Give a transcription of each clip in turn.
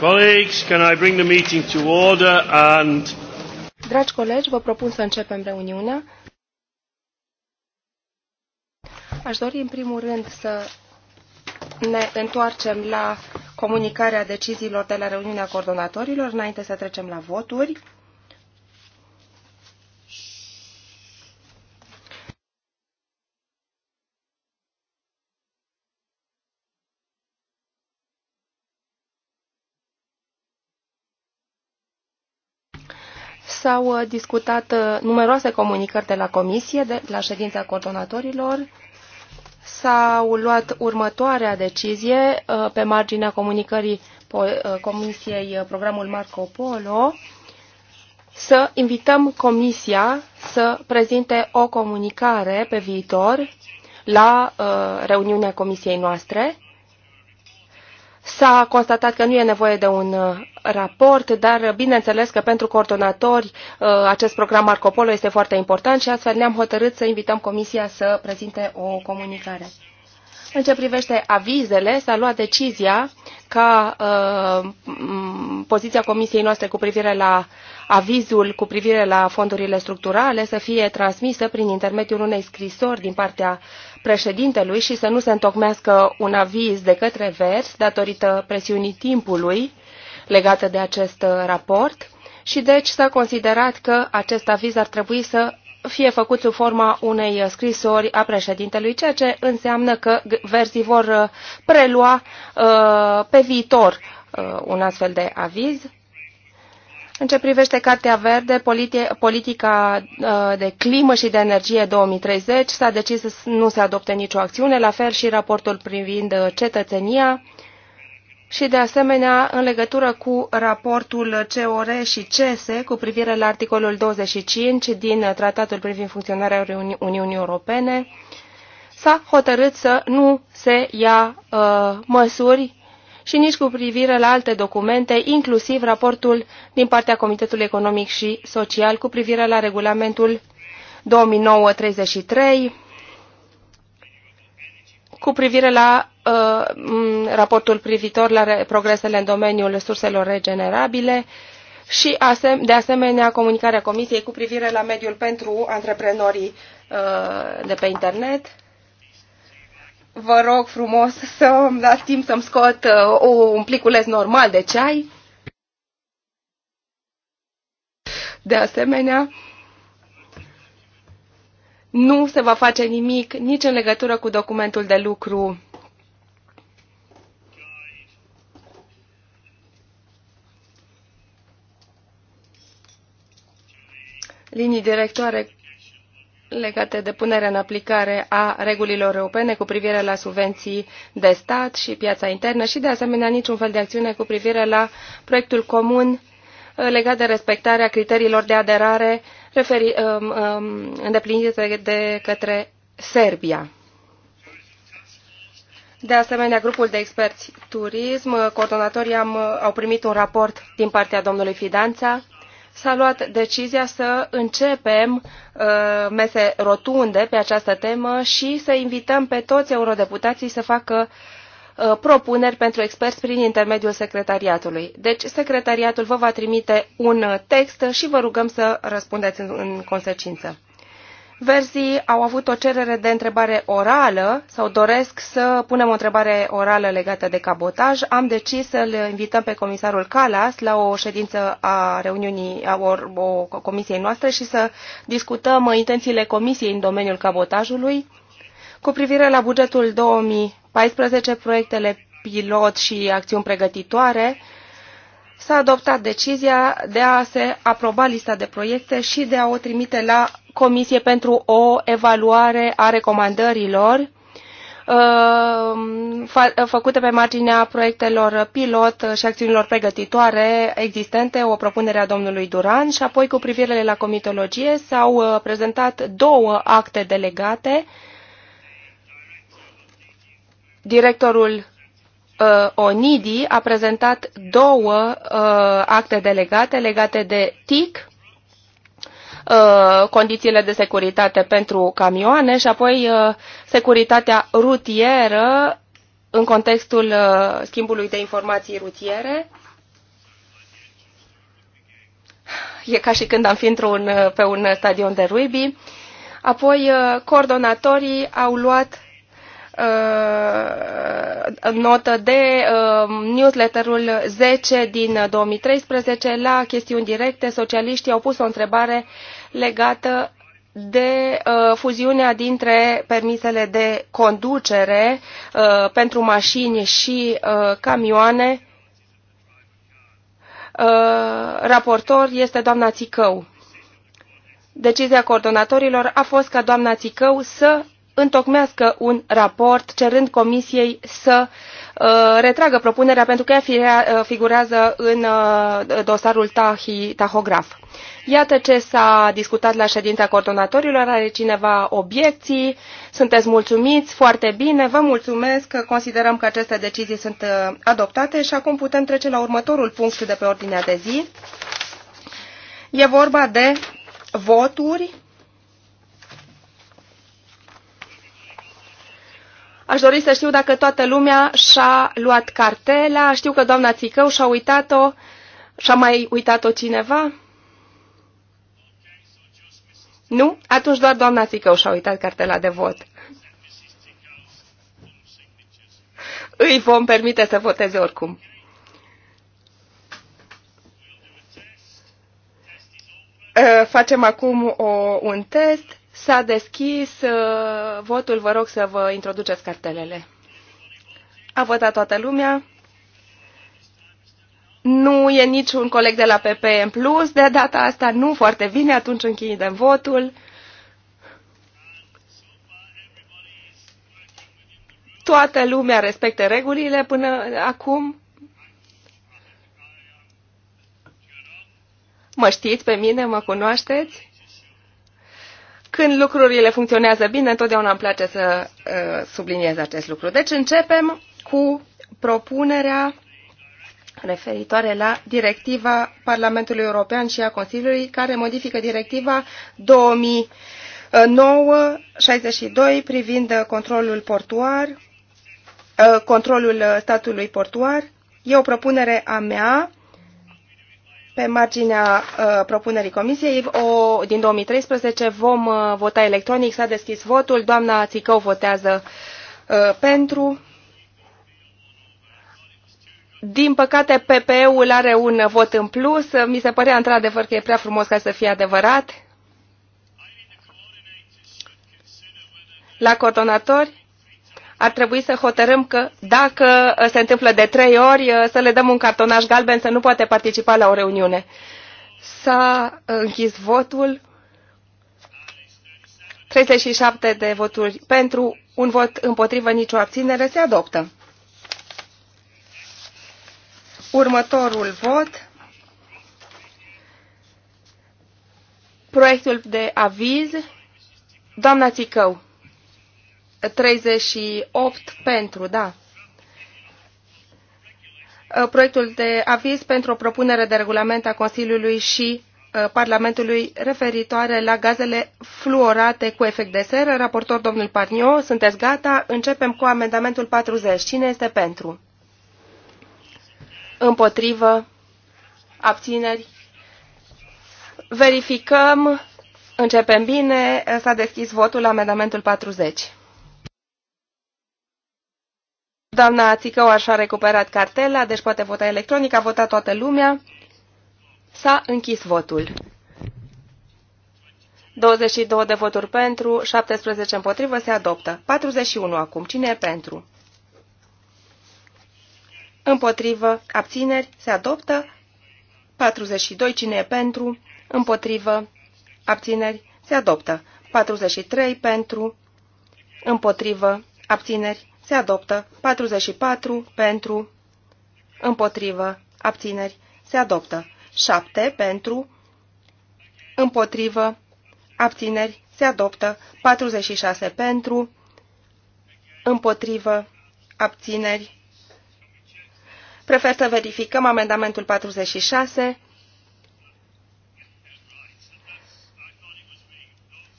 Colleagues, can I bring the meeting to order and... Dragi colegi, vă propun să începem reuniunea. Aș dori în primul rând să ne întoarcem la comunicarea deciziilor de la reuniunea coordonatorilor înainte să trecem la voturi. S-au uh, discutat uh, numeroase comunicări de la Comisie, de la ședința coordonatorilor. S-au luat următoarea decizie uh, pe marginea comunicării Comisiei programul Marco Polo să invităm Comisia să prezinte o comunicare pe viitor la reuniunea Comisiei noastre S-a constatat că nu e nevoie de un uh, raport, dar uh, bineînțeles că pentru coordonatori uh, acest program Marco Polo este foarte important și astfel ne-am hotărât să invităm Comisia să prezinte o comunicare. În ce privește avizele, s-a luat decizia ca uh, poziția comisiei noastre cu privire la avizul cu privire la fondurile structurale să fie transmisă prin intermediul unei scrisori din partea președintelui și să nu se întocmească un aviz de către vers datorită presiunii timpului legată de acest uh, raport și deci s-a considerat că acest aviz ar trebui să fie făcut sub forma unei scrisori a președintelui, ceea ce înseamnă că verzii vor uh, prelua uh, pe viitor un astfel de aviz în ce privește Cartea Verde, politica uh, de climă și de energie 2030, s-a decis să nu se adopte nicio acțiune, la fel și raportul privind uh, cetățenia și, de asemenea, în legătură cu raportul COR și CESE cu privire la articolul 25 din Tratatul privind funcționarea Uni Uniunii Europene, s-a hotărât să nu se ia uh, măsuri și nici cu privire la alte documente, inclusiv raportul din partea Comitetului Economic și Social cu privire la regulamentul 2009-33 cu privire la uh, raportul privitor la progresele în domeniul resurselor regenerabile și de asemenea comunicarea Comisiei cu privire la mediul pentru antreprenorii uh, de pe internet vă rog frumos să îmi dați timp să-mi scot uh, un pliculeț normal de ceai. De asemenea, nu se va face nimic nici în legătură cu documentul de lucru linii directoare legate de punerea în aplicare a regulilor europene cu privire la subvenții de stat și piața internă și, de asemenea, niciun fel de acțiune cu privire la proiectul comun uh, legat de respectarea criteriilor de aderare referi, um, um, îndeplinite de către Serbia. De asemenea, grupul de experți turism, uh, coordonatorii am, uh, au primit un raport din partea domnului Fidanța s-a luat decizia să începem uh, mese rotunde pe această temă și să invităm pe toți eurodeputații să facă uh, propuneri pentru experți prin intermediul secretariatului. Deci secretariatul vă va trimite un text și vă rugăm să răspundeți în consecință. Verzii au avut o cerere de întrebare orală sau doresc să punem o întrebare orală legată de cabotaj. Am decis să-l invităm pe comisarul Calas la o ședință a reuniunii a o, comisiei noastre și să discutăm intențiile comisiei în domeniul cabotajului cu privire la bugetul 2014, proiectele pilot și acțiuni pregătitoare, s-a adoptat decizia de a se aproba lista de proiecte și de a o trimite la Comisie pentru o evaluare a recomandărilor uh, făcute pe marginea proiectelor pilot și acțiunilor pregătitoare existente, o propunere a domnului Duran și apoi cu privire la comitologie s-au uh, prezentat două acte delegate. Directorul Uh, Onidi a prezentat două uh, acte delegate legate de TIC, uh, condițiile de securitate pentru camioane și apoi securitatea rutieră în contextul schimbului de informații rutiere. E ca și când am fi într-un, pe un stadion de rugby. Apoi, coordonatorii au luat uh, notă de uh, newsletterul 10 din 2013 la chestiuni directe. Socialiștii au pus o întrebare legată de uh, fuziunea dintre permisele de conducere uh, pentru mașini și uh, camioane. Uh, raportor este doamna Țicău. Decizia coordonatorilor a fost ca doamna Țicău să întocmească un raport cerând Comisiei să uh, retragă propunerea pentru că ea uh, figurează în uh, dosarul tahi, tahograf. Iată ce s-a discutat la ședința coordonatorilor. Are cineva obiecții? Sunteți mulțumiți? Foarte bine, vă mulțumesc. Considerăm că aceste decizii sunt adoptate și acum putem trece la următorul punct de pe ordinea de zi. E vorba de voturi Aș dori să știu dacă toată lumea și-a luat cartela. Știu că doamna Țicău și-a uitat-o. Și-a mai uitat-o cineva? Nu? Atunci doar doamna Țicău și-a uitat cartela de vot. Îi vom permite să voteze oricum. Ă, facem acum o, un test. S-a deschis uh, votul, vă rog să vă introduceți cartelele. A votat toată lumea. Nu e niciun coleg de la PP în plus, de data asta nu foarte bine, atunci închidem votul. Toată lumea respecte regulile până acum. Mă știți pe mine, mă cunoașteți? Când lucrurile funcționează bine, întotdeauna îmi place să uh, subliniez acest lucru. Deci începem cu propunerea referitoare la directiva Parlamentului European și a Consiliului care modifică directiva 2009-62 privind controlul portuar, uh, controlul statului portuar. E o propunere a mea pe marginea uh, propunerii comisiei o, din 2013 vom uh, vota electronic. S-a deschis votul. Doamna Țicău votează uh, pentru. Din păcate, PPE-ul are un vot în plus. Mi se părea într-adevăr că e prea frumos ca să fie adevărat. La coordonatori ar trebui să hotărâm că dacă uh, se întâmplă de trei ori, uh, să le dăm un cartonaș galben să nu poate participa la o reuniune. S-a uh, închis votul. 37 de voturi pentru, un vot împotrivă, nicio abținere, se adoptă. Următorul vot. Proiectul de aviz. Doamna Țicău. 38 pentru, da. Uh, proiectul de aviz pentru o propunere de regulament a Consiliului și uh, Parlamentului referitoare la gazele fluorate cu efect de seră. Raportor domnul Parnio, sunteți gata? Începem cu amendamentul 40. Cine este pentru? Împotrivă? Abțineri? Verificăm. Începem bine. S-a deschis votul la amendamentul 40. Doamna Țicău și-a recuperat cartela, deci poate vota electronic. A votat toată lumea. S-a închis votul. 22 de voturi pentru, 17 împotrivă, se adoptă. 41 acum. Cine e pentru? Împotrivă, abțineri, se adoptă. 42. Cine e pentru? Împotrivă, abțineri, se adoptă. 43 pentru, împotrivă, abțineri, se adoptă. 44 pentru, împotrivă, abțineri, se adoptă. 7 pentru, împotrivă, abțineri, se adoptă. 46 pentru, împotrivă, abțineri. Prefer să verificăm amendamentul 46.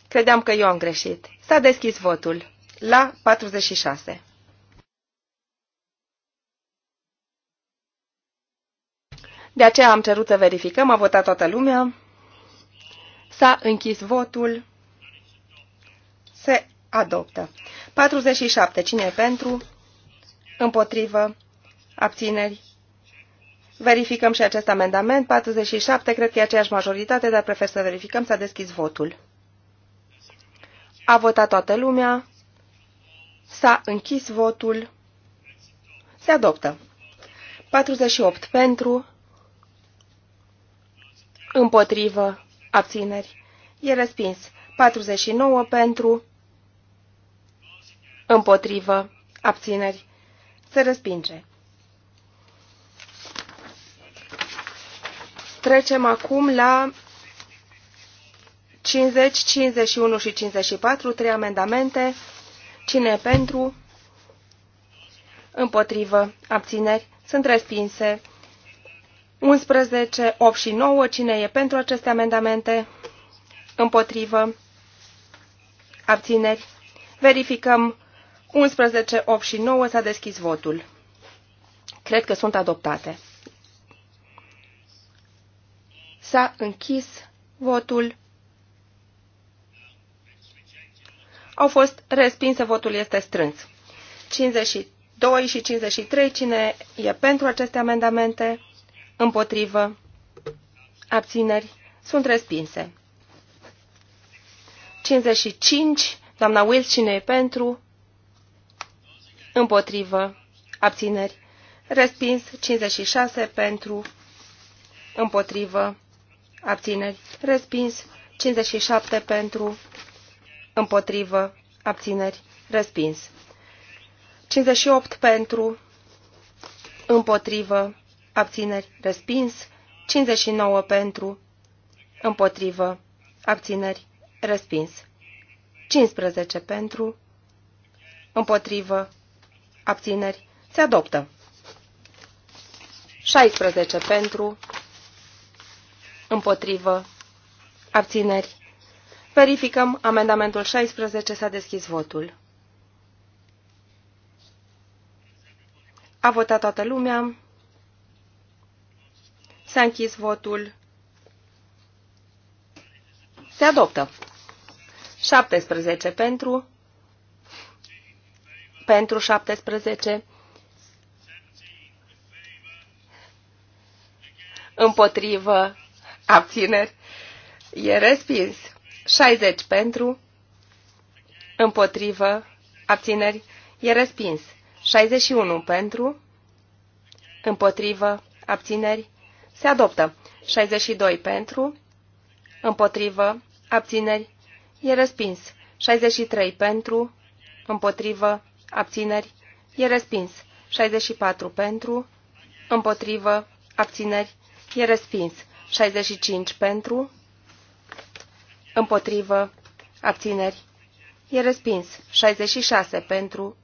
Credeam că eu am greșit. S-a deschis votul. La 46. De aceea am cerut să verificăm, a votat toată lumea. S-a închis votul. Se adoptă. 47. Cine e pentru? Împotrivă? Abțineri? Verificăm și acest amendament. 47. Cred că e aceeași majoritate, dar prefer să verificăm. S-a deschis votul. A votat toată lumea. S-a închis votul. Se adoptă. 48 pentru, împotrivă, abțineri, e respins. 49 pentru, împotrivă, abțineri, se respinge. Trecem acum la 50, 51 și 54, trei amendamente. Cine pentru? Împotrivă. Abțineri. Sunt respinse unsprezece opt și 9. Cine e pentru aceste amendamente? Împotrivă? Abțineri? Verificăm unsprezece opt și 9. S-a deschis votul. Cred că sunt adoptate. S-a închis votul. Au fost respinse, votul este strâns. 52 și 53, cine e pentru aceste amendamente? împotrivă, abțineri, sunt respinse. 55, doamna Wills, cine e pentru, împotrivă, abțineri, respins, 56 pentru, împotrivă, abțineri, respins, 57 pentru, împotrivă, abțineri, respins. 58 pentru, împotrivă, abțineri, respins, 59 pentru, împotrivă, abțineri, respins, 15 pentru, împotrivă, abțineri, se adoptă, 16 pentru, împotrivă, abțineri. Verificăm amendamentul 16, s-a deschis votul. A votat toată lumea. S-a închis votul. Se adoptă. 17 pentru. Pentru 17. Împotrivă. Abțineri. E respins. 60 pentru. Împotrivă. Abțineri. E respins. 61 pentru. Împotrivă. Abțineri. Se adoptă. 62 pentru, împotrivă, abțineri, e respins. 63 pentru, împotrivă, abțineri, e respins. 64 pentru, împotrivă, abțineri, e respins. 65 pentru, împotrivă, abțineri, e respins. 66 pentru,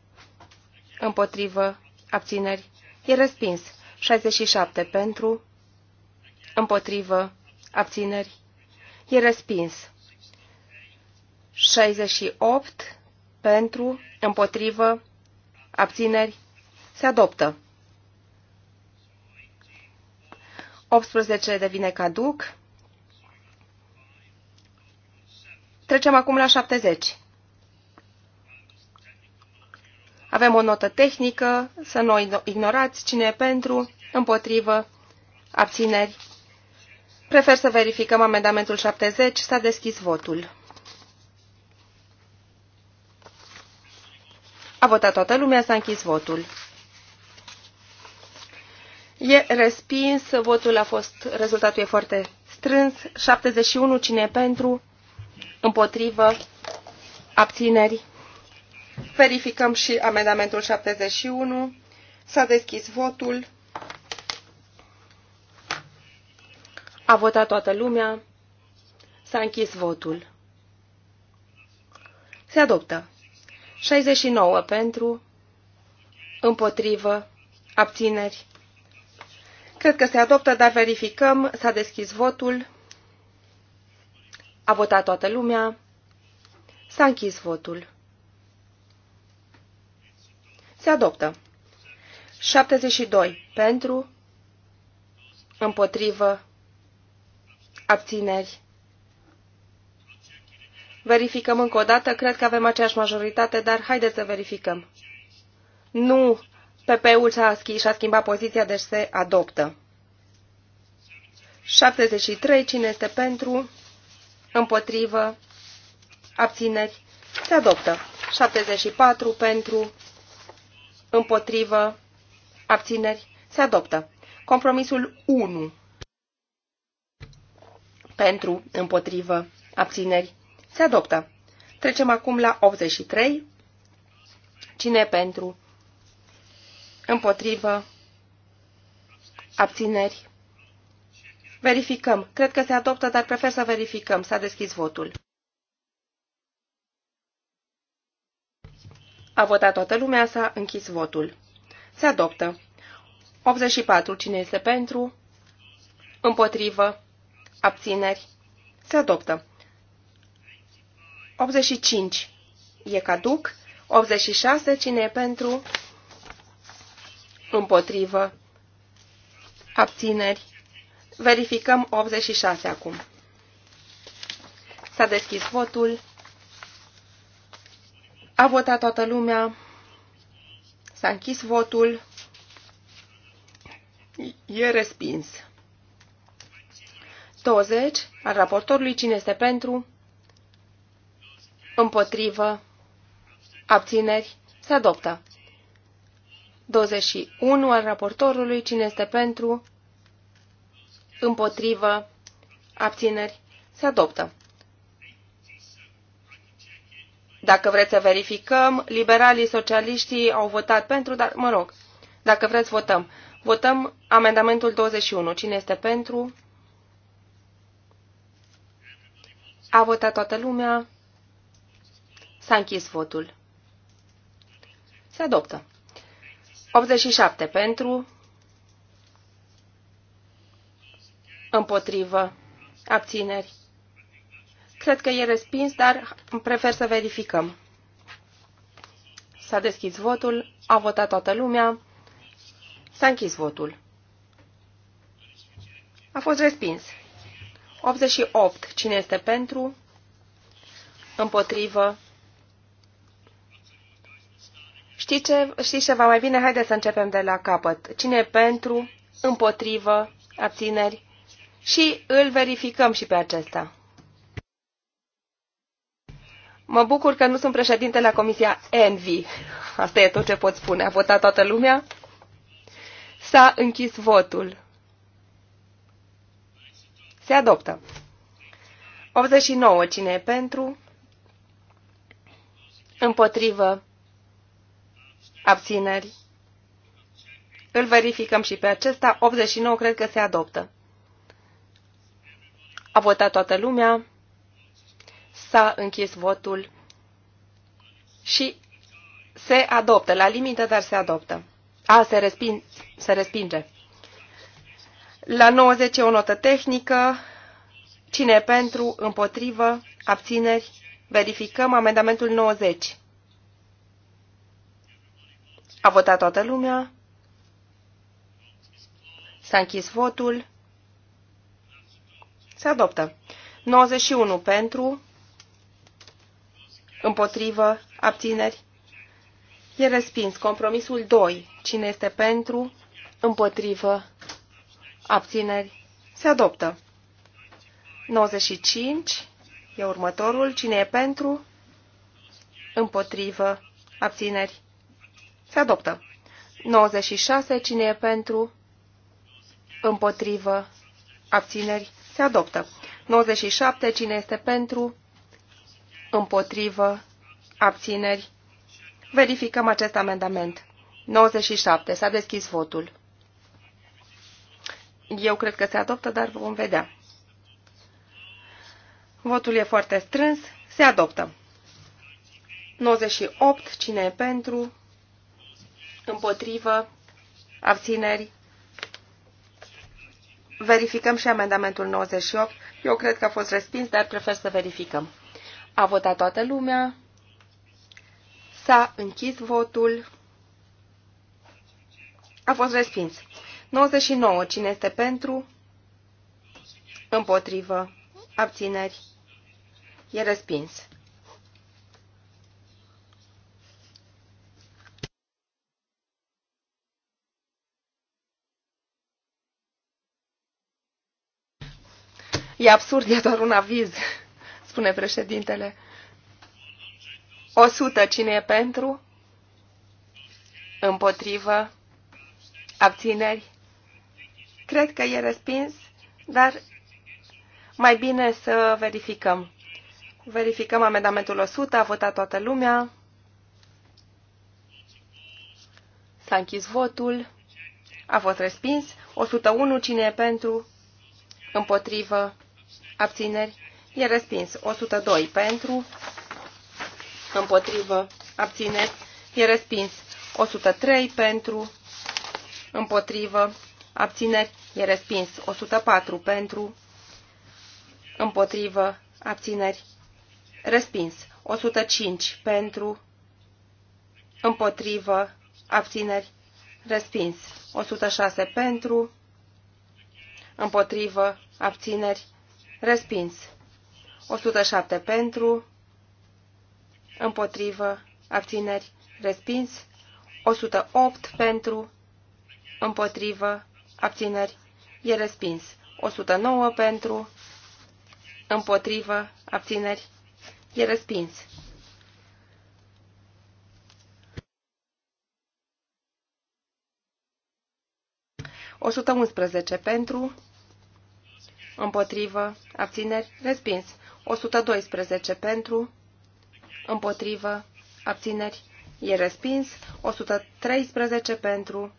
împotrivă, abțineri, e respins. 67 pentru, împotrivă, abțineri, e respins. 68 pentru, împotrivă, abțineri, se adoptă. 18 devine caduc. Trecem acum la 70. Avem o notă tehnică, să nu ignorați cine e pentru, împotrivă, abțineri, Prefer să verificăm amendamentul 70. S-a deschis votul. A votat toată lumea, s-a închis votul. E respins, votul a fost, rezultatul e foarte strâns. 71, cine e pentru? Împotrivă? Abțineri? Verificăm și amendamentul 71. S-a deschis votul. A votat toată lumea. S-a închis votul. Se adoptă. 69 pentru, împotrivă, abțineri. Cred că se adoptă, dar verificăm. S-a deschis votul. A votat toată lumea. S-a închis votul. Se adoptă. 72 pentru, împotrivă, Abțineri. Verificăm încă o dată. Cred că avem aceeași majoritate, dar haideți să verificăm. Nu. PP-ul și-a schimbat, și schimbat poziția, deci se adoptă. 73. Cine este pentru? Împotrivă? Abțineri? Se adoptă. 74. Pentru? Împotrivă? Abțineri? Se adoptă. Compromisul 1 pentru, împotrivă, abțineri, se adoptă. Trecem acum la 83. Cine pentru, împotrivă, abțineri. Verificăm. Cred că se adoptă, dar prefer să verificăm. S-a deschis votul. A votat toată lumea, s-a închis votul. Se adoptă. 84. Cine este pentru? Împotrivă. Abțineri. Se adoptă. 85. E caduc. 86. Cine e pentru? Împotrivă. Abțineri. Verificăm 86 acum. S-a deschis votul. A votat toată lumea. S-a închis votul. E respins. 20 al raportorului. Cine este pentru? Împotrivă. Abțineri. Se adoptă. 21 al raportorului. Cine este pentru? Împotrivă. Abțineri. Se adoptă. Dacă vreți să verificăm, liberalii socialiștii au votat pentru, dar mă rog, dacă vreți votăm. Votăm amendamentul 21. Cine este pentru? A votat toată lumea. S-a închis votul. Se adoptă. 87 pentru. Împotrivă. Abțineri. Cred că e respins, dar prefer să verificăm. S-a deschis votul, a votat toată lumea, s-a închis votul. A fost respins. 88. Cine este pentru? Împotrivă? Știți, ce, știți ceva mai bine? Haideți să începem de la capăt. Cine e pentru? Împotrivă? Abțineri? Și îl verificăm și pe acesta. Mă bucur că nu sunt președinte la Comisia Envy. Asta e tot ce pot spune. A votat toată lumea. S-a închis votul. Se adoptă. 89. Cine e pentru? Împotrivă. Abțineri. Îl verificăm și pe acesta. 89 cred că se adoptă. A votat toată lumea. S-a închis votul. Și se adoptă. La limită, dar se adoptă. A, se, respin, se respinge. La 90 e o notă tehnică. Cine e pentru, împotrivă, abțineri? Verificăm amendamentul 90. A votat toată lumea. S-a închis votul. Se adoptă. 91 pentru, împotrivă, abțineri. E respins. Compromisul 2. Cine este pentru, împotrivă, abțineri, se adoptă. 95 e următorul. Cine e pentru? Împotrivă. Abțineri. Se adoptă. 96. Cine e pentru? Împotrivă. Abțineri. Se adoptă. 97. Cine este pentru? Împotrivă. Abțineri. Verificăm acest amendament. 97. S-a deschis votul. Eu cred că se adoptă, dar vom vedea. Votul e foarte strâns. Se adoptă. 98. Cine e pentru? Împotrivă? Abțineri? Verificăm și amendamentul 98. Eu cred că a fost respins, dar prefer să verificăm. A votat toată lumea. S-a închis votul. A fost respins. 99. Cine este pentru? Împotrivă. Abțineri. E respins. E absurd, e doar un aviz, spune președintele. 100. Cine e pentru? Împotrivă? Abțineri? Cred că e respins, dar mai bine să verificăm. Verificăm amendamentul 100, a votat toată lumea. S-a închis votul. A fost respins. 101, cine e pentru? Împotrivă. Abțineri. E respins. 102, pentru. Împotrivă. Abțineri. E respins. 103, pentru. Împotrivă. Abțineri. E respins. 104 pentru, împotrivă, abțineri. Respins. 105 pentru, împotrivă, abțineri. Respins. 106 pentru, împotrivă, abțineri. Respins. 107 pentru, împotrivă, abțineri. Respins. 108 pentru, împotrivă, abțineri, E respins. 109 pentru, împotrivă, abțineri. E respins. O pentru, împotrivă, abțineri, respins. 112 pentru, împotrivă, abțineri, e respins. 113 pentru,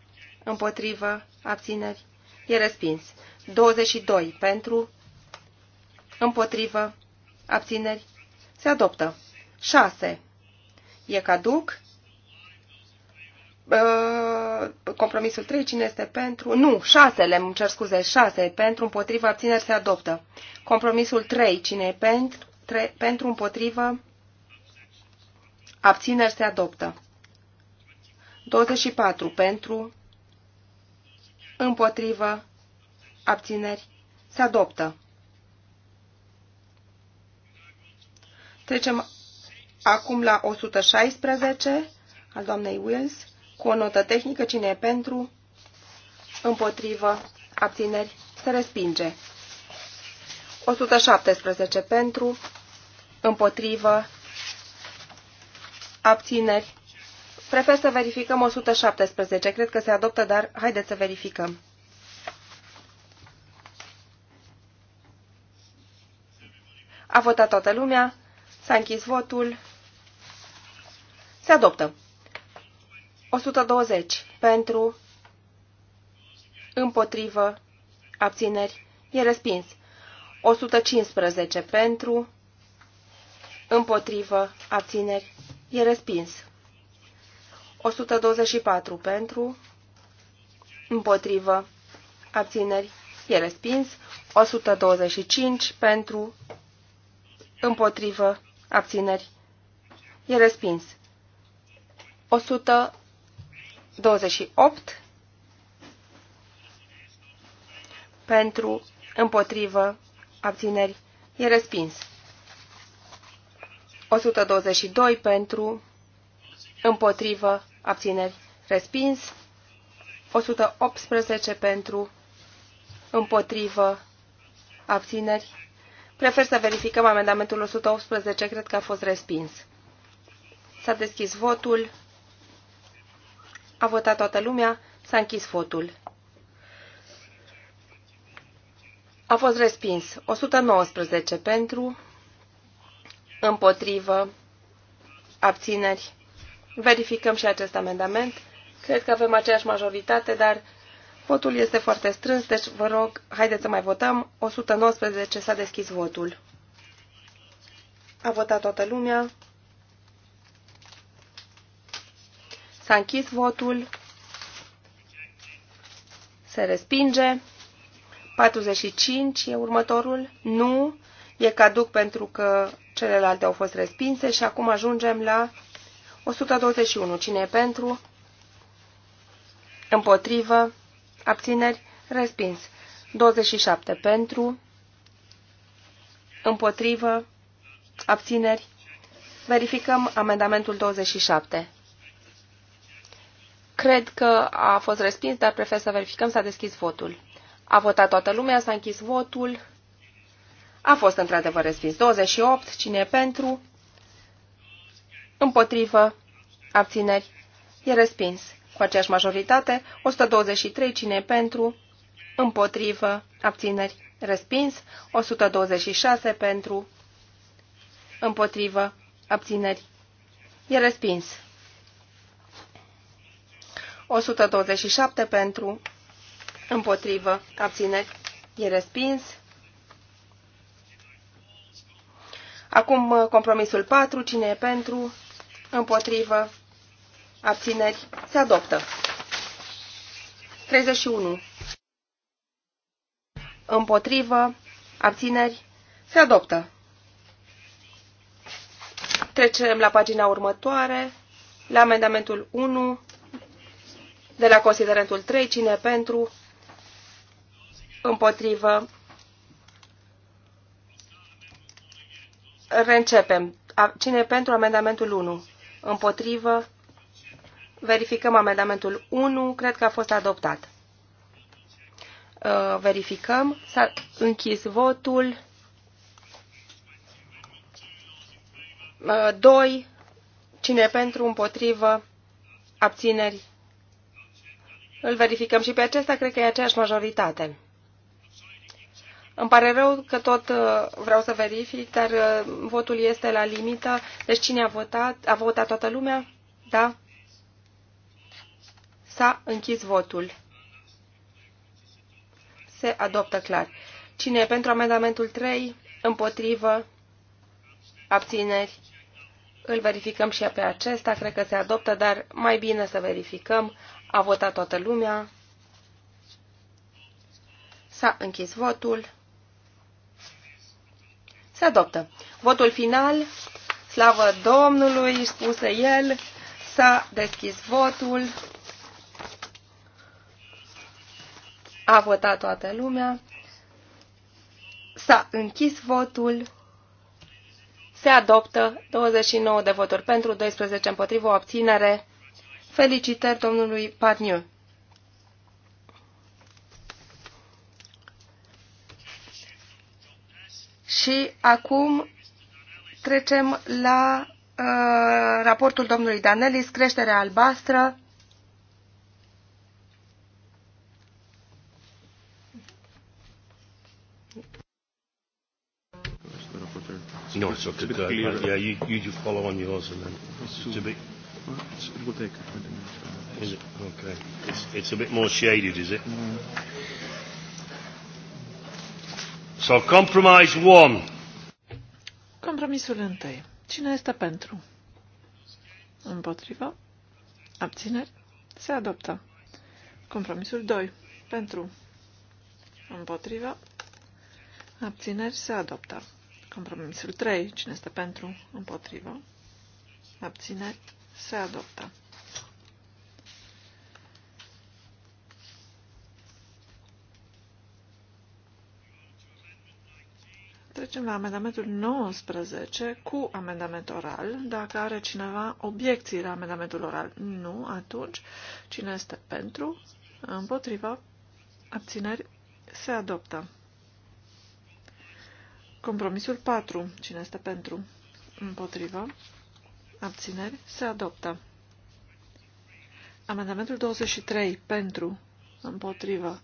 împotrivă, abțineri, E respins. 22 pentru, împotrivă, abțineri, se adoptă. 6. E caduc. Compromisul 3, cine este pentru? Nu, 6, le îmi cer scuze, 6, pentru, împotrivă, abțineri, se adoptă. Compromisul 3, cine e pentru? 3, pentru, împotrivă, abțineri, se adoptă. 24, pentru, împotrivă, abțineri, se adoptă. Trecem acum la 116 al doamnei Wills, cu o notă tehnică, cine e pentru, împotrivă, abțineri, se respinge. 117 pentru, împotrivă, abțineri, Prefer să verificăm 117. Cred că se adoptă, dar haideți să verificăm. A votat toată lumea. S-a închis votul. Se adoptă. 120 pentru, împotrivă, abțineri, e respins. 115 pentru, împotrivă, abțineri, e respins. 124 pentru, împotrivă, abțineri, e respins. 125 pentru, împotrivă, abțineri, e respins. 128 pentru, împotrivă, abțineri, e respins. 122 pentru, împotrivă, abțineri, respins. 118 pentru, împotrivă, abțineri. Prefer să verificăm amendamentul 118, cred că a fost respins. S-a deschis votul, a votat toată lumea, s-a închis votul. A fost respins 119 pentru, împotrivă, abțineri. Verificăm și acest amendament. Cred că avem aceeași majoritate, dar votul este foarte strâns, deci vă rog, haideți să mai votăm. 119 s-a deschis votul. A votat toată lumea. S-a închis votul. Se respinge. 45 e următorul. Nu. E caduc pentru că celelalte au fost respinse și acum ajungem la 121. Cine e pentru? Împotrivă. Abțineri. Respins. 27. Pentru. Împotrivă. Abțineri. Verificăm amendamentul 27. Cred că a fost respins, dar prefer să verificăm. S-a deschis votul. A votat toată lumea, s-a închis votul. A fost într-adevăr respins. 28. Cine e pentru? împotrivă, abțineri, e respins. Cu aceeași majoritate, 123 cine pentru, împotrivă, abțineri, respins, 126 pentru, împotrivă, abțineri, e respins. 127 pentru, împotrivă, abțineri, e respins. Acum compromisul 4, cine e pentru, Împotrivă. Abțineri. Se adoptă. 31. Împotrivă. Abțineri. Se adoptă. Trecem la pagina următoare, la amendamentul 1, de la considerentul 3, cine pentru, împotrivă. Reîncepem. Cine pentru amendamentul 1? împotrivă, verificăm amendamentul 1, cred că a fost adoptat. Uh, verificăm, s-a închis votul. 2, uh, cine pentru, împotrivă, abțineri. Îl verificăm și pe acesta, cred că e aceeași majoritate. Îmi pare rău că tot uh, vreau să verific, dar uh, votul este la limită. Deci cine a votat? A votat toată lumea? Da? S-a închis votul. Se adoptă clar. Cine e pentru amendamentul 3? Împotrivă? Abțineri? Îl verificăm și pe acesta. Cred că se adoptă, dar mai bine să verificăm. A votat toată lumea. S-a închis votul. Se adoptă. Votul final, slavă Domnului, spuse el, s-a deschis votul. A votat toată lumea. S-a închis votul. Se adoptă 29 de voturi pentru, 12 împotrivă, o abținere. Felicitări domnului Parniu. Și acum trecem la uh, raportul domnului Danelis, creșterea albastră. No, it's okay. It's uh, yeah, you, you just follow on yours and then it's a bit. It will take a minute. Is it? Okay. It's, it's a bit more shaded, is it? Mm. So compromise one. Compromisul întâi. Cine este pentru? Împotrivă? Abțineri? Se adoptă. Compromisul 2. Pentru. Împotrivă? Abțineri? Se adoptă. Compromisul 3. Cine este pentru? Împotrivă? Abțineri? Se adoptă. Trecem la amendamentul 19 cu amendament oral. Dacă are cineva obiecții la amendamentul oral, nu, atunci cine este pentru, împotriva, abțineri, se adoptă. Compromisul 4. Cine este pentru? Împotriva. Abțineri. Se adoptă. Amendamentul 23. Pentru. Împotriva.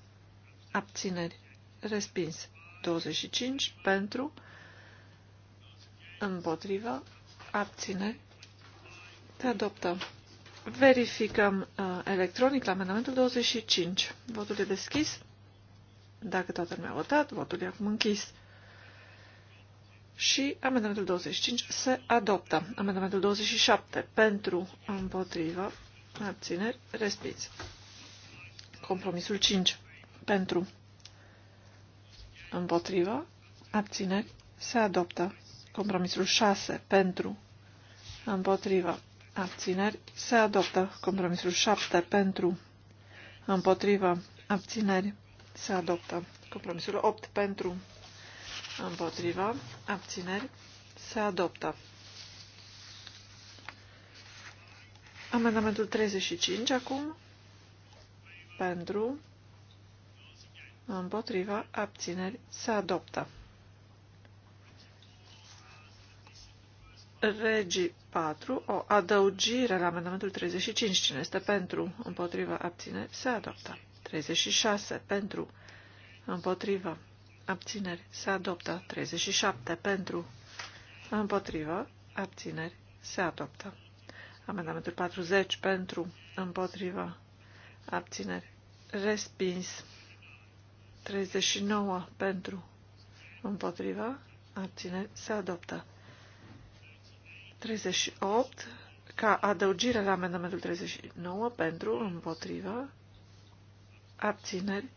Abțineri. Respins. 25 pentru, împotrivă, abține, Te adoptăm. Verificăm uh, electronic la amendamentul 25. Votul e deschis. Dacă toată lumea a votat, votul e acum închis. Și amendamentul 25 se adoptă. Amendamentul 27 pentru împotrivă abțineri respins. Compromisul 5 pentru Împotrivă. Abțineri. Se adoptă. Compromisul 6. Pentru. Împotrivă. Abțineri. Se adoptă. Compromisul 7. Pentru. Împotrivă. Abțineri. Se adoptă. Compromisul 8. Pentru. Împotrivă. Abțineri. Se adoptă. Amendamentul 35 acum. Pentru împotriva, abțineri, se adoptă. Regii 4, o adăugire la amendamentul 35, cine este pentru, împotriva, abțineri, se adoptă. 36, pentru, împotriva, abțineri, se adoptă. 37, pentru, împotriva, abțineri, se adoptă. Amendamentul 40, pentru, împotriva, abțineri, respins. 39 pentru împotriva, abține, se adoptă. 38 ca adăugire la amendamentul 39 pentru împotriva, abțineri,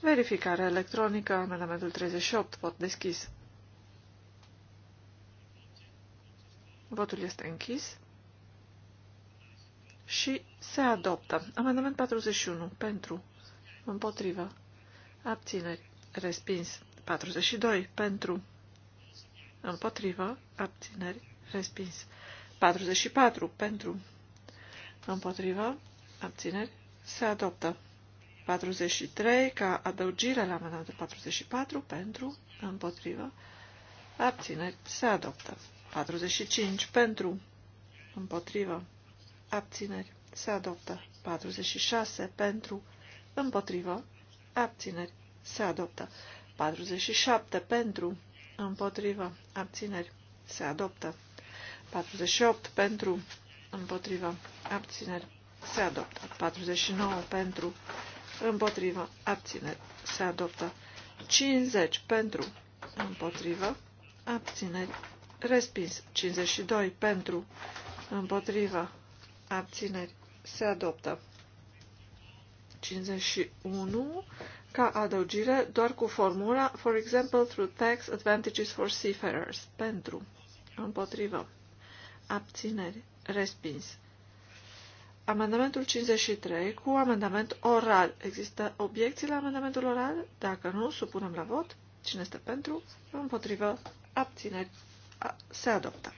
verificare electronică, amendamentul 38, vot deschis. Votul este închis și se adoptă. Amendament 41 pentru împotriva abțineri, respins. 42 pentru, împotrivă, abțineri, respins. 44 pentru, împotrivă, abțineri, se adoptă. 43 ca adăugire la amendamentul 44 pentru, împotrivă, abțineri, se adoptă. 45 pentru, împotrivă, abțineri, se adoptă. 46 pentru, împotrivă, abțineri, se adoptă. 47 pentru, împotrivă, abțineri, se adoptă. 48 pentru, împotrivă, abțineri, se adoptă. 49 pentru, împotrivă, abțineri, se adoptă. 50 pentru, împotrivă, abțineri, respins. 52 pentru, împotrivă, abțineri, se adoptă. 51 ca adăugire doar cu formula for example through tax advantages for seafarers pentru împotrivă abțineri respins Amendamentul 53 cu amendament oral. Există obiecții la amendamentul oral? Dacă nu, supunem la vot. Cine este pentru? Împotrivă. Abțineri. A, se adoptă.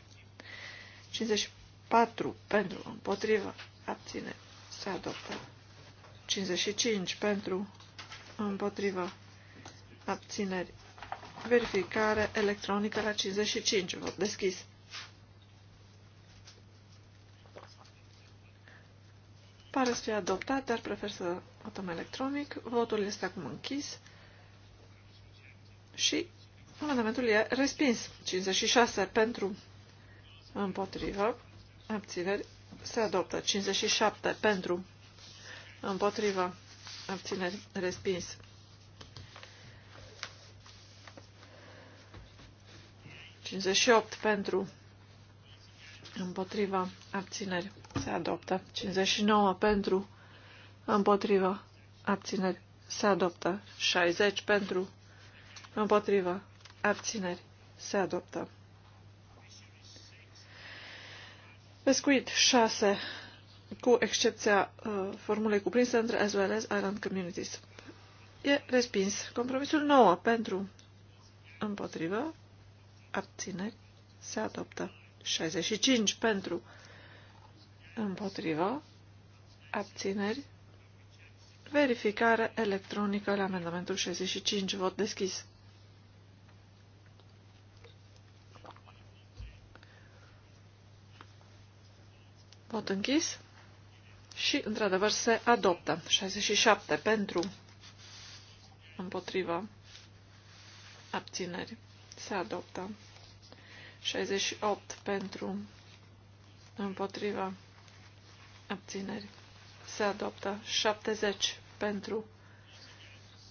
54 pentru. Împotrivă. Abțineri. Se adoptă. 55 pentru împotriva abțineri. Verificare electronică la 55. Vot deschis. Pare să fie adoptat, dar prefer să votăm electronic. Votul este acum închis și amendamentul e respins. 56 pentru împotrivă, abțineri, se adoptă. 57 pentru Împotriva. Abțineri. Respins. pentru. Împotriva. Abțineri. Se adoptă. 59 pentru. Împotriva. Abțineri. Se adoptă. 60 pentru. Împotriva. Abțineri. Se adoptă. Pescuit 6 cu excepția uh, formulei cuprinse între as well as island communities. E respins. Compromisul 9 pentru împotrivă, abține se adoptă. 65 pentru împotrivă, abțineri, verificare electronică la amendamentul 65, vot deschis. Vot închis și, într-adevăr, se adoptă. 67 pentru, împotriva, abțineri, se adoptă. 68 pentru, împotriva, abțineri, se adoptă. 70 pentru,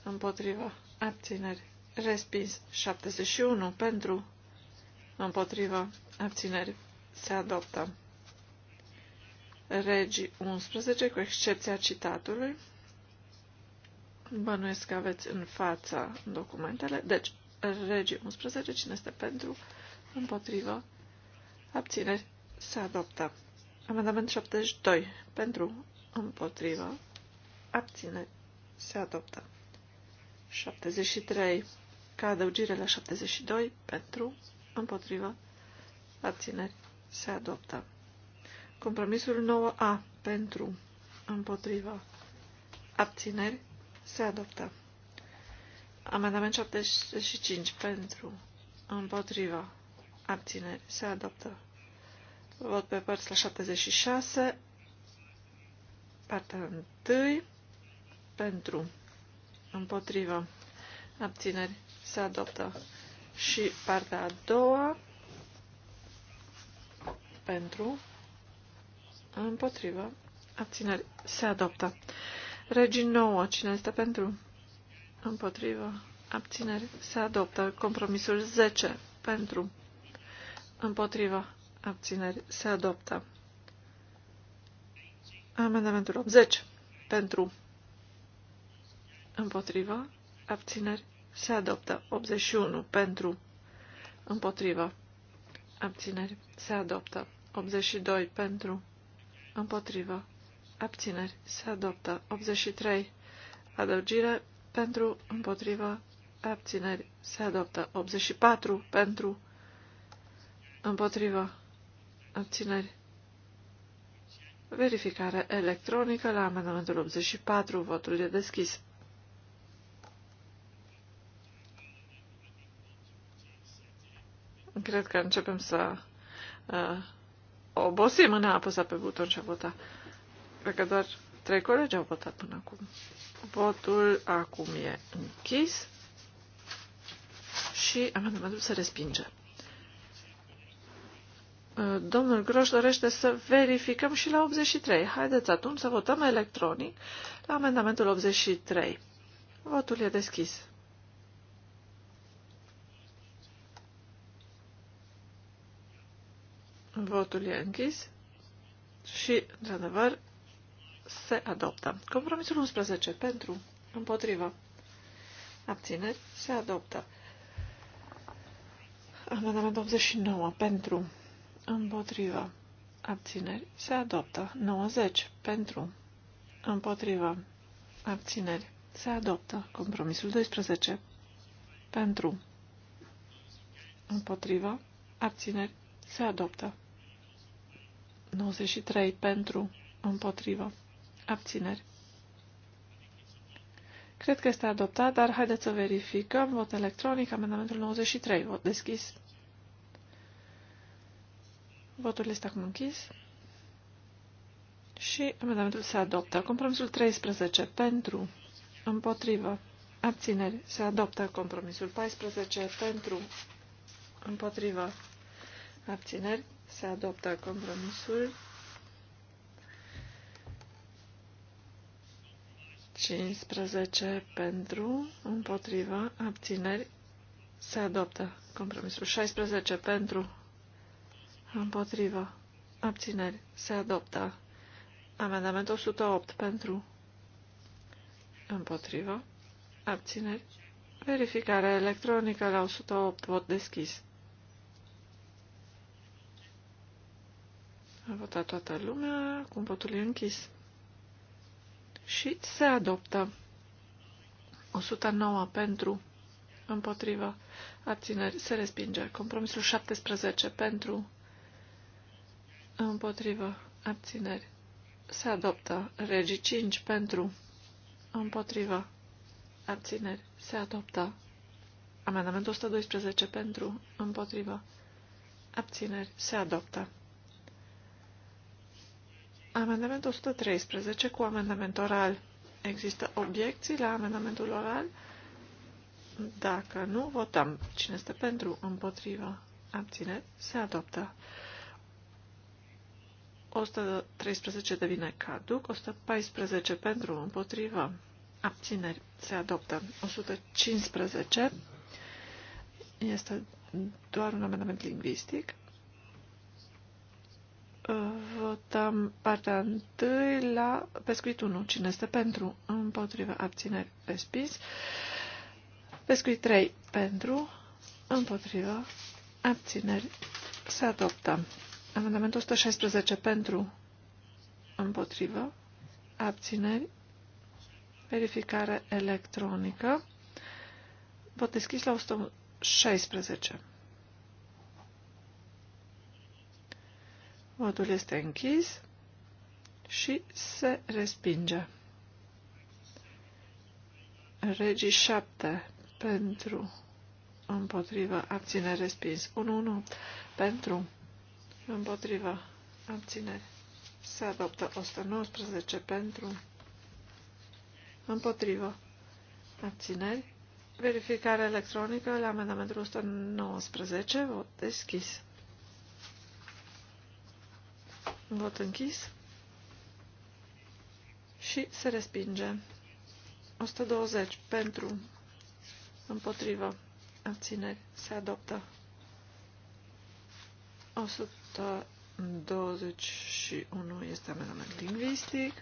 împotriva, abțineri, respins. 71 pentru, împotriva, abțineri, se adoptă regii 11, cu excepția citatului. Bănuiesc că aveți în fața documentele. Deci, regii 11, cine este pentru, împotrivă, abțineri, se adoptă. Amendament 72, pentru, împotrivă, abțineri, se adoptă. 73, ca adăugire la 72, pentru, împotrivă, abțineri, se adoptă. Compromisul 9A pentru împotriva abțineri se adoptă. Amendament 75 pentru împotriva abțineri se adoptă. Vot pe părți la 76, partea 1 pentru împotriva abțineri se adoptă. Și partea a doua pentru Împotrivă. Abțineri. Se adoptă. Regii 9. Cine este pentru? Împotrivă. Abțineri. Se adoptă. Compromisul 10. Pentru. Împotrivă. Abțineri. Se adoptă. Amendamentul 80. Pentru. Împotrivă. Abțineri. Se adoptă. 81. Pentru. Împotrivă. Abțineri. Se adoptă. 82. Pentru împotrivă, abțineri, se adoptă. 83. Adăugire pentru, împotrivă, abțineri, se adoptă. 84. Pentru, împotrivă, abțineri. Verificare electronică la amendamentul 84. Votul e deschis. Cred că începem să uh, obosi mâna a apăsat pe buton și a votat. Cred că doar trei colegi au votat până acum. Votul acum e închis și amendamentul se respinge. Domnul Groș dorește să verificăm și la 83. Haideți atunci să votăm electronic la amendamentul 83. Votul e deschis. Votul e închis și, într-adevăr, se adoptă. Compromisul 11 pentru, împotrivă, abțineri, se adoptă. Amendament 89 pentru, împotrivă, abțineri, se adoptă. 90 pentru, împotrivă, abțineri, se adoptă. Compromisul 12 pentru, împotrivă, abțineri, se adoptă. 93 pentru, împotrivă, abțineri. Cred că este adoptat, dar haideți să verificăm. Vot electronic, amendamentul 93, vot deschis. Votul este acum închis. Și amendamentul se adoptă. Compromisul 13 pentru, împotrivă, abțineri. Se adoptă compromisul 14 pentru, împotrivă, abțineri. Se adoptă compromisul 15 pentru, împotriva, abțineri, se adoptă compromisul 16 pentru, împotriva, abțineri, se adoptă amendamentul 108 pentru, împotriva, abțineri, verificare electronică la 108, vot deschis. A votat toată lumea, cum votul e închis. Și se adoptă 109 pentru, împotriva, abțineri, se respinge. Compromisul 17 pentru, împotriva, abțineri, se adoptă. Regii 5 pentru, împotriva, abțineri, se adoptă. Amendamentul 112 pentru, împotriva, abțineri, se adoptă. Amendamentul 113 cu amendament oral. Există obiecții la amendamentul oral? Dacă nu, votăm. Cine este pentru, împotrivă, abține, se adoptă. 113 devine caduc, 114 pentru, împotrivă, abțineri, se adoptă. 115 este doar un amendament lingvistic. Votăm partea 1 la pescuit 1. Cine este pentru? Împotriva abțineri respins. Pescuit 3 pentru. Împotriva abțineri se adoptă. Amendamentul 116 pentru. Împotriva abțineri. Verificare electronică. Vot deschis la 116. Modul este închis și se respinge. Regii 7 pentru împotrivă abține respins. 1-1 pentru împotrivă abține se adoptă 119 pentru împotrivă abțineri. Verificare electronică la amendamentul 119, vot deschis. Vot închis. Și se respinge. 120 pentru, împotrivă, abțineri, se adoptă. 121 este amendament lingvistic.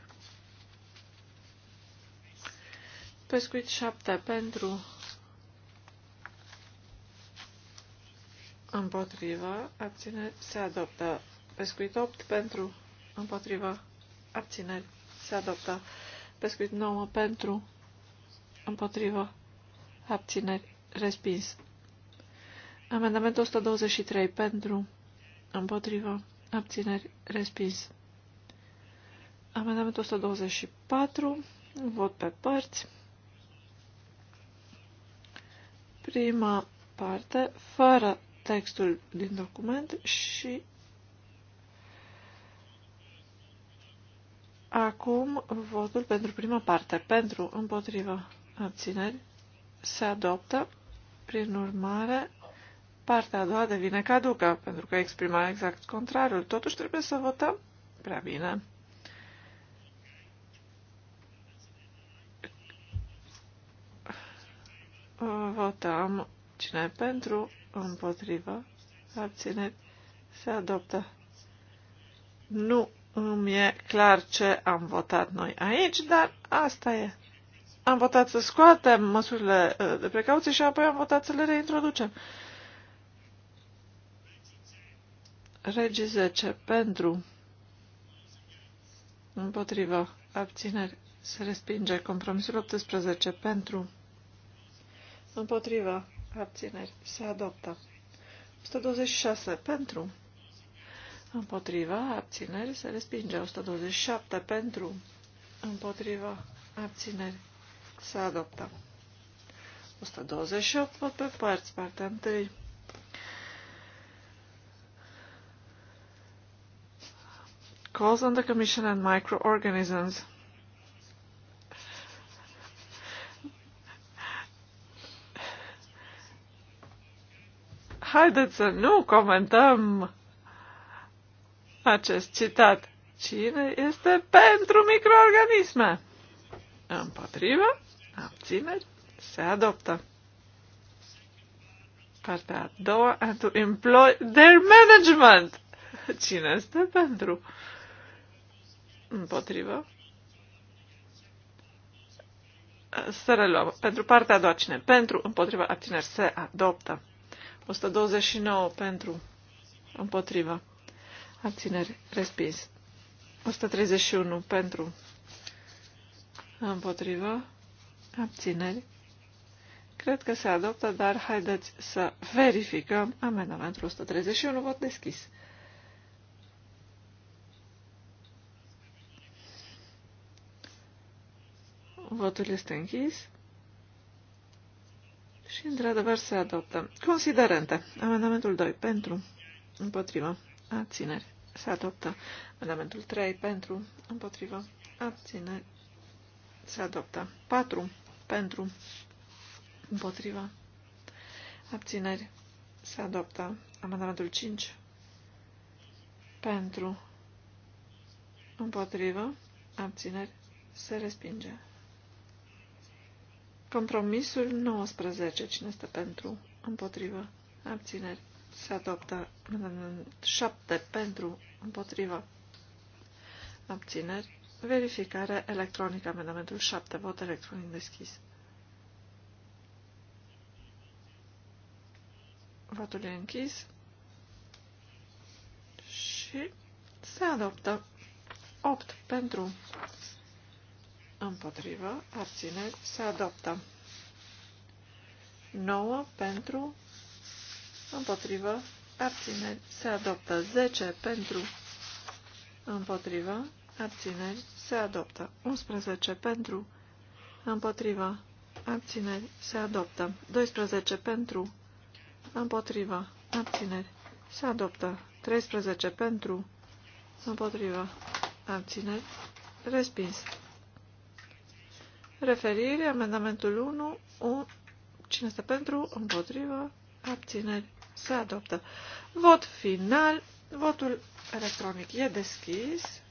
Pescuit 7 pentru împotrivă, abțineri, se adoptă Pescuit 8 pentru împotriva abțineri se adoptă. Pescuit 9 pentru împotriva abțineri respins. Amendamentul 123 pentru împotriva abțineri respins. Amendamentul 124 vot pe părți. Prima parte, fără textul din document și Acum votul pentru prima parte. Pentru, împotrivă, abțineri se adoptă. Prin urmare, partea a doua devine caducă, pentru că exprima exact contrariul. Totuși trebuie să votăm. Prea bine. Votăm cine pentru, împotrivă, abțineri, se adoptă. Nu îmi e clar ce am votat noi aici, dar asta e. Am votat să scoatem măsurile uh, de precauție și apoi am votat să le reintroducem. Regi 10 pentru împotriva abțineri se respinge. Compromisul 18 pentru împotriva abțineri se adoptă. 126 pentru Împotriva, abțineri, se respinge. 127 pentru, împotriva, abțineri, se adoptă. 128 vot pe părți, partea 1. Calls on the Commission and Microorganisms. Haideți să nu comentăm acest citat. Cine este pentru microorganisme? Împotrivă, abțineri, se adoptă. Partea a doua, and to employ their management. Cine este pentru? Împotrivă. Să reluăm. Pentru partea a doua, cine? Pentru, împotrivă, abțineri, se adoptă. 129 pentru, împotrivă, Abțineri. Respins. 131 pentru. Împotrivă. Abțineri. Cred că se adoptă, dar haideți să verificăm amendamentul 131. Vot deschis. Votul este închis. Și, într-adevăr, se adoptă. Considerente. Amendamentul 2. Pentru. Împotrivă. Abțineri. Se adoptă. elementul 3 pentru, împotrivă, abține, Se adoptă. 4 pentru, împotrivă, abțineri. Se adoptă. Amendamentul 5 pentru, împotrivă, abțineri. Se respinge. Compromisul 19. Cine este pentru? Împotrivă. Abțineri se adoptă 7 pentru împotriva abțineri. Verificare electronică, amendamentul 7, vot electronic deschis. Votul e închis și se adoptă 8 pentru împotrivă, abțineri, se adoptă 9 pentru împotrivă, abțineri, se adoptă. 10 pentru, împotrivă, abțineri, se adoptă. 11 pentru, împotrivă, abțineri, se adoptă. 12 pentru, împotrivă, abțineri, se adoptă. 13 pentru, împotrivă, abțineri, respins. Referire, amendamentul 1, 1 cine este pentru, împotrivă, abțineri, se adoptă. Vot final. Votul electronic e deschis.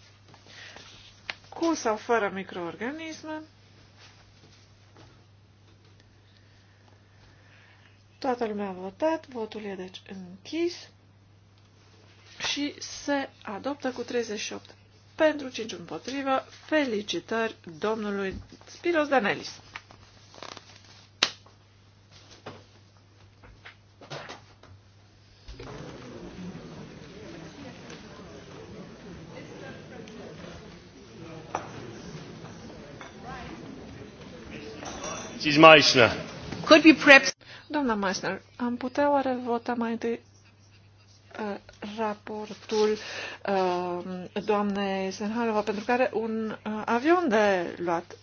Cu sau fără microorganisme. Toată lumea a votat, votul e deci închis și se adoptă cu 38 pentru 5 împotrivă. Felicitări domnului Spiros Danelis. Doamna Meissner, am putea oare vota mai întâi uh, raportul uh, doamnei Senharova, pentru care un uh, avion de luat.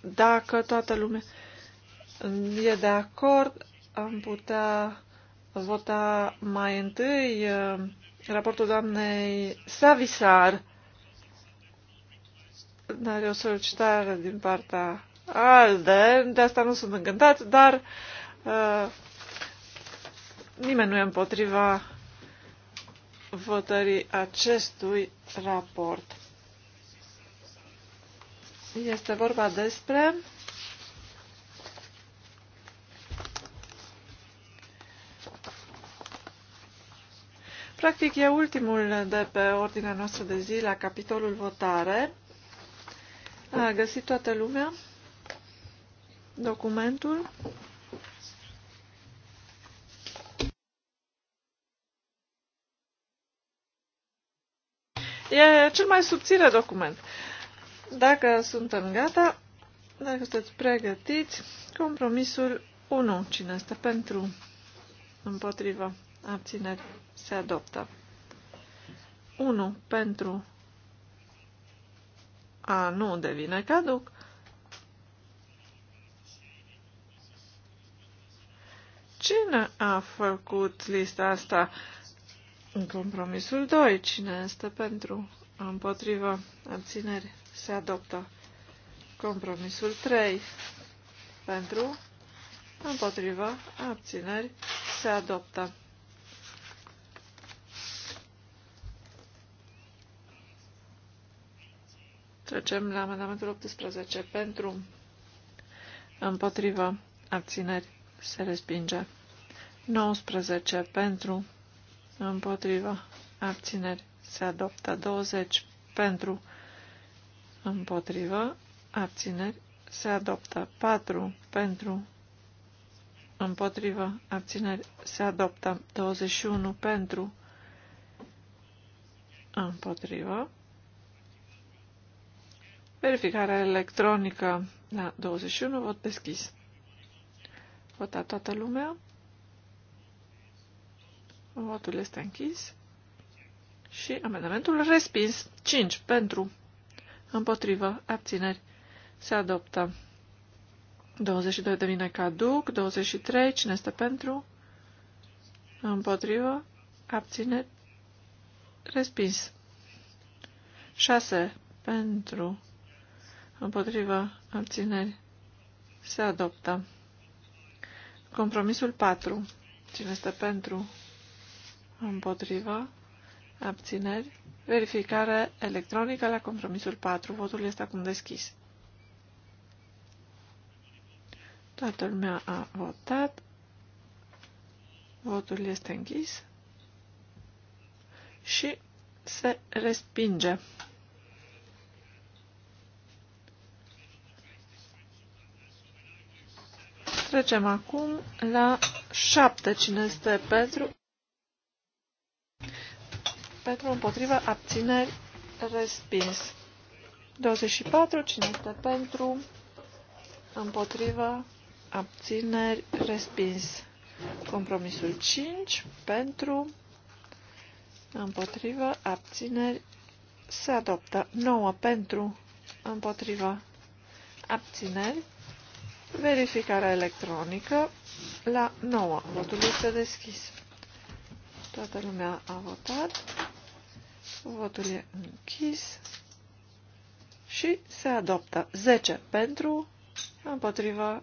Dacă toată lumea e de acord, am putea vota mai întâi raportul doamnei Savisar, dar e o solicitare din partea ALDE, de asta nu sunt încântat, dar uh, nimeni nu e împotriva votării acestui raport. Este vorba despre Practic e ultimul de pe ordinea noastră de zi la capitolul votare. A găsit toată lumea? documentul. E cel mai subțire document. Dacă suntem gata, dacă sunteți pregătiți, compromisul 1. Cine este pentru? Împotrivă. Abțineri. Se adoptă. 1. Pentru. A, nu devine caduc. Cine a făcut lista asta? În compromisul 2, cine este pentru? Împotrivă. Abțineri. Se adoptă. Compromisul 3. Pentru. Împotrivă. Abțineri. Se adoptă. Trecem la amendamentul 18. Pentru. Împotrivă. Abțineri se respinge. 19 pentru, împotriva, abțineri, se adoptă. 20 pentru, împotriva, abțineri, se adoptă. 4 pentru, împotriva, abțineri, se adoptă. 21 pentru, împotriva. Verificarea electronică la 21, vot deschis votat toată lumea. Votul este închis. Și amendamentul respins. 5 pentru. Împotrivă. Abțineri. Se adoptă. 22 devine caduc. 23. Cine este pentru? Împotrivă. Abțineri. Respins. 6 pentru. Împotrivă. Abțineri. Se adoptă. Compromisul 4. Cine este pentru? Împotriva. Abțineri. Verificare electronică la compromisul 4. Votul este acum deschis. Toată lumea a votat. Votul este închis. Și se respinge. Trecem acum la 7. Cine este pentru? Pentru împotriva abțineri respins. 24. Cine este pentru? Împotriva abțineri respins. Compromisul 5 pentru împotriva abțineri se adoptă. 9 pentru împotriva abțineri Verificarea electronică la 9. Votul este deschis. Toată lumea a votat. Votul e închis. Și se adoptă 10 pentru, împotriva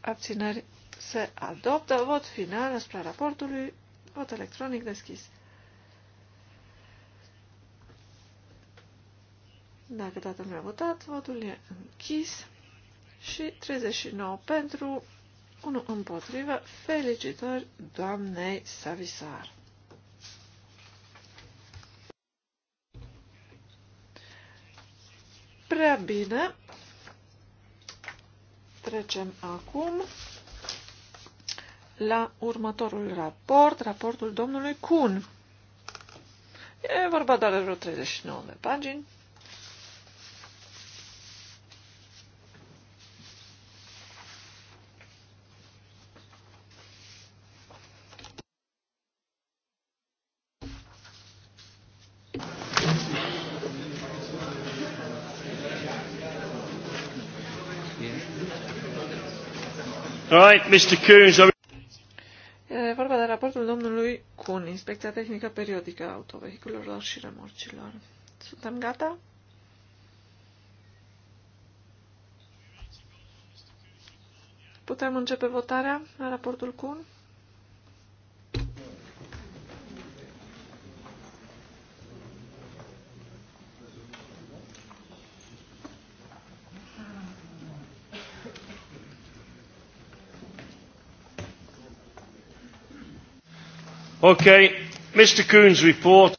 abțineri se adoptă. Vot final asupra raportului. Vot electronic deschis. Dacă toată lumea a votat, votul e închis și 39 pentru, 1 împotrivă. Felicitări doamnei Savisar! Prea bine. Trecem acum la următorul raport, raportul domnului Kun. E vorba doar de vreo 39 de pagini. E vorba de raportul domnului cu Inspecția Tehnică Periodică a Autovehiculelor și Remorcilor. Suntem gata? Putem începe votarea la raportul Kuhn? Ok, Mr. Coons report.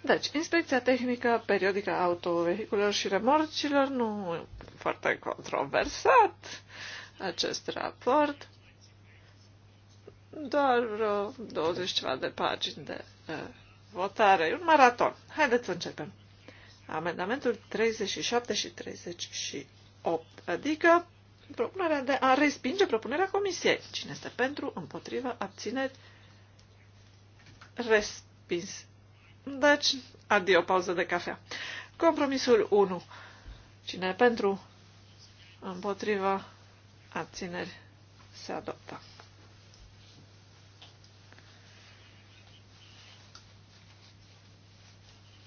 Deci, inspecția tehnică periodică a autovehiculelor și remorcilor nu foarte controversat acest raport. Doar vreo 20 ceva de pagini de uh, votare. E un maraton. Haideți să începem. Amendamentul 37 și 38, adică propunerea de a respinge propunerea comisiei. Cine este pentru, împotrivă, abțineri, Respins. Deci, adio, pauză de cafea. Compromisul 1. Cine pentru? Împotriva abțineri se adoptă.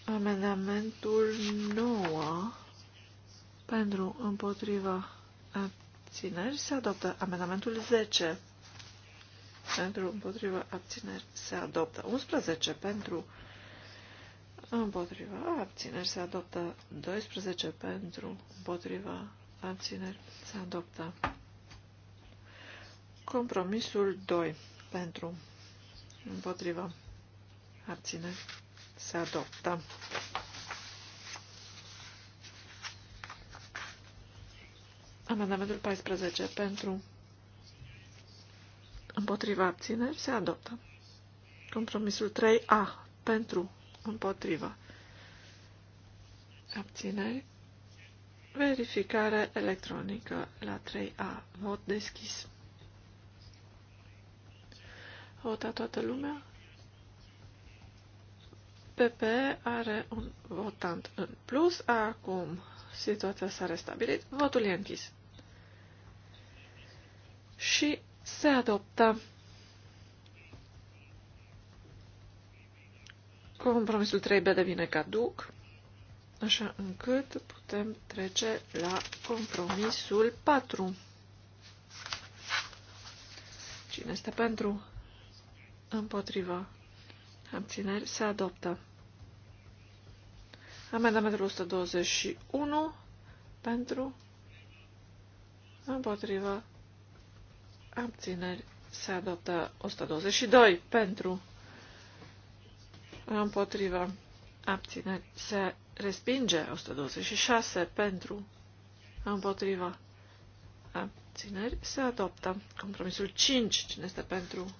Amendamentul 9 pentru împotriva abțineri se adoptă. Amendamentul 10 pentru împotriva abțineri se adoptă. 11 pentru împotriva abțineri se adoptă. 12 pentru împotriva abțineri se adoptă. Compromisul 2 pentru împotriva abțineri se adoptă. Amendamentul 14 pentru împotriva abțineri se adoptă. Compromisul 3A pentru împotriva abțineri. Verificare electronică la 3A. Vot deschis. A votat toată lumea? PP are un votant în plus. Acum situația s-a restabilit. Votul e închis. Și se adoptă compromisul 3B devine caduc, așa încât putem trece la compromisul 4. Cine este pentru? Împotriva. Abțineri se adoptă. Amendamentul 121 pentru împotriva abțineri se adoptă 122 pentru împotriva abțineri se respinge 126 pentru împotriva abțineri se adoptă compromisul 5 cine este pentru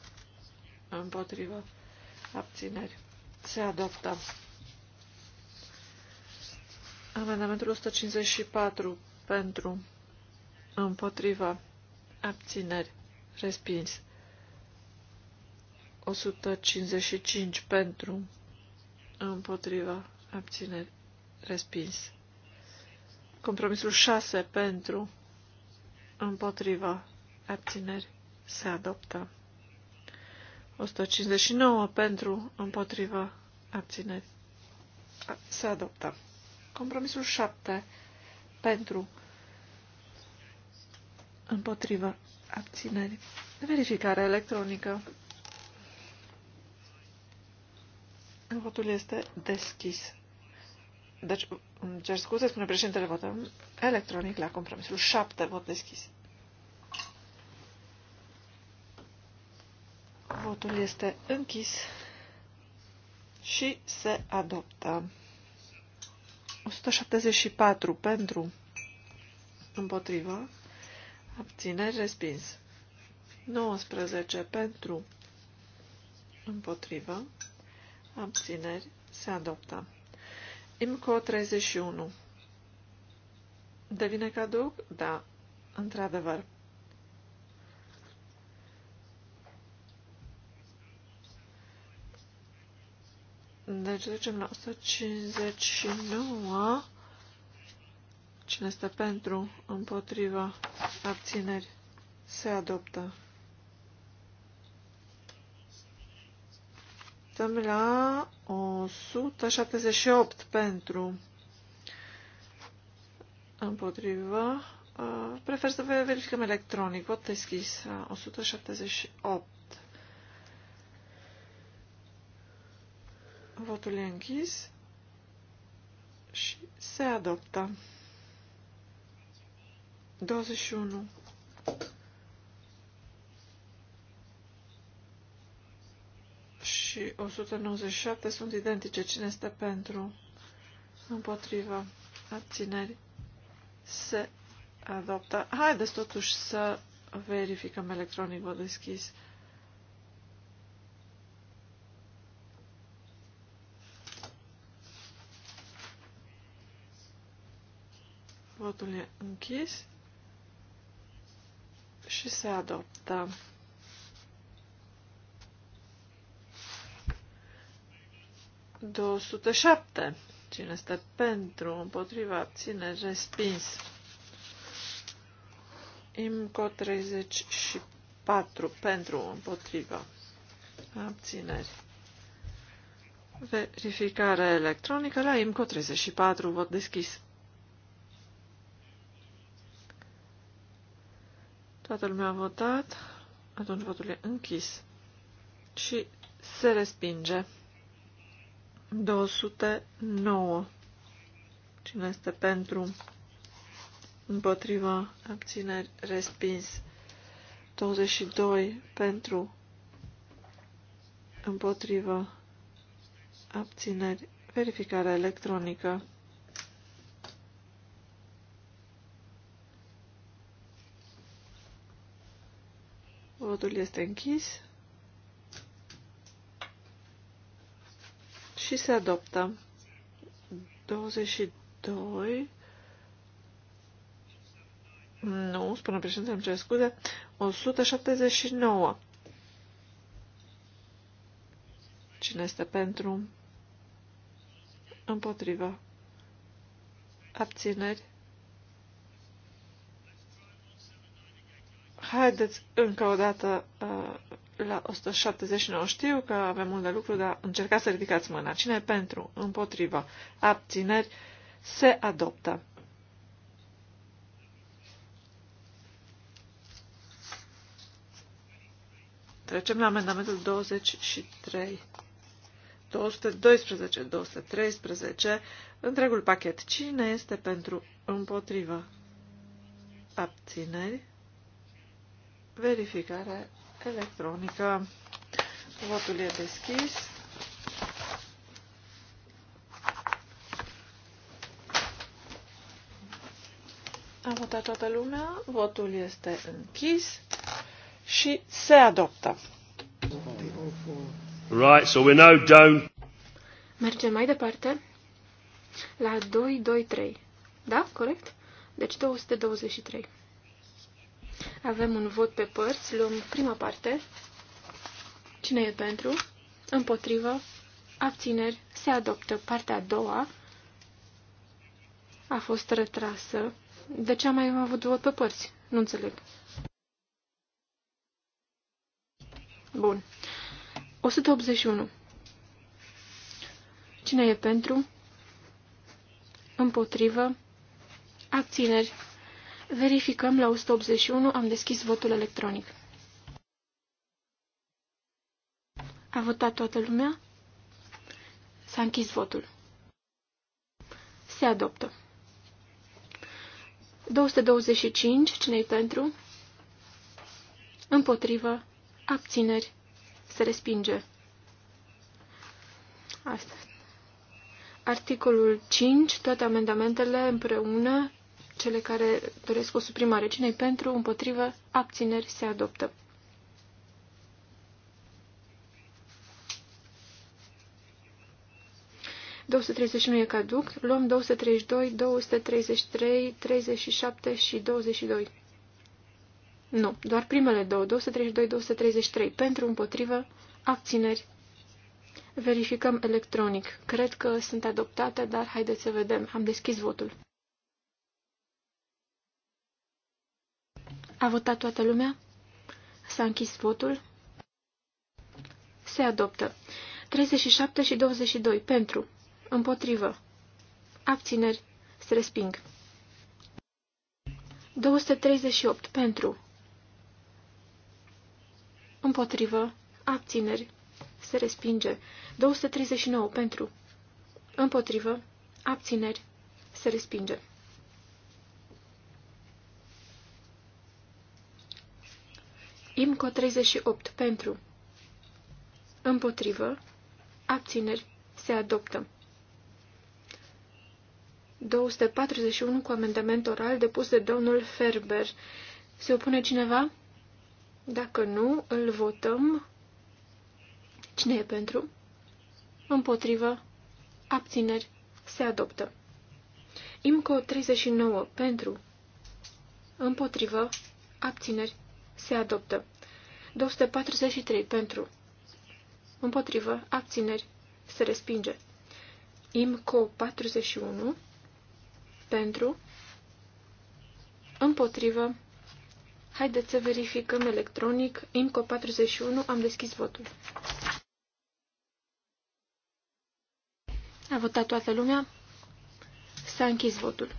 împotriva abțineri se adoptă amendamentul 154 pentru împotriva abțineri Respins. 155 pentru, împotriva, abțineri, respins. Compromisul 6 pentru, împotriva, abțineri, se adoptă. 159 pentru, împotriva, abțineri, se adoptă. Compromisul 7 pentru, împotriva, Abțineri. Verificare electronică. Votul este deschis. Deci, îmi cer scuze, spune președintele, votăm electronic la compromisul Șapte vot deschis. Votul este închis și se adoptă. 174 pentru împotrivă, Abțineri respins. 19 pentru. Împotrivă. Abțineri se adoptă. IMCO 31. Devine caduc? Da, într-adevăr. Deci trecem la 159. Cine este pentru, împotriva, abțineri, se adoptă. Stăm la 178 pentru, împotriva, prefer să verificăm electronic, vot deschis, 178. Votul e închis și se adoptă. 21. și 197 sunt identice. Cine este pentru? Împotriva. Abțineri. Se adoptă. Haideți totuși să verificăm electronic vă deschis. Votul e închis și se adoptă. șapte. Cine este pentru, împotriva, abține, respins. IMCO 34 pentru, împotriva, abțineri. Verificare electronică la IMCO 34, vot deschis. Toată lumea a votat. Atunci votul e închis. Și se respinge. 209. Cine este pentru? Împotriva abțineri respins. 22 pentru împotriva abțineri verificare electronică. Votul este închis. Și se adoptă. 22. Nu, spune președintele, îmi cer scuze. 179. Cine este pentru? Împotriva. Abțineri. Haideți încă o dată uh, la 179. Știu că avem mult de lucru, dar încercați să ridicați mâna. Cine pentru, împotriva, abțineri, se adoptă. Trecem la amendamentul 23. 212, 213, întregul pachet. Cine este pentru împotrivă? Abțineri verificare electronică. Votul e deschis. Am votat toată lumea, votul este închis și se adoptă. Right, so we now down. Mergem mai departe la 223. Da? Corect? Deci 223. Avem un vot pe părți. Luăm prima parte. Cine e pentru? Împotrivă. Abțineri. Se adoptă. Partea a doua a fost retrasă. De ce am mai avut vot pe părți? Nu înțeleg. Bun. 181. Cine e pentru? Împotrivă? Abțineri? Verificăm la 181, am deschis votul electronic. A votat toată lumea? S-a închis votul. Se adoptă. 225, cine e pentru? Împotrivă, abțineri, se respinge. Asta. Articolul 5, toate amendamentele împreună, cele care doresc o suprimare. cinei pentru, împotrivă, abțineri se adoptă. nu e caduc, luăm 232, 233, 37 și 22. Nu, doar primele două, 232, 233, pentru, împotrivă, abțineri. Verificăm electronic. Cred că sunt adoptate, dar haideți să vedem. Am deschis votul. A votat toată lumea? S-a închis votul? Se adoptă. 37 și 22. Pentru. Împotrivă. Abțineri. Se resping. 238. Pentru. Împotrivă. Abțineri. Se respinge. 239. Pentru. Împotrivă. Abțineri. Se respinge. IMCO 38 pentru. Împotrivă. Abțineri. Se adoptă. 241 cu amendament oral depus de domnul Ferber. Se opune cineva? Dacă nu, îl votăm. Cine e pentru? Împotrivă. Abțineri. Se adoptă. IMCO 39. Pentru. Împotrivă. Abțineri. Se adoptă. 243 pentru. Împotrivă. Abțineri. Se respinge. IMCO 41 pentru. Împotrivă. Haideți să verificăm electronic. IMCO 41. Am deschis votul. A votat toată lumea. S-a închis votul.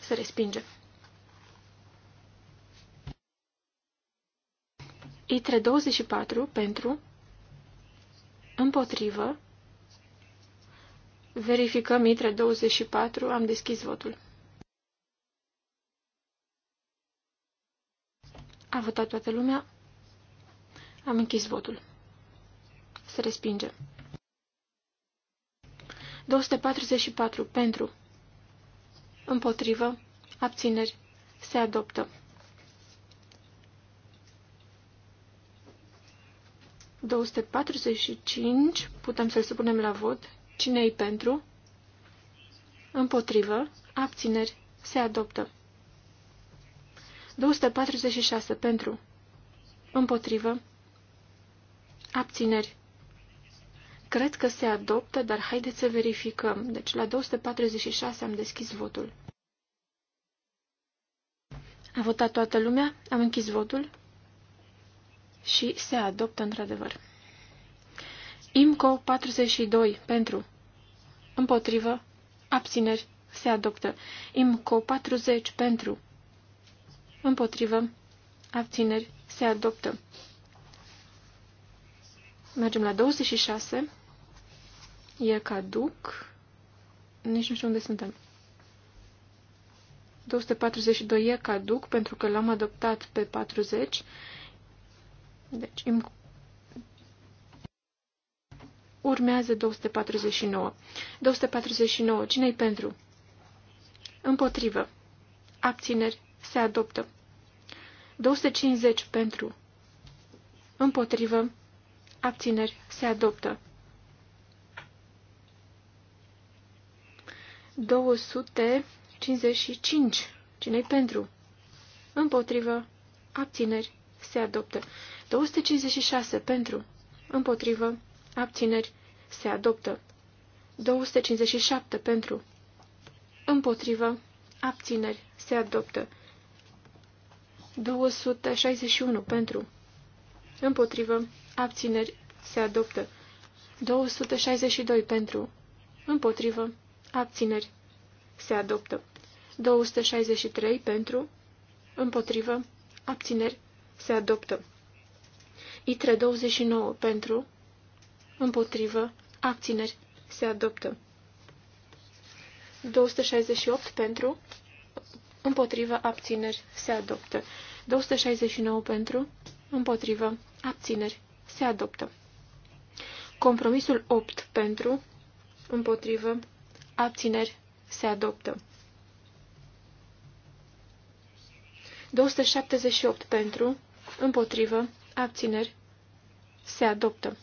Se respinge. ITRE 24 pentru, împotrivă, verificăm ITRE 24, am deschis votul. A votat toată lumea, am închis votul. Se respinge. 244 pentru, împotrivă, abțineri, se adoptă. 245, putem să-l supunem la vot. Cine-i pentru? Împotrivă. Abțineri. Se adoptă. 246 pentru. Împotrivă. Abțineri. Cred că se adoptă, dar haideți să verificăm. Deci la 246 am deschis votul. A votat toată lumea? Am închis votul? și se adoptă într-adevăr. IMCO 42 pentru împotrivă abțineri se adoptă. IMCO 40 pentru împotrivă abțineri se adoptă. Mergem la 26. E caduc. Nici nu știu unde suntem. 242 e caduc pentru că l-am adoptat pe 40. Deci urmează 249. 249. Cine-i pentru? Împotrivă. Abțineri. Se adoptă. 250 pentru. Împotrivă. Abțineri. Se adoptă. 255. Cine-i pentru? Împotrivă. Abțineri. Se adoptă. 256 pentru, împotrivă, abțineri, se adoptă. 257 pentru, împotrivă, abțineri, se adoptă. 261 pentru, împotrivă, abțineri, se adoptă. 262 pentru, împotrivă, abțineri, se adoptă. 263 pentru, împotrivă, abțineri, se adoptă. ITRE 29 pentru, împotrivă, abțineri, se adoptă. 268 pentru, împotrivă, abțineri, se adoptă. 269 pentru, împotrivă, abțineri, se adoptă. Compromisul 8 pentru, împotrivă, abțineri, se adoptă. 278 pentru, împotrivă, abțineri, se adoptă.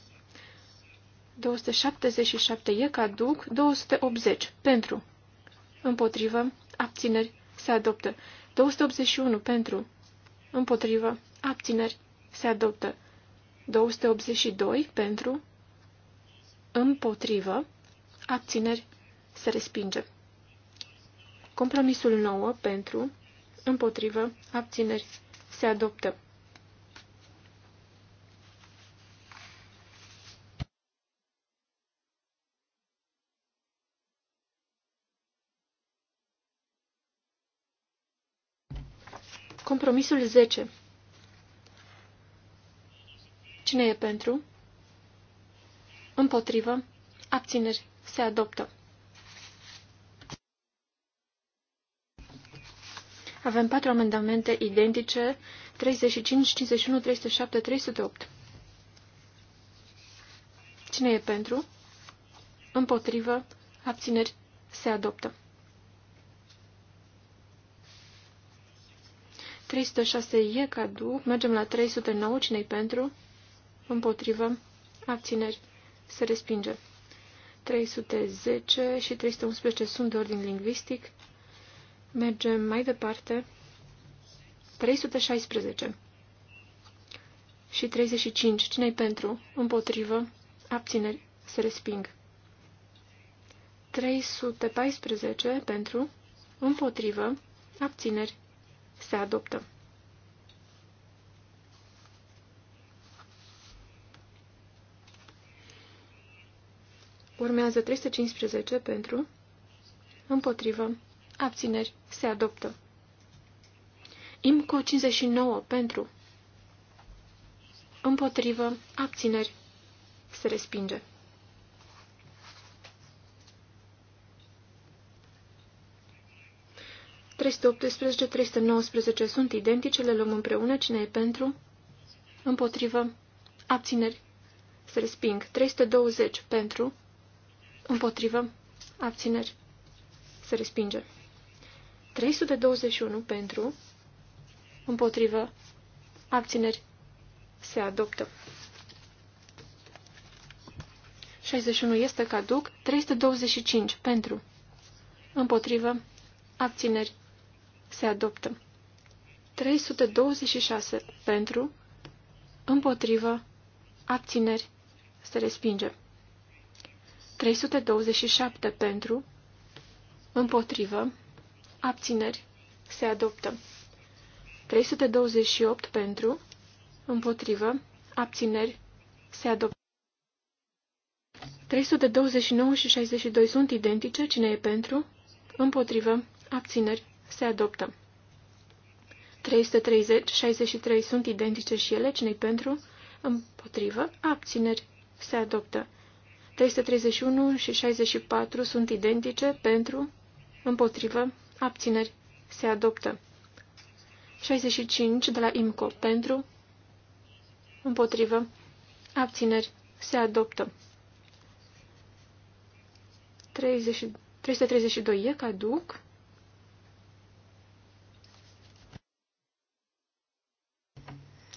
277 e caduc, 280 pentru, împotrivă, abțineri, se adoptă. 281 pentru, împotrivă, abțineri, se adoptă. 282 pentru, împotrivă, abțineri, se respinge. Compromisul 9 pentru, împotrivă, abțineri, se adoptă. Compromisul 10. Cine e pentru? Împotrivă. Abțineri. Se adoptă. Avem patru amendamente identice, 35, 51, 307, 308. Cine e pentru? Împotrivă. Abțineri. Se adoptă. 306 e caduc. Mergem la 309. cine pentru? Împotrivă. Abțineri. Se respinge. 310 și 311 sunt de ordin lingvistic. Mergem mai departe. 316 și 35. cine pentru? Împotrivă. Abțineri. Se resping. 314 pentru. Împotrivă. Abțineri. Se adoptă. Urmează 315 pentru, împotrivă, abțineri, se adoptă. IMCO 59 pentru, împotrivă, abțineri, se respinge. 318, 319 sunt identice, le luăm împreună. Cine e pentru? Împotrivă. Abțineri. Se resping. 320 pentru. Împotrivă. Abțineri. Se respinge. 321 pentru. Împotrivă. Abțineri. Se adoptă. 61 este caduc. 325 pentru. Împotrivă. Abțineri se adoptă. 326 pentru, împotrivă, abțineri, se respinge. 327 pentru, împotrivă, abțineri, se adoptă. 328 pentru, împotrivă, abțineri, se adoptă. 329 și 62 sunt identice, cine e pentru, împotrivă, abțineri, se adoptă. 330, 63 sunt identice și ele, cine pentru, împotrivă, abțineri, se adoptă. 331 și 64 sunt identice, pentru, împotrivă, abțineri, se adoptă. 65 de la IMCO, pentru, împotrivă, abțineri, se adoptă. 30, 332 e caduc.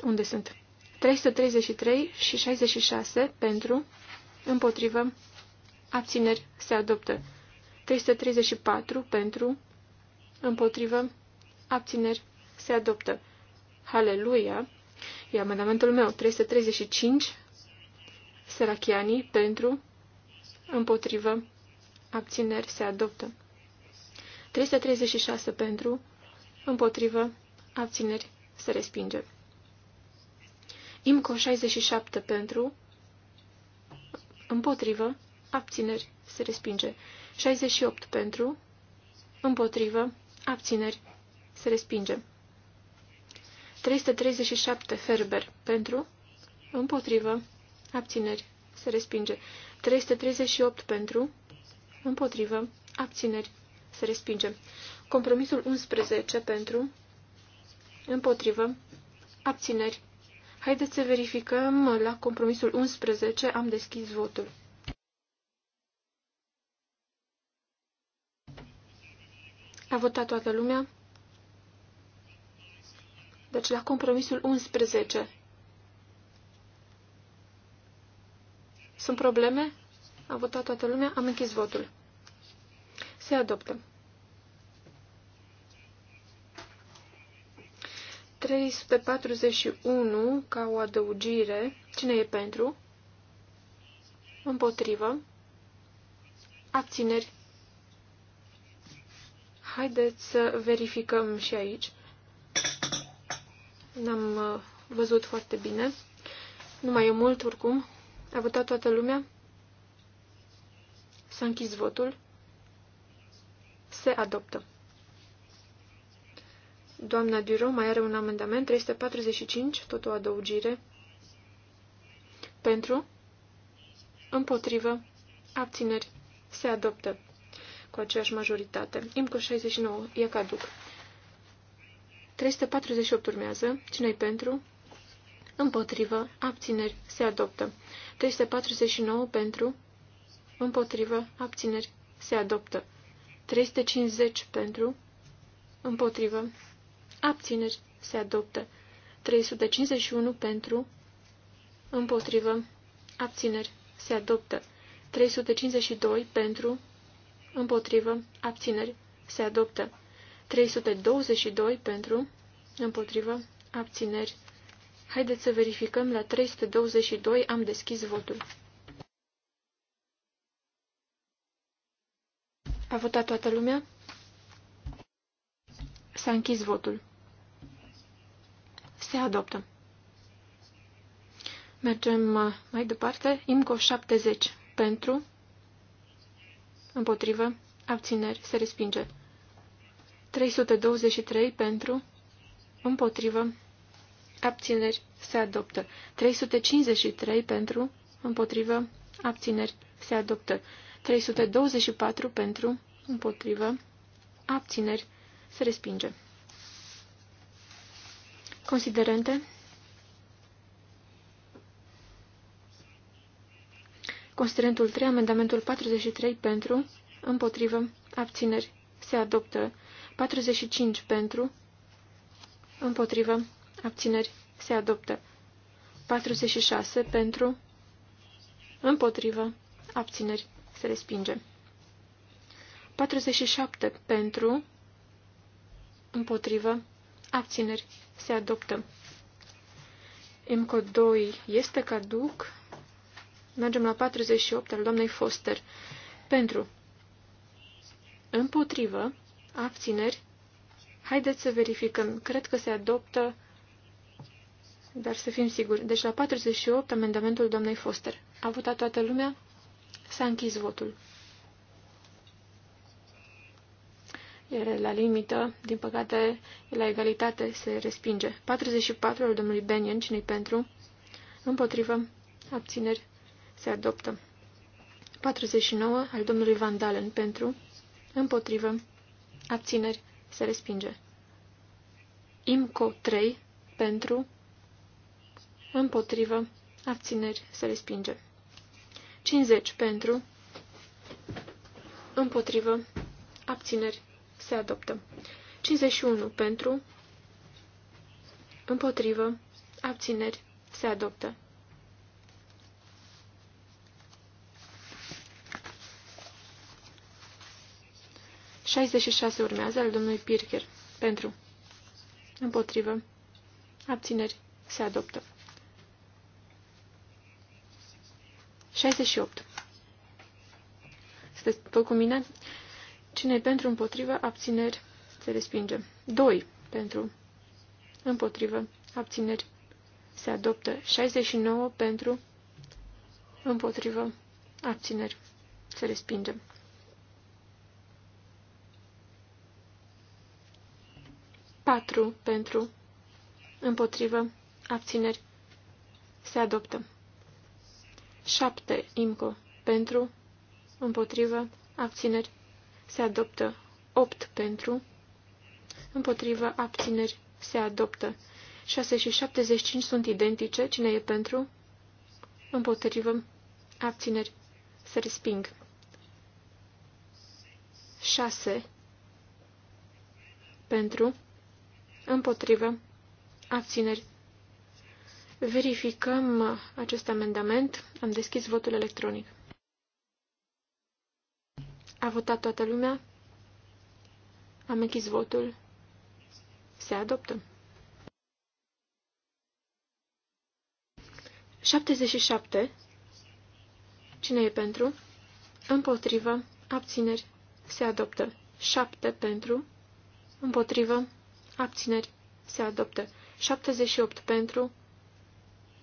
Unde sunt? 333 și 66 pentru, împotrivă, abțineri se adoptă. 334 pentru, împotrivă, abțineri se adoptă. Haleluia! E amendamentul meu 335, Serachianii pentru, împotrivă, abțineri se adoptă. 336 pentru, împotrivă, abțineri se respinge. IMCO 67 pentru, împotrivă, abțineri, se respinge. 68 pentru, împotrivă, abțineri, se respinge. 337 Ferber pentru, împotrivă, abțineri, se respinge. 338 pentru, împotrivă, abțineri, se respinge. Compromisul 11 pentru, împotrivă, abțineri, Haideți să verificăm la compromisul 11. Am deschis votul. A votat toată lumea? Deci la compromisul 11. Sunt probleme? A votat toată lumea? Am închis votul. Se adoptă. 341 ca o adăugire. Cine e pentru? Împotrivă. Abțineri. Haideți să verificăm și aici. N-am uh, văzut foarte bine. Nu mai e mult, oricum. A votat toată lumea? S-a închis votul. Se adoptă. Doamna Duro mai are un amendament, 345, tot o adăugire. Pentru, împotrivă, abțineri, se adoptă cu aceeași majoritate. IMCO 69 e caduc. 348 urmează. cine pentru? Împotrivă. Abțineri. Se adoptă. 349 pentru. Împotrivă. Abțineri. Se adoptă. 350 pentru. Împotrivă abțineri, se adoptă. 351 pentru, împotrivă, abțineri, se adoptă. 352 pentru, împotrivă, abțineri, se adoptă. 322 pentru, împotrivă, abțineri. Haideți să verificăm la 322 am deschis votul. A votat toată lumea? S-a închis votul. Se adoptă. Mergem uh, mai departe. IMCO 70. Pentru. Împotrivă. Abțineri. Se respinge. 323 pentru. Împotrivă. Abțineri. Se adoptă. 353 pentru. Împotrivă. Abțineri. Se adoptă. 324 pentru. Împotrivă. Abțineri. Se respinge. Considerente. Considerentul 3, amendamentul 43 pentru, împotrivă, abțineri, se adoptă. 45 pentru, împotrivă, abțineri, se adoptă. 46 pentru, împotrivă, abțineri, se respinge. 47 pentru, împotrivă, Abțineri. Se adoptă. mc 2 este caduc. Mergem la 48 al doamnei Foster. Pentru. Împotrivă. Abțineri. Haideți să verificăm. Cred că se adoptă, dar să fim siguri. Deci la 48, amendamentul doamnei Foster. A votat toată lumea? S-a închis votul. iar la limită, din păcate, la egalitate se respinge. 44 al domnului Benyon, cine pentru? Împotrivă, abțineri, se adoptă. 49 al domnului Van Dalen, pentru? Împotrivă, abțineri, se respinge. IMCO 3, pentru? Împotrivă, abțineri, se respinge. 50 pentru, împotrivă, abțineri, se adoptă. 51 pentru, împotrivă, abțineri, se adoptă. șase urmează al domnului Pircher. Pentru. Împotrivă. Abțineri. Se adoptă. 68. Sunteți după cu mine? Cine pentru împotrivă, abțineri, se respinge. 2 pentru împotrivă, abțineri, se adoptă. 69 pentru împotrivă, abțineri, se respinge. Patru pentru împotrivă, abțineri, se adoptă. Șapte Imco. Pentru, împotrivă, abțineri, se adoptă. 8 pentru, împotrivă, abțineri, se adoptă. 6 și 75 sunt identice. Cine e pentru? Împotrivă, abțineri, se resping. 6 pentru, împotrivă, abțineri. Verificăm acest amendament. Am deschis votul electronic. A votat toată lumea? Am închis votul. Se adoptă. 77. Cine e pentru? Împotrivă. Abțineri. Se adoptă. 7 pentru. Împotrivă. Abțineri. Se adoptă. 78 pentru.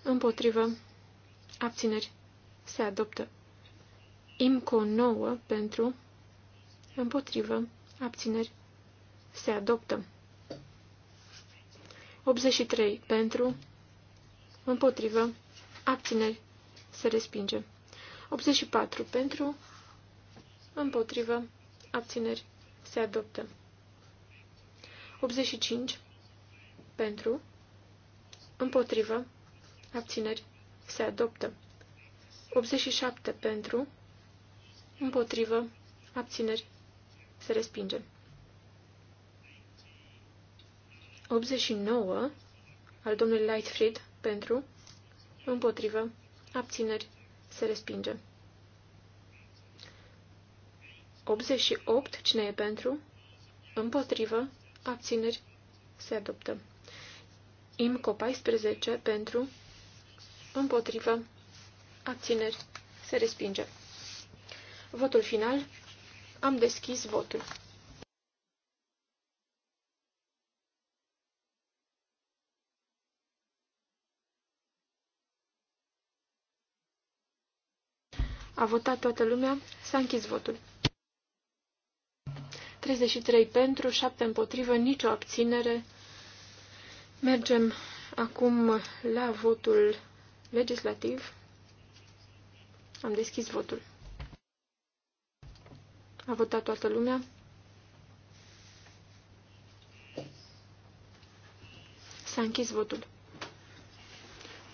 Împotrivă. Abțineri. Se adoptă. IMCO 9 pentru. Împotrivă. Abțineri. Se adoptă. 83. Pentru. Împotrivă. Abțineri. Se respinge. 84. Pentru. Împotrivă. Abțineri. Se adoptă. 85. Pentru. Împotrivă. Abțineri. Se adoptă. 87. Pentru. Împotrivă. Abțineri. Se respinge. 89 al domnului Lightfried pentru, împotrivă, abțineri, se respinge. 88 cine e pentru, împotrivă, abțineri, se adoptă. IMCO 14 pentru, împotrivă, abțineri, se respinge. Votul final am deschis votul. A votat toată lumea, s-a închis votul. 33 pentru, 7 împotrivă, nicio abținere. Mergem acum la votul legislativ. Am deschis votul. A votat toată lumea? S-a închis votul.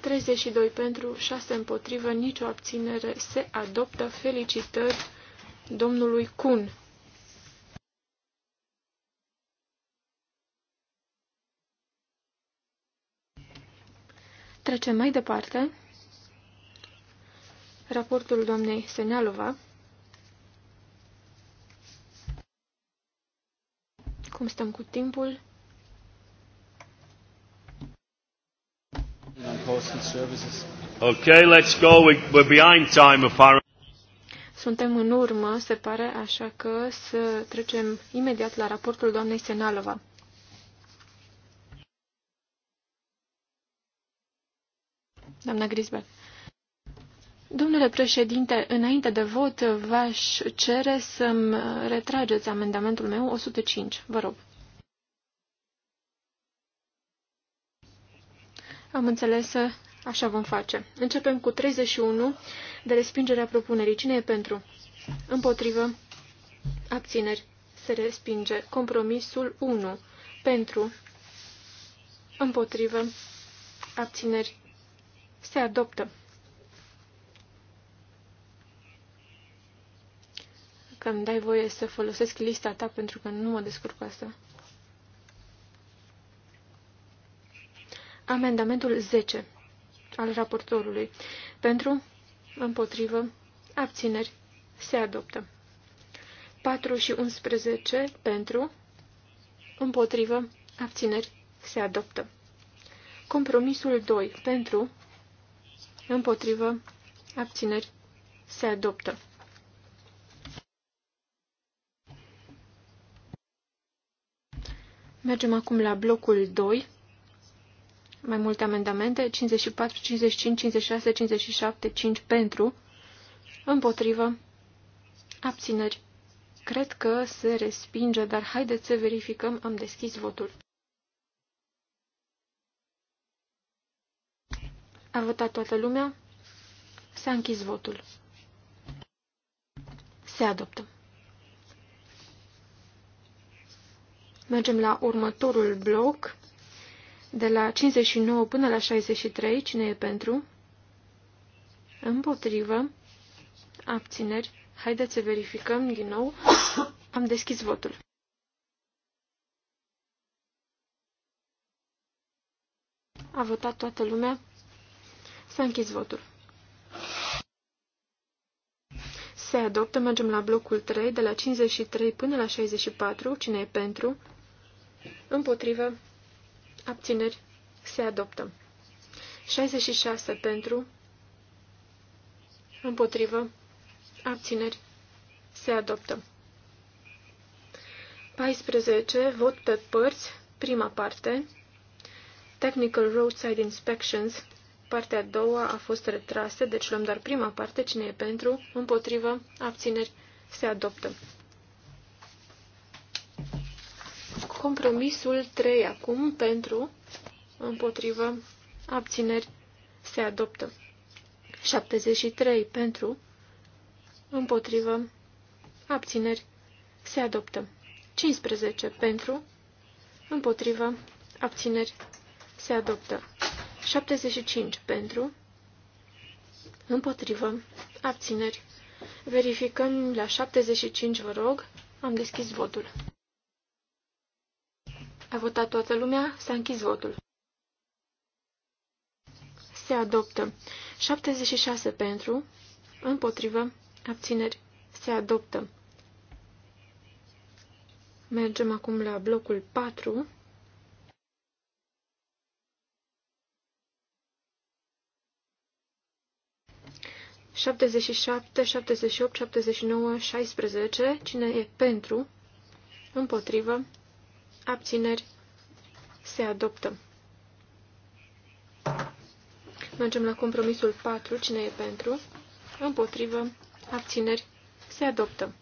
32 pentru, 6 împotrivă, nicio abținere. Se adoptă felicitări domnului Kun. Trecem mai departe. Raportul doamnei Senealova. Cum stăm cu timpul? Okay, let's go. We're behind time, apparently. Suntem în urmă, se pare, așa că să trecem imediat la raportul doamnei Senalova. Doamna Grisbeck. Domnule președinte, înainte de vot v-aș cere să-mi retrageți amendamentul meu 105. Vă rog. Am înțeles, așa vom face. Începem cu 31 de respingerea propunerii. Cine e pentru? Împotrivă. Abțineri. Se respinge. Compromisul 1. Pentru. Împotrivă. Abțineri. Se adoptă. că îmi dai voie să folosesc lista ta pentru că nu mă descurc asta. Amendamentul 10 al raportorului. Pentru, împotrivă, abțineri, se adoptă. 4 și 11 pentru, împotrivă, abțineri, se adoptă. Compromisul 2 pentru, împotrivă, abțineri, se adoptă. Mergem acum la blocul 2. Mai multe amendamente. 54, 55, 56, 57, 5 pentru. Împotrivă. Abțineri. Cred că se respinge, dar haideți să verificăm. Am deschis votul. A votat toată lumea. S-a închis votul. Se adoptă. Mergem la următorul bloc, de la 59 până la 63, cine e pentru? Împotrivă, abțineri. Haideți să verificăm din nou. Am deschis votul. A votat toată lumea. S-a închis votul. Se adoptă, mergem la blocul 3, de la 53 până la 64, cine e pentru, Împotrivă. Abțineri. Se adoptă. 66 pentru. Împotrivă. Abțineri. Se adoptă. 14. Vot pe părți. Prima parte. Technical Roadside Inspections. Partea a doua a fost retrasă, deci luăm doar prima parte. Cine e pentru? Împotrivă. Abțineri. Se adoptă. Compromisul 3 acum pentru, împotrivă, abțineri se adoptă. 73 pentru, împotrivă, abțineri se adoptă. 15 pentru, împotrivă, abțineri se adoptă. 75 pentru, împotrivă, abțineri. Verificăm la 75, vă rog, am deschis votul. A votat toată lumea, s-a închis votul. Se adoptă. 76 pentru, împotrivă, abțineri, se adoptă. Mergem acum la blocul 4. șaptezeci și șapte, șaptezeci și opt, șaptezeci și nouă, șaisprezece. Cine e pentru? Împotrivă abțineri, se adoptă. Mergem la compromisul 4. Cine e pentru? Împotrivă. Abțineri. Se adoptă.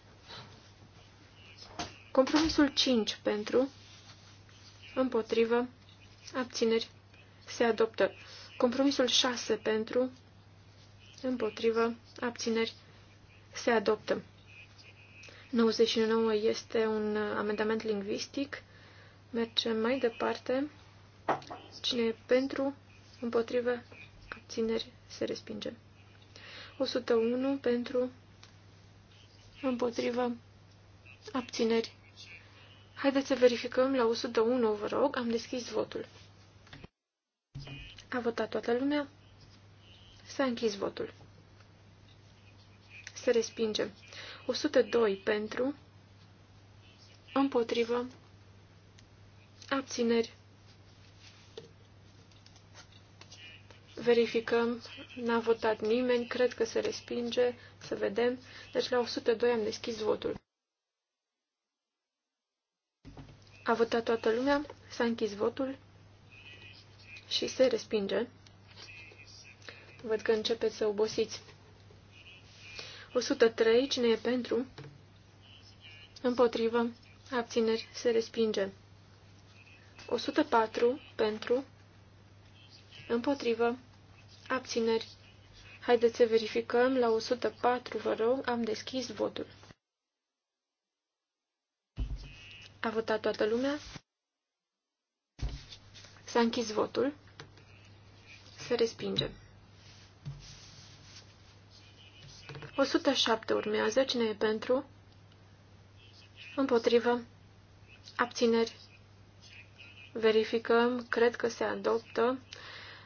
Compromisul 5. Pentru. Împotrivă. Abțineri. Se adoptă. Compromisul 6. Pentru. Împotrivă. Abțineri. Se adoptă. 99 este un amendament lingvistic. Mergem mai departe. Cine e pentru, împotrivă, abțineri, se respinge. 101 pentru, împotrivă, abțineri. Haideți să verificăm la 101, vă rog, am deschis votul. A votat toată lumea? S-a închis votul. Se respinge. 102 pentru, împotrivă, Abțineri. Verificăm. N-a votat nimeni. Cred că se respinge. Să vedem. Deci la 102 am deschis votul. A votat toată lumea. S-a închis votul. Și se respinge. Văd că începeți să obosiți. 103. Cine e pentru? Împotrivă. Abțineri. Se respinge. 104 pentru, împotrivă, abțineri. Haideți să verificăm la 104, vă rog, am deschis votul. A votat toată lumea? S-a închis votul. Se respinge. 107 urmează. Cine e pentru? Împotrivă. Abțineri. Verificăm, cred că se adoptă.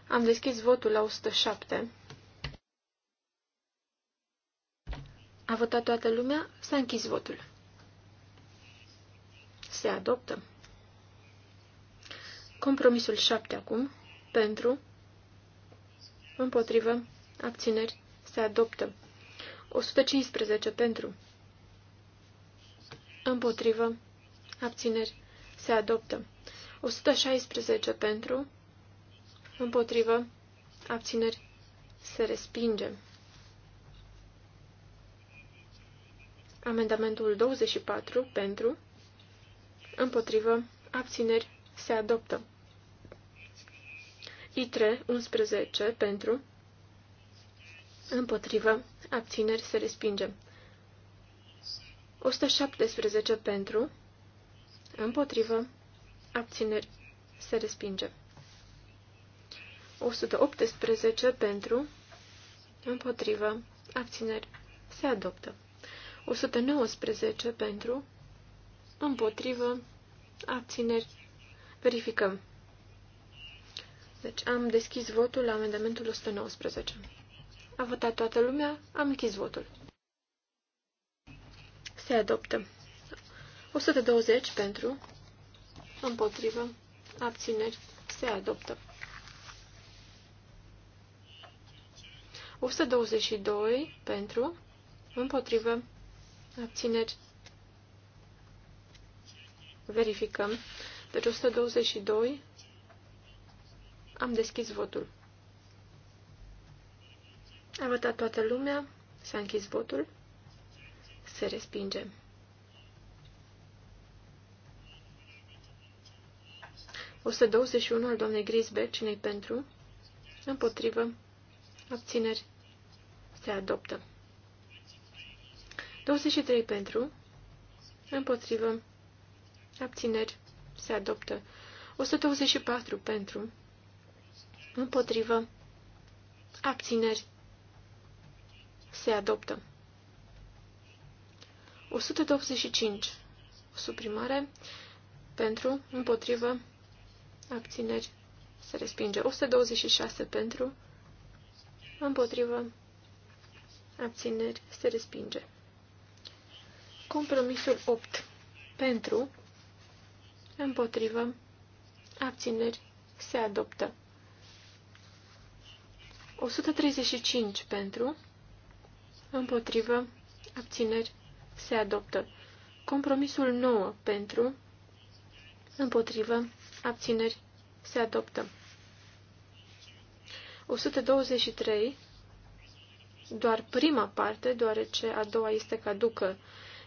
Am deschis votul la 107. A votat toată lumea, s-a închis votul. Se adoptă. Compromisul 7 acum, pentru, împotrivă, abțineri, se adoptă. 115 pentru, împotrivă, abțineri, se adoptă. 116 pentru, împotrivă, abțineri, se respinge. Amendamentul 24 pentru, împotrivă, abțineri, se adoptă. I3 11 pentru, împotrivă, abțineri, se respinge. 117 pentru, împotrivă, abțineri, se respinge. 118 pentru, împotrivă, abțineri, se adoptă. 119 pentru, împotrivă, abțineri, verificăm. Deci am deschis votul la amendamentul 119. A votat toată lumea, am închis votul. Se adoptă. 120 pentru, împotrivă, abțineri, se adoptă. 122 pentru, împotrivă, abțineri, verificăm. Deci 122, am deschis votul. A votat toată lumea, s-a închis votul, se respinge. 121 al doamnei Grisbeck, cine pentru? Împotrivă. Abțineri. Se adoptă. 23 pentru. Împotrivă. Abțineri. Se adoptă. 124 pentru. Împotrivă. Abțineri. Se adoptă. 125. Suprimare. Pentru. Împotrivă abțineri, se respinge. 126 pentru, împotrivă, abțineri, se respinge. Compromisul 8 pentru, împotrivă, abțineri, se adoptă. 135 pentru, împotrivă, abțineri, se adoptă. Compromisul 9 pentru, împotrivă, abțineri, se adoptă. 123, doar prima parte, deoarece a doua este caducă.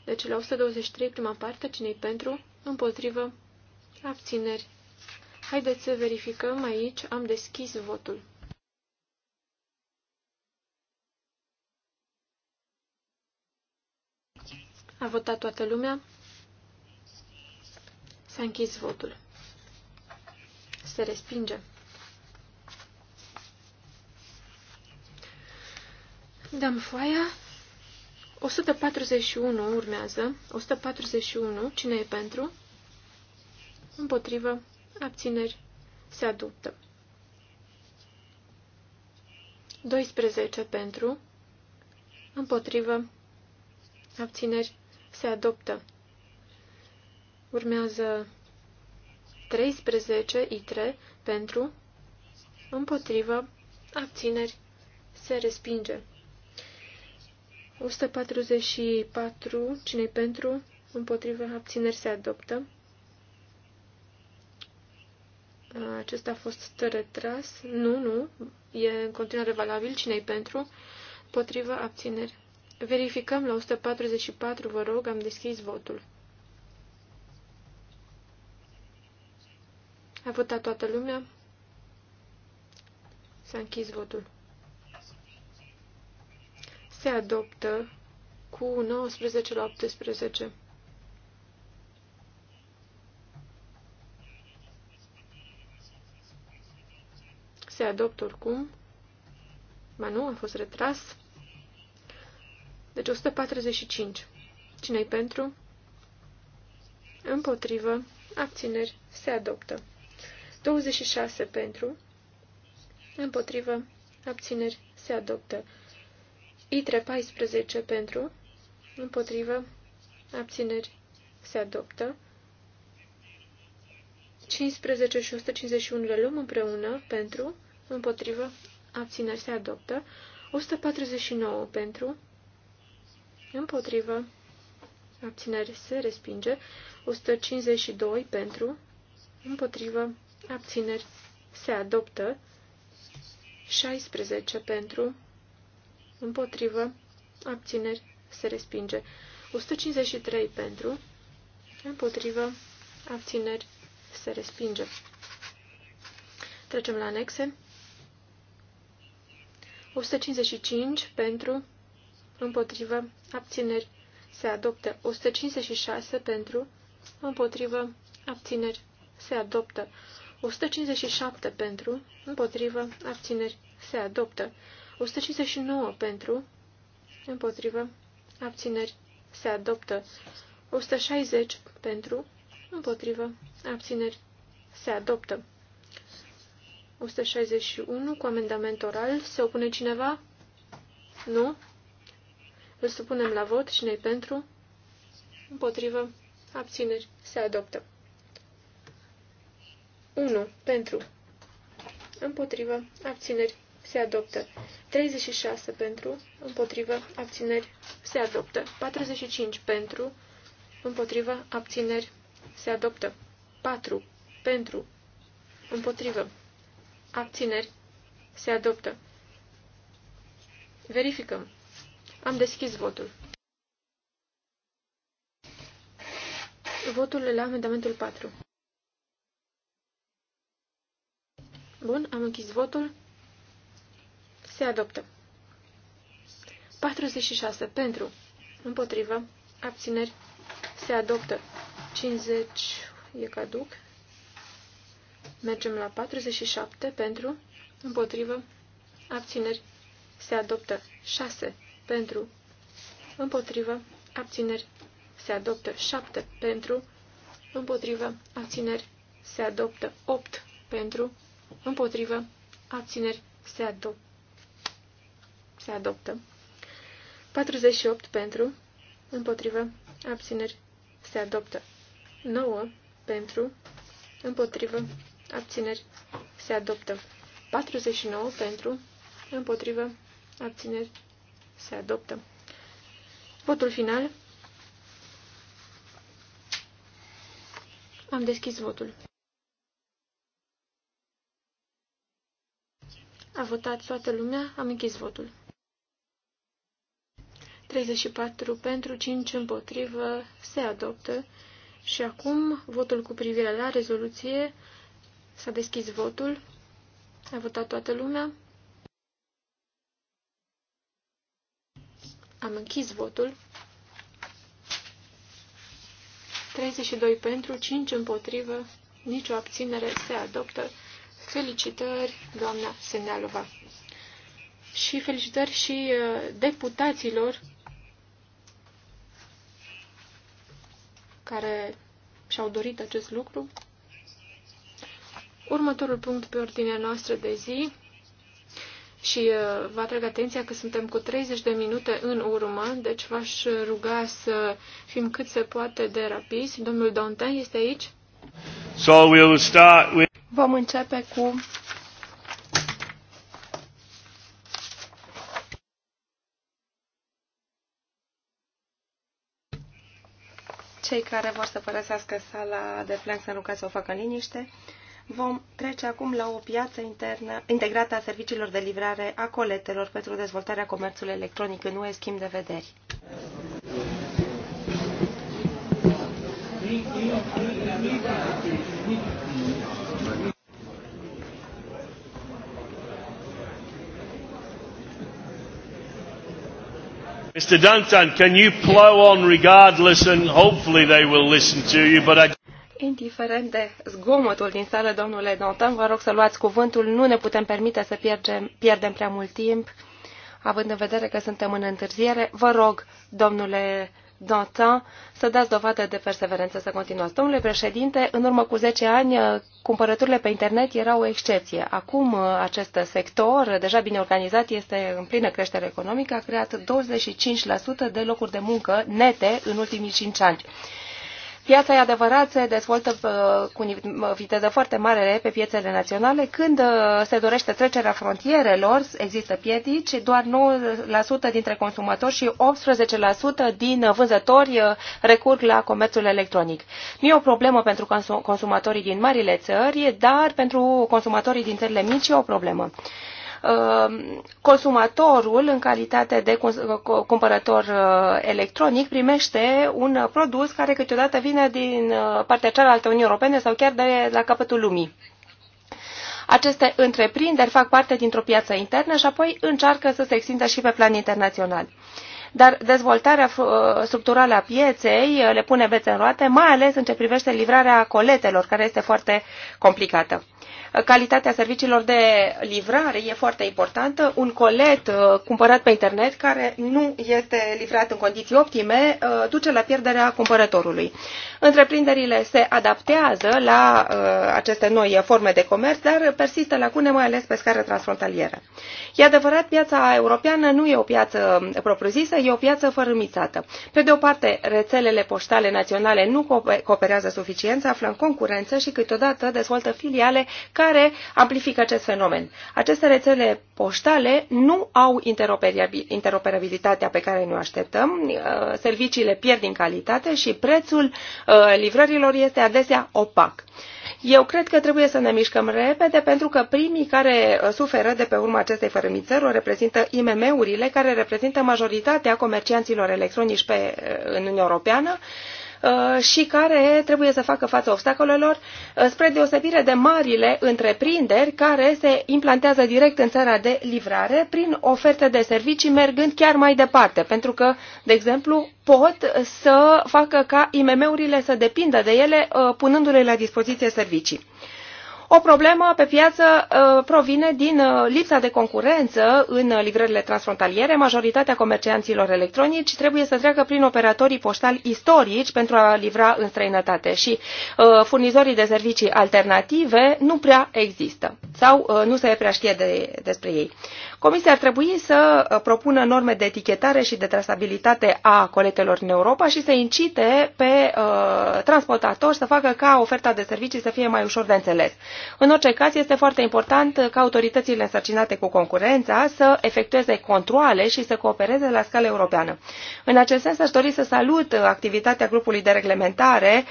Deci la 123, prima parte, cine-i pentru, împotrivă, abțineri. Haideți să verificăm aici, am deschis votul. A votat toată lumea. S-a închis votul. Se respinge. Dăm foaia. 141 urmează. 141. Cine e pentru? Împotrivă. Abțineri. Se adoptă. 12 pentru. Împotrivă. Abțineri. Se adoptă. Urmează 13 itre pentru, împotrivă, abțineri, se respinge. 144, cine pentru, împotrivă, abțineri, se adoptă. Acesta a fost retras. Nu, nu, e în continuare valabil. cine pentru? Împotrivă, abțineri. Verificăm la 144, vă rog, am deschis votul. A votat toată lumea? S-a închis votul. Se adoptă cu 19 la 18. Se adoptă oricum. Ba nu, a fost retras. Deci 145. Cine-i pentru? Împotrivă. Abțineri. Se adoptă. 26 pentru, împotrivă, abțineri, se adoptă. ITRE 14 pentru, împotrivă, abțineri, se adoptă. 15 și 151 le luăm împreună pentru, împotrivă, abțineri, se adoptă. 149 pentru, împotrivă, abțineri, se respinge. 152 pentru, împotrivă, abțineri, se adoptă. 16 pentru, împotrivă, abțineri, se respinge. 153 pentru, împotrivă, abțineri, se respinge. Trecem la anexe. 155 pentru, împotrivă, abțineri, se adoptă. 156 pentru, împotrivă, abțineri, se adoptă. 157 pentru, împotrivă, abțineri, se adoptă. 159 pentru, împotrivă, abțineri, se adoptă. 160 pentru, împotrivă, abțineri, se adoptă. 161 cu amendament oral. Se opune cineva? Nu? Îl supunem la vot. Cine-i pentru? Împotrivă. Abțineri. Se adoptă. 1. Pentru. Împotrivă. Abțineri. Se adoptă. 36 pentru. Împotrivă. Abțineri. Se adoptă. 45 pentru. Împotrivă. Abțineri. Se adoptă. 4. Pentru. Împotrivă. Abțineri. Se adoptă. Verificăm. Am deschis votul. Votul la amendamentul 4. Bun, am închis votul. Se adoptă. 46. Pentru. Împotrivă. Abțineri. Se adoptă. 50 e caduc. Mergem la 47. Pentru. Împotrivă. Abțineri. Se adoptă. 6. Pentru. Împotrivă. Abțineri. Se adoptă. 7. Pentru. Împotrivă. Abțineri. Se adoptă. 8. Pentru împotrivă, abțineri, se, adop se adoptă. 48 pentru, împotrivă, abțineri, se adoptă. 9 pentru, împotrivă, abțineri, se adoptă. 49 pentru, împotrivă, abțineri, se adoptă. Votul final. Am deschis votul. A votat toată lumea, am închis votul. 34 pentru, 5 împotrivă, se adoptă. Și acum, votul cu privire la rezoluție, s-a deschis votul, a votat toată lumea. Am închis votul. 32 pentru, 5 împotrivă, nicio abținere se adoptă. Felicitări, doamna Senalova. Și felicitări și uh, deputaților care și-au dorit acest lucru. Următorul punct pe ordinea noastră de zi și uh, vă atrag atenția că suntem cu 30 de minute în urmă, deci v-aș ruga să fim cât se poate de rapizi. Domnul Dantin este aici. So we'll start with... Vom începe cu cei care vor să părăsească sala de plen să nu ca să o facă liniște. Vom trece acum la o piață internă, integrată a serviciilor de livrare a coletelor pentru dezvoltarea comerțului electronic în UE schimb de vederi. Thank you. Mr. Duncan, can you plow on regardless and hopefully they will listen to you, but I... Indiferent de zgomotul din sală, domnule Duncan, vă rog să luați cuvântul. Nu ne putem permite să pierdem, pierdem prea mult timp, având în vedere că suntem în întârziere. Vă rog, domnule Dantin să dați dovadă de perseverență să continuați. Domnule președinte, în urmă cu 10 ani, cumpărăturile pe internet erau o excepție. Acum acest sector, deja bine organizat, este în plină creștere economică, a creat 25% de locuri de muncă nete în ultimii 5 ani. Piața, e adevărat, se dezvoltă uh, cu uh, viteză foarte mare pe piețele naționale. Când uh, se dorește trecerea frontierelor, există piedici, doar 9% dintre consumatori și 18% din vânzători recurg la comerțul electronic. Nu e o problemă pentru consumatorii din marile țări, dar pentru consumatorii din țările mici e o problemă. Uh, consumatorul, în calitate de cumpărător uh, electronic, primește un produs care câteodată vine din uh, partea cealaltă Uniunii Europene sau chiar de la capătul lumii. Aceste întreprinderi fac parte dintr-o piață internă și apoi încearcă să se extindă și pe plan internațional dar dezvoltarea structurală a pieței le pune bețe în roate, mai ales în ce privește livrarea coletelor, care este foarte complicată calitatea serviciilor de livrare e foarte importantă. Un colet uh, cumpărat pe internet care nu este livrat în condiții optime uh, duce la pierderea cumpărătorului. Întreprinderile se adaptează la uh, aceste noi forme de comerț, dar persistă lacune mai ales pe scară transfrontalieră. E adevărat, piața europeană nu e o piață propriu-zisă, e o piață fărâmițată. Pe de o parte, rețelele poștale naționale nu cooperează suficient, se află în concurență și câteodată dezvoltă filiale care amplifică acest fenomen. Aceste rețele poștale nu au interoperabilitatea pe care ne-o așteptăm, uh, serviciile pierd din calitate și prețul uh, livrărilor este adesea opac. Eu cred că trebuie să ne mișcăm repede pentru că primii care uh, suferă de pe urma acestei fărămițări o reprezintă IMM-urile care reprezintă majoritatea comercianților electronici pe, în Uniunea Europeană Uh, și care trebuie să facă față obstacolelor, uh, spre deosebire de marile întreprinderi care se implantează direct în țara de livrare prin oferte de servicii mergând chiar mai departe, pentru că, de exemplu, pot să facă ca IMM-urile să depindă de ele uh, punându-le la dispoziție servicii. O problemă pe piață uh, provine din uh, lipsa de concurență în uh, livrările transfrontaliere. Majoritatea comercianților electronici trebuie să treacă prin operatorii poștali istorici pentru a livra în străinătate și furnizorii de servicii alternative nu prea există sau nu se prea știe de, despre ei. Comisia ar trebui să uh, propună norme de etichetare și de trasabilitate a coletelor în Europa și să incite pe uh, transportatori să facă ca oferta de servicii să fie mai ușor de înțeles. În orice caz, este foarte important ca autoritățile însărcinate cu concurența să efectueze controale și să coopereze la scală europeană. În acest sens, aș dori să salut uh, activitatea grupului de reglementare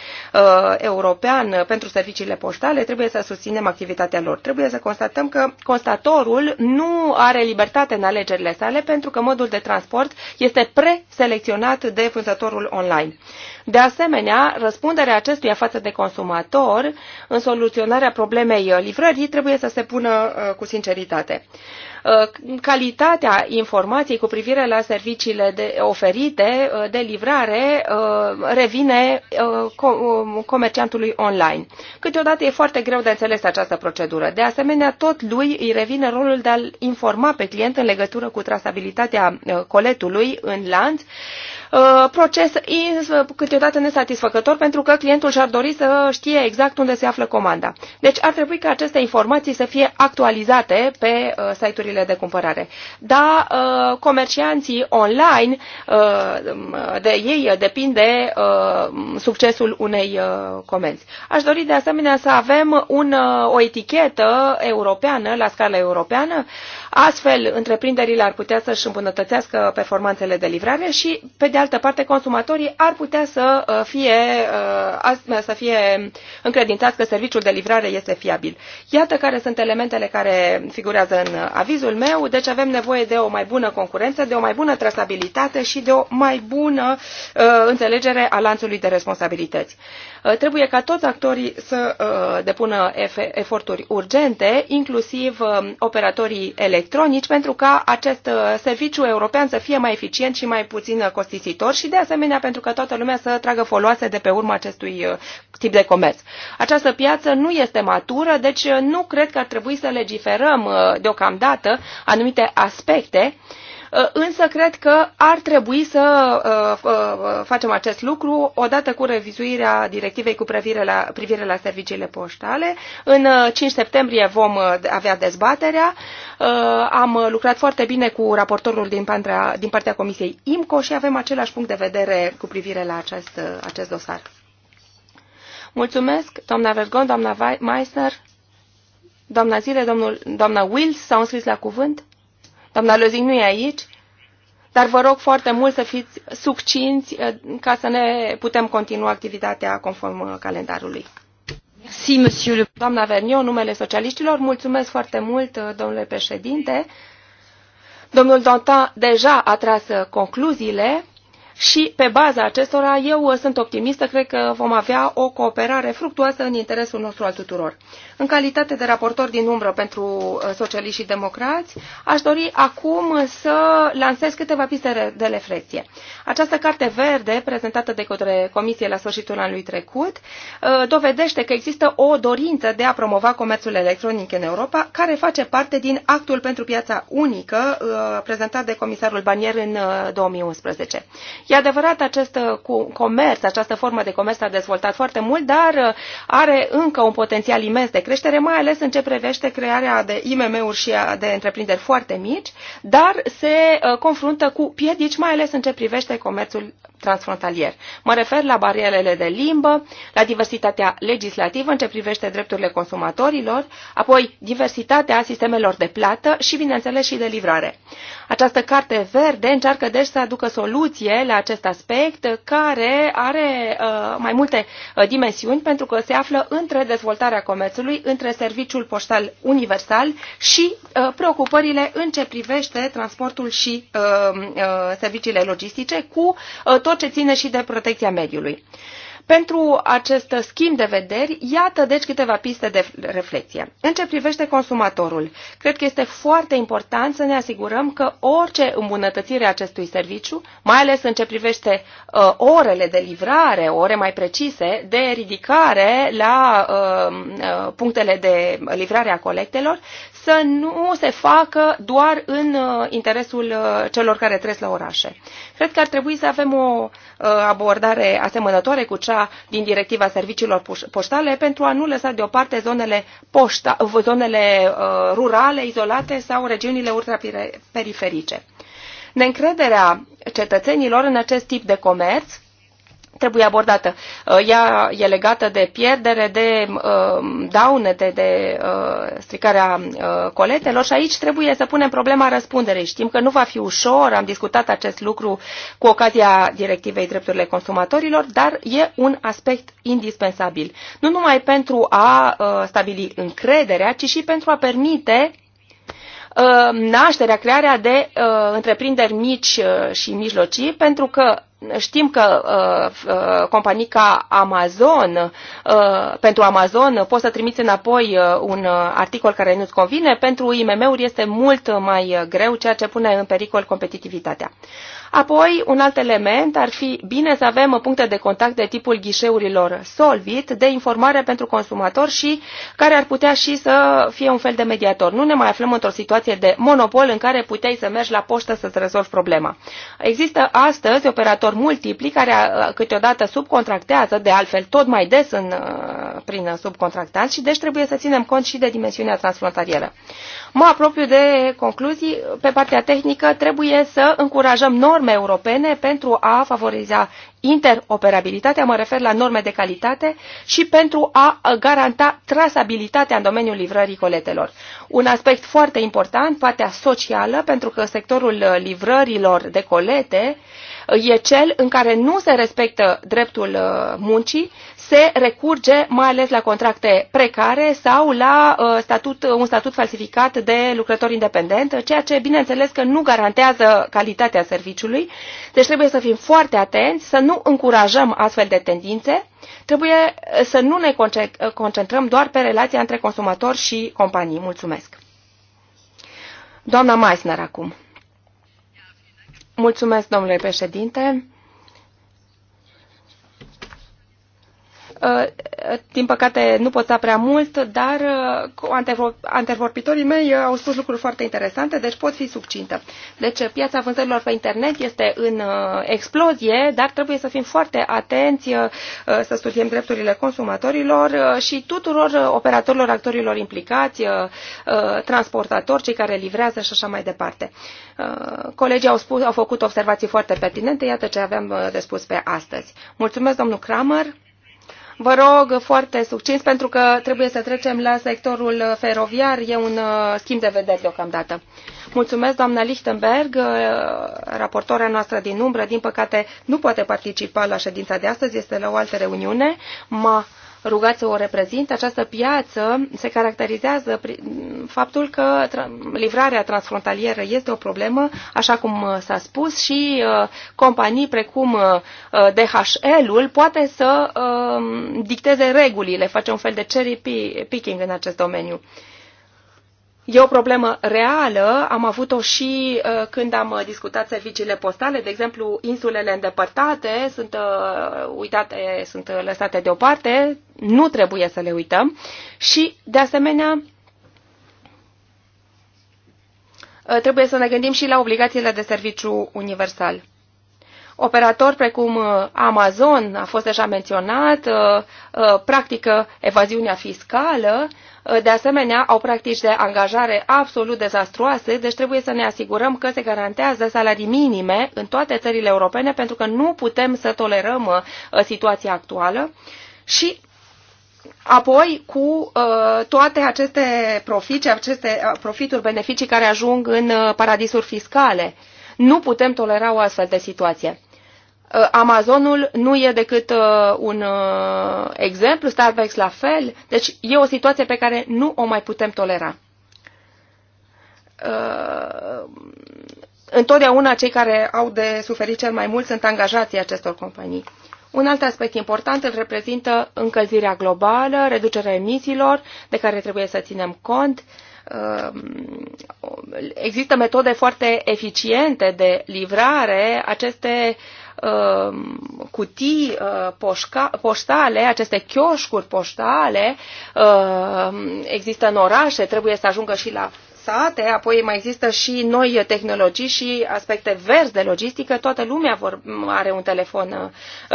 european pentru serviciile poștale. Trebuie să susținem activitatea lor. Trebuie să constatăm că constatorul nu are libertate în alegerile sale pentru că modul de transport este preselecționat de vânzătorul online. De asemenea, răspunderea acestuia față de consumator în soluționarea problemei livrării trebuie să se pună uh, cu sinceritate. Uh, calitatea informației cu privire la serviciile de, oferite uh, de livrare uh, revine um, comerciantului online. Câteodată e foarte greu de înțeles această procedură. De asemenea, tot lui îi revine rolul de a-l informa pe client în legătură cu trasabilitatea coletului în lanț, Uh, proces câteodată nesatisfăcător pentru că clientul și-ar dori să știe exact unde se află comanda. Deci ar trebui ca aceste informații să fie actualizate pe uh, site-urile de cumpărare. Dar uh, comercianții online, de ei depinde succesul unei comenzi. Aș dori de asemenea să avem un, o etichetă europeană, la scară europeană, Astfel, întreprinderile ar putea să-și îmbunătățească performanțele de livrare și, pe de altă parte, consumatorii ar putea să uh, fie, uh, uh, să fie încredințați că serviciul de livrare este fiabil. Iată care sunt elementele care figurează în avizul meu, deci avem nevoie de o mai bună concurență, de o mai bună trasabilitate și de o mai bună înțelegere a lanțului de responsabilități. Uh, trebuie ca toți actorii să uh, depună eforturi urgente, inclusiv um, operatorii electronici, pentru ca acest uh, serviciu european să fie mai eficient și mai puțin costisitor și, de asemenea, pentru ca toată lumea să tragă foloase de pe urma acestui tip de comerț. Această piață nu este matură, deci nu cred că ar trebui să legiferăm deocamdată anumite aspecte uh, Uh, însă cred că ar trebui să uh, uh, facem acest lucru odată cu revizuirea directivei cu privire la, privire la serviciile poștale. În 5 septembrie vom avea dezbaterea. Am lucrat foarte bine cu raportorul din partea, din partea Comisiei IMCO și avem același punct de vedere cu privire la acest, acest dosar. Mulțumesc, doamna Vergon, doamna Meissner, doamna Zile, domnul, doamna Wills s-au înscris la cuvânt. Doamna Lozing nu e aici, dar vă rog foarte mult să fiți succinți eh, ca să ne putem continua activitatea conform eh, calendarului. Si, monsieur. Doamna Verniu, numele socialiștilor, mulțumesc foarte mult, eh, domnule președinte. Domnul Dantin deja a tras concluziile și pe baza acestora eu uh, sunt optimistă, cred că vom avea o cooperare fructuoasă în interesul nostru al tuturor. În calitate de raportor din umbră pentru uh, socialiști și democrați, aș dori acum să lansez câteva piste de reflexie. Această carte verde, prezentată de către Comisie la sfârșitul anului trecut, uh, dovedește că există o dorință de a promova comerțul electronic în Europa, care face parte din actul pentru piața unică prezentat de comisarul Banier în 2011. E adevărat, acest uh, comerț, această formă de comerț s-a dezvoltat foarte mult, dar uh, are încă un potențial imens de creștere, mai ales în ce privește crearea de IMM-uri și uh, de întreprinderi foarte mici, dar se confruntă cu piedici, mai ales în ce privește comerțul transfrontalier. Mă refer la barierele de limbă, la diversitatea legislativă în ce privește drepturile consumatorilor, apoi diversitatea sistemelor de plată și, bineînțeles, și de livrare. Această carte verde încearcă deci să aducă soluție la acest aspect care are uh, mai multe uh, dimensiuni pentru că se află între dezvoltarea comerțului, între serviciul poștal universal și uh, preocupările în ce privește transportul și uh, uh, serviciile logistice cu uh, tot tot ce ține și de protecția mediului. Pentru acest schimb de vederi, iată deci câteva piste de reflexie. În ce privește consumatorul, cred că este foarte important să ne asigurăm că orice îmbunătățire a acestui serviciu, mai ales în ce privește uh, orele de livrare, ore mai precise, de ridicare la uh, uh punctele de livrare a colectelor, să nu se facă doar în uh, interesul uh, celor care trăiesc la orașe. Cred că ar trebui să avem o uh, abordare asemănătoare cu cea din directiva serviciilor poștale pentru a nu lăsa deoparte zonele, poșta, zonele rurale, izolate sau regiunile ultraperiferice. Neîncrederea cetățenilor în acest tip de comerț trebuie abordată. Uh, ea e legată de pierdere, de uh, daune, de, de uh, stricarea coletelor și aici trebuie să punem problema răspunderei. Știm că nu va fi ușor, am discutat acest lucru cu ocazia directivei drepturile consumatorilor, dar e un aspect indispensabil. Nu numai pentru a stabili încrederea, ci și pentru a permite Uh, nașterea, crearea de uh, întreprinderi mici uh, și mijlocii, pentru că știm că uh, companii ca Amazon, uh, pentru Amazon poți să trimiți înapoi un articol care nu-ți convine, pentru IMM-uri este mult mai greu, ceea ce pune în pericol competitivitatea. Apoi, un alt element ar fi bine să avem puncte de contact de tipul ghișeurilor solvit, de informare pentru consumator și care ar putea și să fie un fel de mediator. Nu ne mai aflăm într-o situație de monopol în care puteai să mergi la poștă să-ți rezolvi problema. Există astăzi operatori multipli care uh, câteodată subcontractează, de altfel tot mai des în, uh, prin subcontractanți și deci trebuie să ținem cont și de dimensiunea transfrontalieră mă apropiu de concluzii. Pe partea tehnică trebuie să încurajăm norme europene pentru a favoriza interoperabilitatea, mă refer la norme de calitate și pentru a garanta trasabilitatea în domeniul livrării coletelor. Un aspect foarte important, partea socială, pentru că sectorul livrărilor de colete e cel în care nu se respectă dreptul uh, muncii se recurge mai ales la contracte precare sau la uh, statut, un statut falsificat de lucrător independent, ceea ce, bineînțeles, că nu garantează calitatea serviciului. Deci trebuie să fim foarte atenți, să nu încurajăm astfel de tendințe. Trebuie uh, să nu ne uh, concentrăm doar pe relația între consumator și companii. Mulțumesc! Doamna Meissner acum. Mulțumesc, domnule președinte. Uh, din păcate nu pot sta prea mult, dar uh, antevorbitorii mei uh, au spus lucruri foarte interesante, deci pot fi subcintă. Deci piața vânzărilor pe internet este în explozie, dar trebuie să fim foarte atenți să studiem drepturile consumatorilor și tuturor operatorilor, actorilor implicați, transportatori, cei care livrează și așa mai departe. Colegii au, spus, au făcut observații foarte pertinente, iată ce aveam de spus pe astăzi. Mulțumesc, domnul Kramer. Vă rog foarte succes pentru că trebuie să trecem la sectorul feroviar. E un uh, schimb de vedere deocamdată. Mulțumesc, doamna Lichtenberg, uh, raportoarea noastră din umbră. Din păcate, nu poate participa la ședința de astăzi, este la o altă reuniune. Ma rugat să o reprezint. Această piață se caracterizează prin faptul că livrarea transfrontalieră este o problemă, așa cum uh, s-a spus, și uh, companii precum uh, DHL-ul poate să dicteze regulile, face un fel de cherry picking în acest domeniu. E o problemă reală, am avut-o și uh, când am uh, discutat serviciile postale, de exemplu, insulele îndepărtate sunt uh, uitate, sunt uh, lăsate deoparte, nu trebuie să le uităm și, de asemenea, uh, trebuie să ne gândim și la obligațiile de serviciu universal operatori precum uh, Amazon, a fost deja menționat, uh, uh, practică evaziunea fiscală, de asemenea au practici de angajare absolut dezastruoase, deci trebuie să ne asigurăm că se garantează salarii minime în toate țările europene, pentru că nu putem să tolerăm situația actuală. Și apoi cu uh, toate aceste profici, aceste profituri, beneficii care ajung în uh, paradisuri fiscale. Nu putem tolera o astfel de situație. Uh, Amazonul nu e decât uh, un uh, exemplu, Starbucks la fel. Deci e o situație pe care nu o mai putem tolera. Întotdeauna cei care au de suferit cel mai mult sunt angajații acestor companii. Un alt aspect important îl reprezintă încălzirea globală, reducerea emisiilor, de care trebuie să ținem cont. Există metode foarte eficiente de livrare. Aceste Uh, cutii uh, poștale, aceste chioșcuri poștale uh, există în orașe, trebuie să ajungă și la sate, apoi mai există și noi tehnologii și aspecte verzi de logistică. Toată lumea vor, are un telefon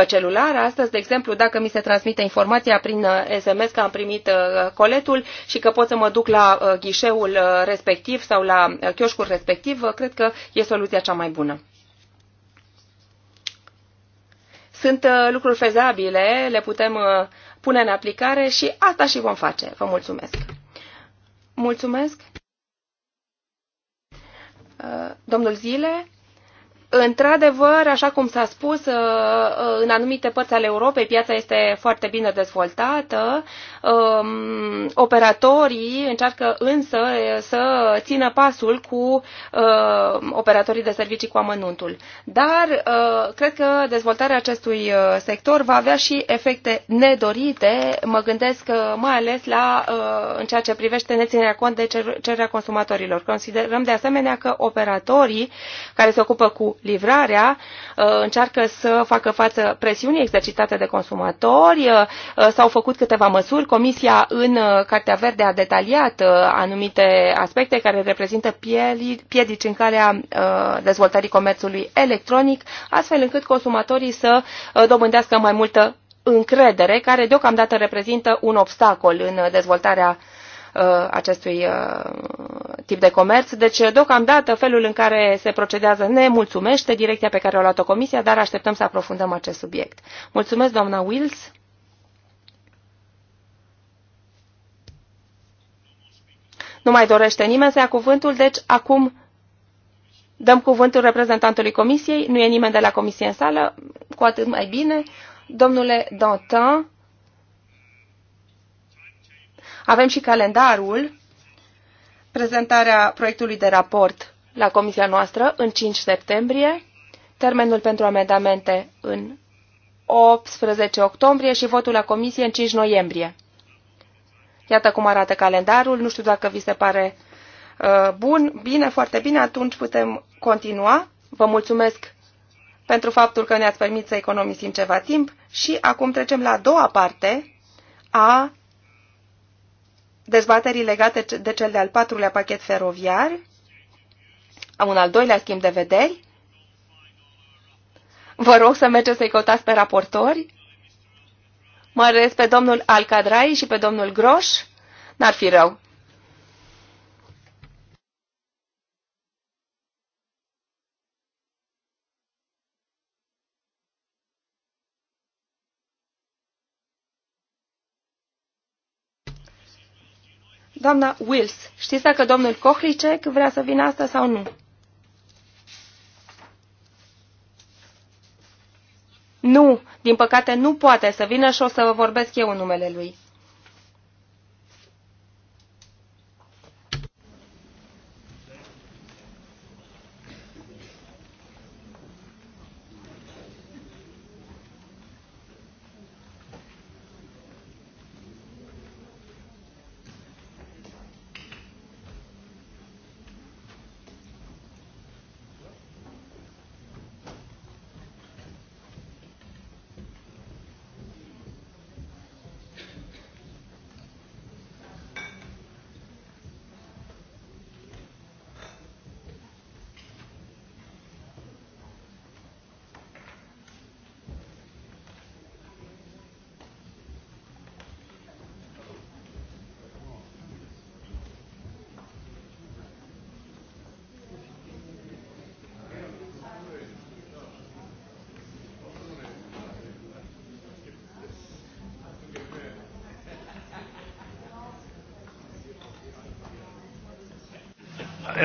celular. Astăzi, de exemplu, dacă mi se transmite informația prin SMS că am primit coletul și că pot să mă duc la ghișeul respectiv sau la chioșcul respectiv, cred că e soluția cea mai bună. Sunt uh, lucruri fezabile, le putem uh, pune în aplicare și asta și vom face. Vă mulțumesc! Mulțumesc! Uh, domnul Zile, Într-adevăr, așa cum s-a spus, în anumite părți ale Europei piața este foarte bine dezvoltată, Um, operatorii încearcă însă să țină pasul cu uh, operatorii de servicii cu amănuntul. Dar uh, cred că dezvoltarea acestui uh, sector va avea și efecte nedorite, mă gândesc uh, mai ales la uh, în ceea ce privește neținerea cont de cer cererea consumatorilor. Considerăm de asemenea că operatorii care se ocupă cu livrarea uh, încearcă să facă față presiunii exercitate de consumatori, uh, uh s-au făcut câteva măsuri Comisia în uh, Cartea Verde a detaliat uh, anumite aspecte care reprezintă piedici în calea uh, dezvoltării comerțului electronic, astfel încât consumatorii să dobândească mai multă încredere, care deocamdată reprezintă un obstacol în dezvoltarea acestui tip de comerț. Deci, deocamdată, felul în care se procedează ne mulțumește direcția pe care o a luat-o Comisia, dar așteptăm să aprofundăm acest subiect. Mulțumesc, doamna Wills. Nu mai dorește nimeni să ia cuvântul, deci acum dăm cuvântul reprezentantului comisiei. Nu e nimeni de la comisie în sală, cu atât mai bine. Domnule Dantin, avem și calendarul, prezentarea proiectului de raport la comisia noastră în 5 septembrie, termenul pentru amendamente în 18 octombrie și votul la comisie în 5 noiembrie. Iată cum arată calendarul. Nu știu dacă vi se pare uh, bun. Bine, foarte bine, atunci putem continua. Vă mulțumesc pentru faptul că ne-ați permis să economisim ceva timp și acum trecem la a doua parte a dezbaterii legate de cel de-al patrulea pachet feroviar, un al doilea schimb de vederi. Vă rog să mergeți să-i căutați pe raportori Măresc pe domnul Alcadrai și pe domnul Groș. N-ar fi rău. Doamna Wills, știți dacă domnul Kohlicek vrea să vină asta sau nu? Nu, din păcate nu poate să vină și o să vorbesc eu în numele lui.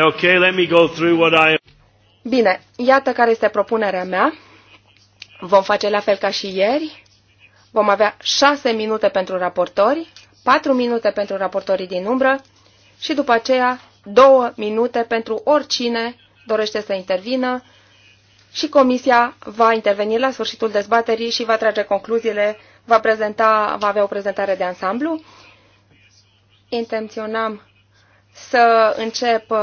Okay, let me go through what I... Bine, iată care este propunerea mea. Vom face la fel ca și ieri. Vom avea șase minute pentru raportori, patru minute pentru raportorii din umbră și după aceea două minute pentru oricine dorește să intervină și comisia va interveni la sfârșitul dezbaterii și va trage concluziile, va, prezenta, va avea o prezentare de ansamblu. Intenționam să încep uh,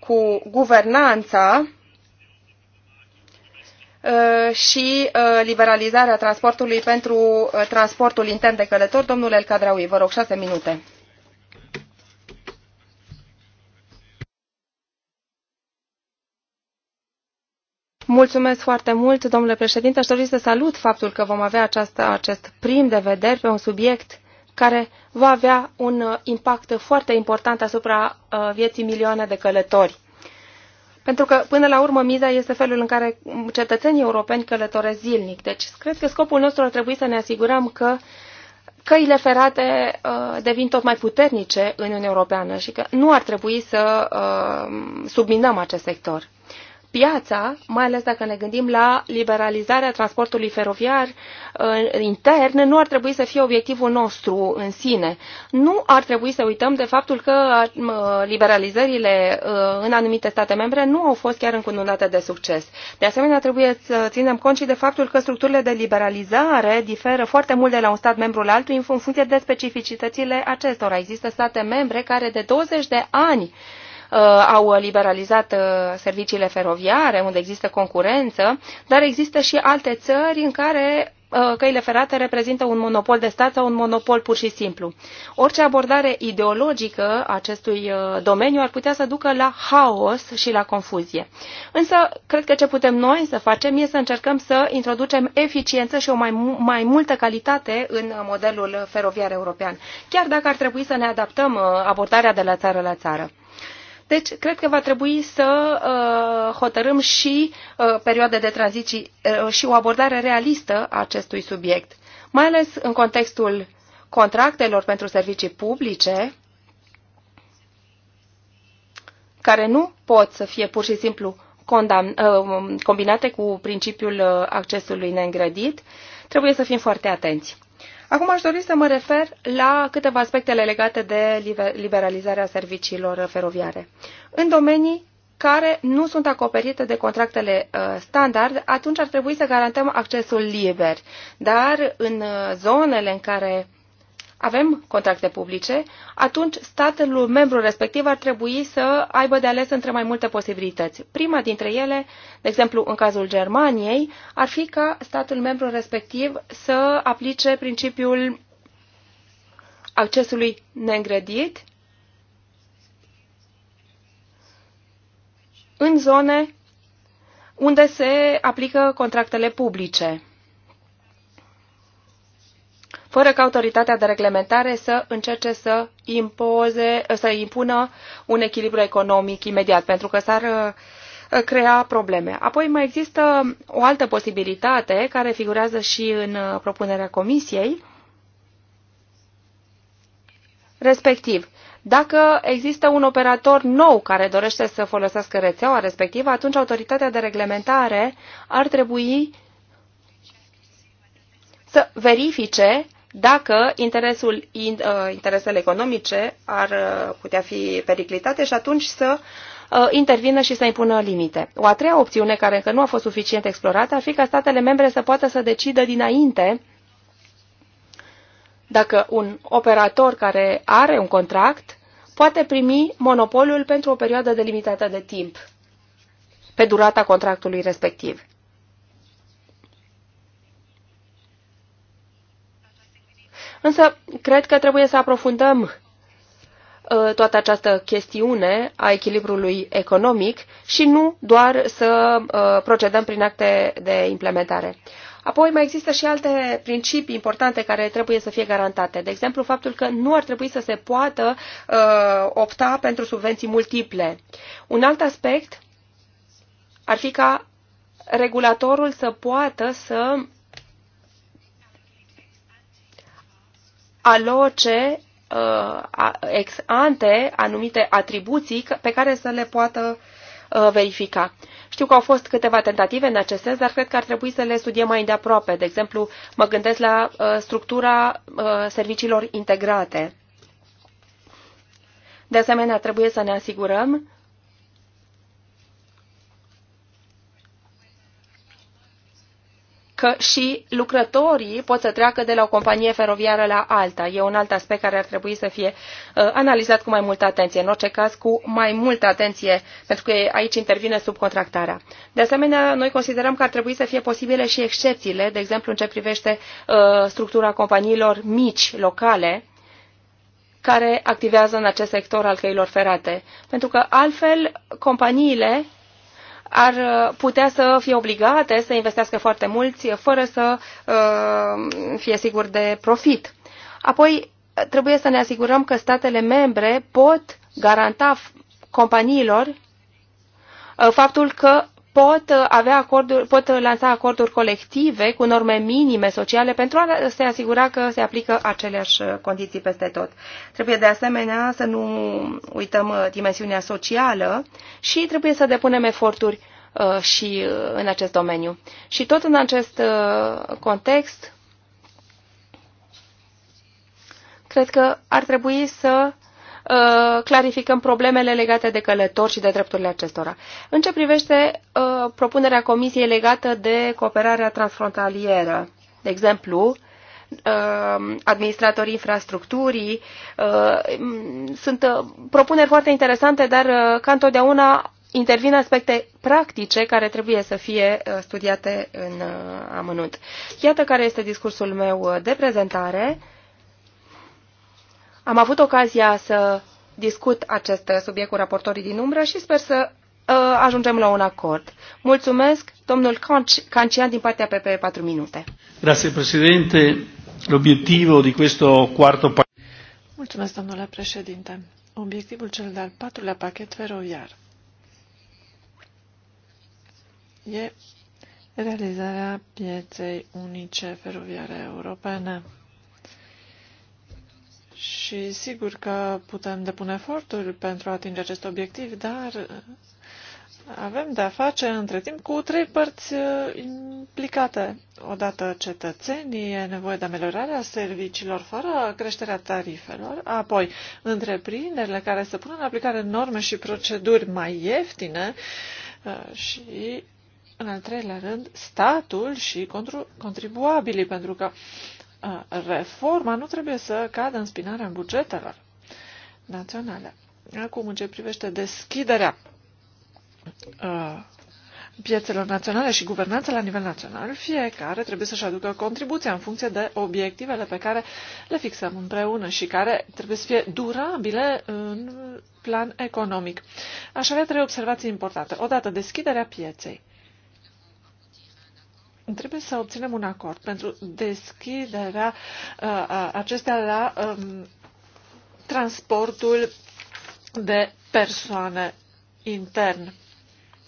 cu guvernanța uh, și uh, liberalizarea transportului pentru transportul intern de călători. Domnule El Cadraui, vă rog, șase minute. Mulțumesc foarte mult, domnule președinte. Aș dori să salut faptul că vom avea această, acest prim de vedere pe un subiect care va avea un uh, impact foarte important asupra uh, vieții milioane de călători. Pentru că, până la urmă, miza este felul în care cetățenii europeni călătoresc zilnic. Deci, cred că scopul nostru ar trebui să ne asigurăm că căile ferate uh, devin tot mai puternice în Uniunea Europeană și că nu ar trebui să uh, subminăm acest sector piața, mai ales dacă ne gândim la liberalizarea transportului feroviar intern, nu ar trebui să fie obiectivul nostru în sine. Nu ar trebui să uităm de faptul că uh, liberalizările uh, în anumite state membre nu au fost chiar încununate de succes. De asemenea, trebuie să ținem cont și de faptul că structurile de liberalizare diferă foarte mult de la un stat membru la altul în funcție de specificitățile acestora. Există state membre care de 20 de ani Uh, au liberalizat uh, serviciile feroviare, unde există concurență, dar există și alte țări în care uh, căile ferate reprezintă un monopol de stat sau un monopol pur și simplu. Orice abordare ideologică a acestui domeniu ar putea să ducă la haos și la confuzie. Însă, cred că ce putem noi să facem este să încercăm să introducem eficiență și o mai, mai multă calitate în modelul feroviar european, chiar dacă ar trebui să ne adaptăm abordarea de la țară la țară. Deci, cred că va trebui să uh, hotărâm și uh, perioade de tranziții uh, și o abordare realistă a acestui subiect, mai ales în contextul contractelor pentru servicii publice, care nu pot să fie pur și simplu condamn, uh, combinate cu principiul uh, accesului neîngrădit, trebuie să fim foarte atenți. Acum aș dori să mă refer la câteva aspectele legate de liberalizarea serviciilor feroviare. În domenii care nu sunt acoperite de contractele uh, standard, atunci ar trebui să garantăm accesul liber. Dar în uh, zonele în care avem contracte publice, atunci statul membru respectiv ar trebui să aibă de ales între mai multe posibilități. Prima dintre ele, de exemplu în cazul Germaniei, ar fi ca statul membru respectiv să aplice principiul accesului neîngrădit în zone unde se aplică contractele publice fără ca autoritatea de reglementare să încerce să, impoze, să impună un echilibru economic imediat, pentru că s-ar uh, crea probleme. Apoi mai există o altă posibilitate care figurează și în uh, propunerea comisiei, respectiv dacă există un operator nou care dorește să folosească rețeaua respectivă, atunci autoritatea de reglementare ar trebui să verifice dacă interesul, uh, interesele economice ar uh, putea fi periclitate și atunci să uh, intervină și să impună limite. O a treia opțiune, care încă nu a fost suficient explorată, ar fi ca statele membre să poată să decidă dinainte dacă un operator care are un contract poate primi monopolul pentru o perioadă delimitată de timp pe durata contractului respectiv. Însă, cred că trebuie să aprofundăm ă, toată această chestiune a echilibrului economic și nu doar să ă, procedăm prin acte de implementare. Apoi mai există și alte principii importante care trebuie să fie garantate. De exemplu, faptul că nu ar trebui să se poată uh, opta pentru subvenții multiple. Un alt aspect ar fi ca regulatorul să poată să aloce uh, ex ante anumite atribuții pe care să le poată uh, verifica. Știu că au fost câteva tentative în acest sens, dar cred că ar trebui să le studiem mai îndeaproape. De exemplu, mă gândesc la uh, structura serviciilor integrate. De asemenea, trebuie să ne asigurăm că și lucrătorii pot să treacă de la o companie feroviară la alta. E un alt aspect care ar trebui să fie uh, analizat cu mai multă atenție, în orice caz cu mai multă atenție, pentru că aici intervine subcontractarea. De asemenea, noi considerăm că ar trebui să fie posibile și excepțiile, de exemplu în ce privește uh, structura companiilor mici, locale, care activează în acest sector al căilor ferate. Pentru că altfel companiile ar uh, putea să fie obligate să investească foarte mulți uh, fără să uh, fie sigur de profit. Apoi, trebuie să ne asigurăm că statele membre pot garanta companiilor faptul că pot, uh, avea acorduri, pot uh, lansa acorduri colective cu norme minime sociale pentru a se asigura că se aplică aceleași uh, condiții peste tot. Trebuie de asemenea să nu uităm dimensiunea socială și trebuie să depunem eforturi și în acest domeniu. Și tot în acest context, cred că ar trebui să Uh, clarificăm problemele legate de călători și de drepturile acestora. În ce privește uh, propunerea Comisiei legată de cooperarea transfrontalieră, de exemplu, uh, administratorii infrastructurii. Sunt propuneri foarte interesante, dar ca întotdeauna intervin aspecte practice care trebuie să fie studiate în amănunt. Iată care este discursul meu de prezentare. Am avut ocazia să discut acest subiect cu raportorii din umbră și sper să uh, ajungem la un acord. Mulțumesc, domnul Cancian din partea PP 4 minute. Grazie, președinte. L'obiettivo di questo quarto Mulțumesc, domnule președinte. Obiectivul cel de-al patrulea pachet feroviar e realizarea pieței unice feroviare europene. Și sigur că putem depune eforturi pentru a atinge acest obiectiv, dar avem de-a face între timp cu trei părți uh, implicate. Odată cetățenii, e nevoie de ameliorarea serviciilor fără creșterea tarifelor, apoi întreprinderile care să pună în aplicare norme și proceduri mai ieftine uh, și, în al treilea rând, statul și contribuabilii, pentru că reforma nu trebuie să cadă în spinarea bugetelor naționale. Acum, în ce privește deschiderea piețelor naționale și guvernanța la nivel național, fiecare trebuie să-și aducă contribuția în funcție de obiectivele pe care le fixăm împreună și care trebuie să fie durabile în plan economic. Aș avea trei observații importante. Odată, deschiderea pieței. Trebuie să obținem un acord pentru deschiderea uh, acestea la um, transportul de persoane intern.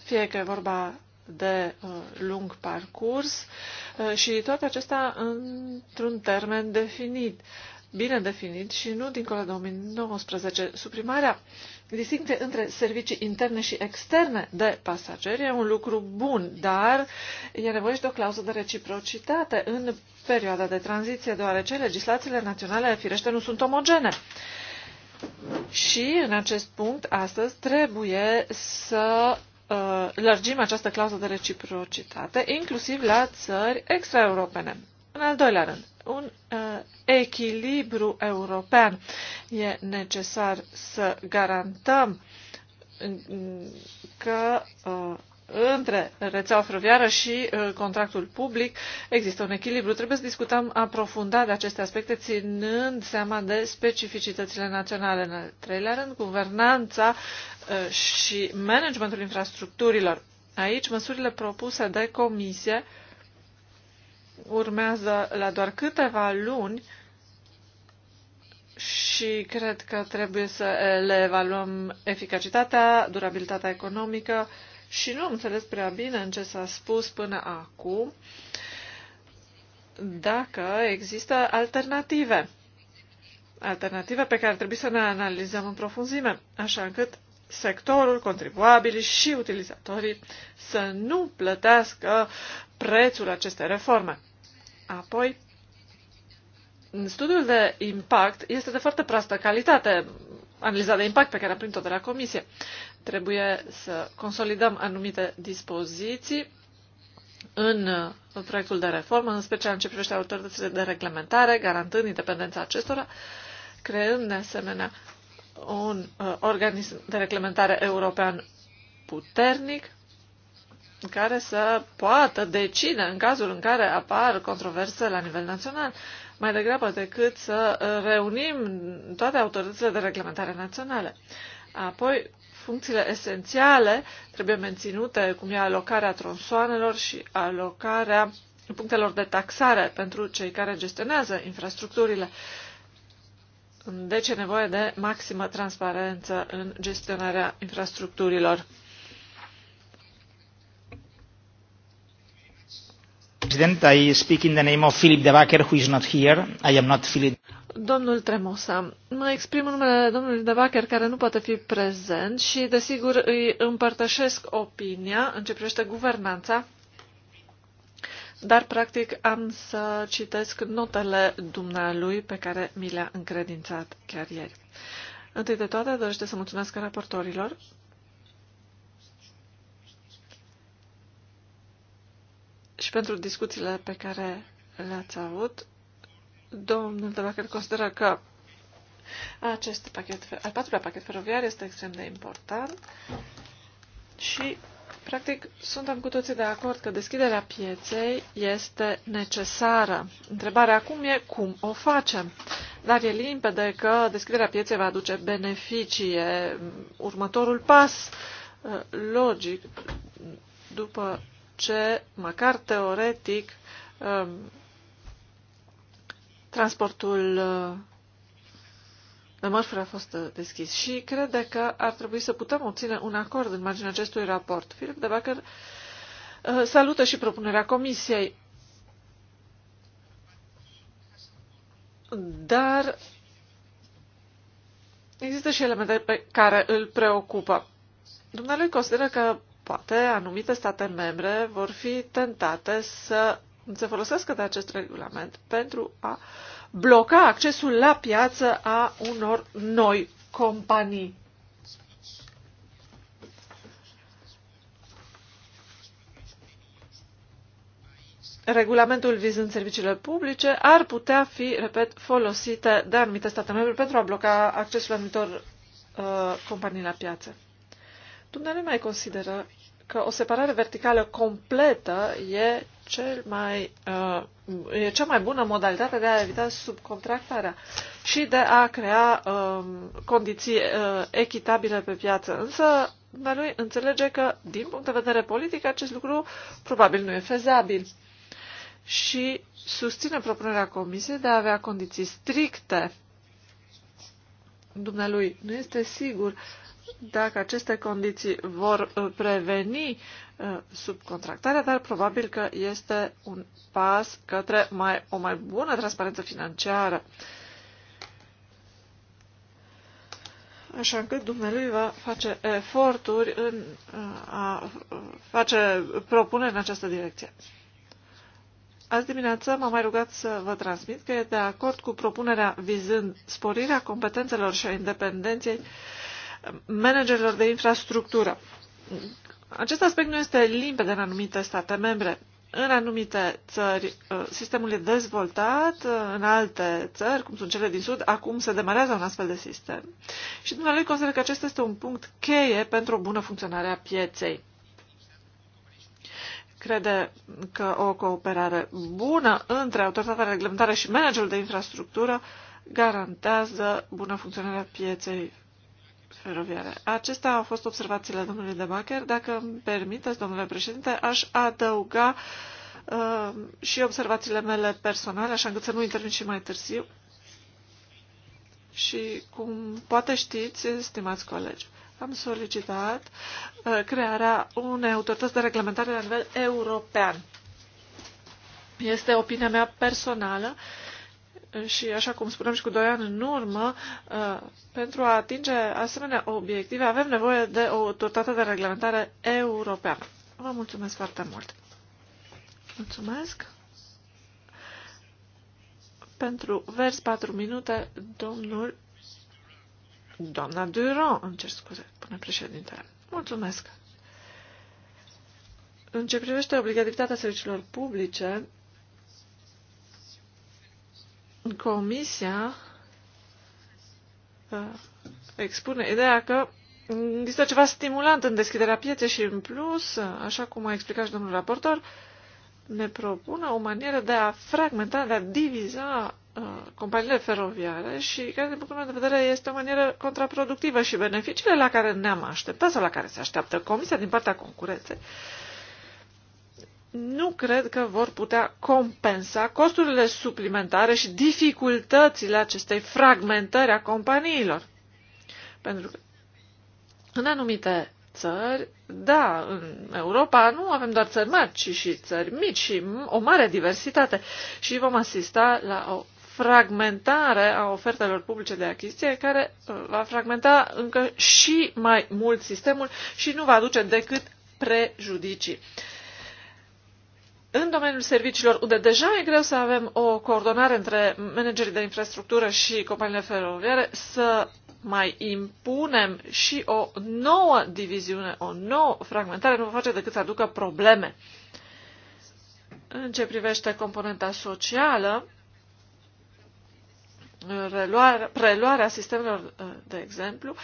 Fie că e vorba de uh, lung parcurs uh, și toate acestea într-un termen definit, bine definit și nu dincolo de 2019. Suprimarea uh, distincție între servicii interne și externe de pasageri e un lucru bun, dar e nevoie și de o clauză de reciprocitate în perioada de tranziție, deoarece legislațiile naționale, firește, nu sunt omogene. Și, în acest punct, astăzi trebuie să uh, lărgim această clauză de reciprocitate, inclusiv la țări extraeuropene. În al doilea rând, un uh, echilibru european. E necesar să garantăm mm, că uh, între rețeaua feroviară și uh, contractul public există un echilibru. Trebuie să discutăm aprofundat de aceste aspecte, ținând seama de specificitățile naționale. În al treilea rând, guvernanța uh, și managementul infrastructurilor. Aici, măsurile propuse de comisie uh, urmează la doar câteva luni și cred că trebuie să le evaluăm eficacitatea, durabilitatea economică și nu am înțeles prea bine în ce s-a spus până acum dacă există alternative. Alternative pe care trebuie să ne analizăm în profunzime, așa încât sectorul, contribuabilii și utilizatorii să nu plătească prețul acestei reforme. Apoi, studiul de impact este de foarte proastă calitate, analiza de impact pe care am primit-o de la Comisie. Trebuie să consolidăm anumite dispoziții în proiectul de reformă, în special în ce privește autoritățile de reglementare, garantând independența acestora, creând de asemenea un uh, organism de reglementare european puternic în care să poată decide în cazul în care apar controverse la nivel național, mai degrabă decât să uh, reunim toate autoritățile de reglementare naționale. Apoi, funcțiile esențiale trebuie menținute, cum e alocarea tronsoanelor și alocarea punctelor de taxare pentru cei care gestionează infrastructurile. Deci e nevoie de maximă transparență în gestionarea infrastructurilor. President, I speak in the name of Philip de who is not here. I am not Philip. Domnul Tremosa, mă exprim în numele domnului de Bacher, care nu poate fi prezent și, desigur, îi împărtășesc opinia în ce privește guvernanța, dar, practic, am să citesc notele dumnealui pe care mi le-a încredințat chiar ieri. Întâi de toate, dorește să mulțumesc raportorilor și pentru discuțiile pe care le-ați avut. Domnul de care consideră că acest pachet, al patrulea pachet feroviar este extrem de important și, practic, suntem cu toții de acord că deschiderea pieței este necesară. Întrebarea acum e cum o facem. Dar e limpede că deschiderea pieței va aduce beneficii. următorul pas uh, logic după ce, măcar teoretic, um, transportul uh, de mărfuri a fost uh, deschis și crede că ar trebui să putem obține un acord în marginea acestui raport. Filip de Bacăr uh, salută și propunerea Comisiei, dar există și elemente pe care îl preocupă. Dumnealui consideră că Poate anumite state membre vor fi tentate să se folosească de acest regulament pentru a bloca accesul la piață a unor noi companii. Regulamentul vizând serviciile publice ar putea fi, repet, folosite de anumite state membre pentru a bloca accesul anumitor uh, companii la piață. Dumnezeu mai consideră că o separare verticală completă e, cel mai, uh, e cea mai bună modalitate de a evita subcontractarea și de a crea uh, condiții uh, echitabile pe piață. Însă, lui înțelege că, din punct de vedere politic, acest lucru probabil nu e fezabil și susține propunerea Comisiei de a avea condiții stricte. Dumnealui nu este sigur dacă aceste condiții vor uh, preveni uh, subcontractarea, dar probabil că este un pas către mai, o mai bună transparență financiară. Așa încât dumnealui va face eforturi în uh, a face propuneri în această direcție. Azi dimineață m-am mai rugat să vă transmit că e de acord cu propunerea vizând sporirea competențelor și a independenței uh, managerilor de infrastructură. Acest aspect nu este limpede în anumite state membre. În anumite țări uh, sistemul e dezvoltat, uh, în alte țări, cum sunt cele din Sud, acum se demarează un astfel de sistem. Și dumneavoastră consider că acesta este un punct cheie pentru o bună funcționare a pieței crede că o cooperare bună între autoritatea reglementară și managerul de infrastructură garantează bună funcționare a pieței feroviare. Acestea au fost observațiile domnului de Bacher. Dacă îmi permiteți, domnule președinte, aș adăuga uh, și observațiile mele personale, așa încât să nu intervin și mai târziu. Și cum poate știți, stimați colegi, am solicitat uh, crearea unei autorități de reglementare la nivel european. Este opinia mea personală uh, și, așa cum spuneam și cu doi ani în urmă, uh, pentru a atinge asemenea obiective avem nevoie de o totată de reglementare europeană. Vă mulțumesc foarte mult! Mulțumesc! Pentru vers 4 minute, domnul Doamna Durand, îmi cer scuze, până președintele. Mulțumesc! În ce privește obligativitatea serviciilor publice, Comisia uh, expune ideea că există ceva stimulant în deschiderea pieței și în plus, uh, așa cum a explicat și domnul raportor, ne propune o manieră de a fragmenta, de a diviza uh, companiile feroviare și care, din punctul meu de vedere, este o manieră contraproductivă și beneficiile la care ne-am așteptat sau la care se așteaptă Comisia din partea concurenței nu cred că vor putea compensa costurile suplimentare și dificultățile acestei fragmentări a companiilor. Pentru că în anumite țări, da, în Europa nu avem doar țări mari, ci și țări mici și o mare diversitate și vom asista la o fragmentare a ofertelor publice de achiziție care uh, va fragmenta încă și mai mult sistemul și nu va aduce decât prejudicii în domeniul serviciilor, unde deja e greu să avem o coordonare între managerii de infrastructură și companiile feroviare, să mai impunem și o nouă diviziune, o nouă fragmentare, nu face decât să aducă probleme. În ce privește componenta socială, reluarea, preluarea sistemelor, de exemplu,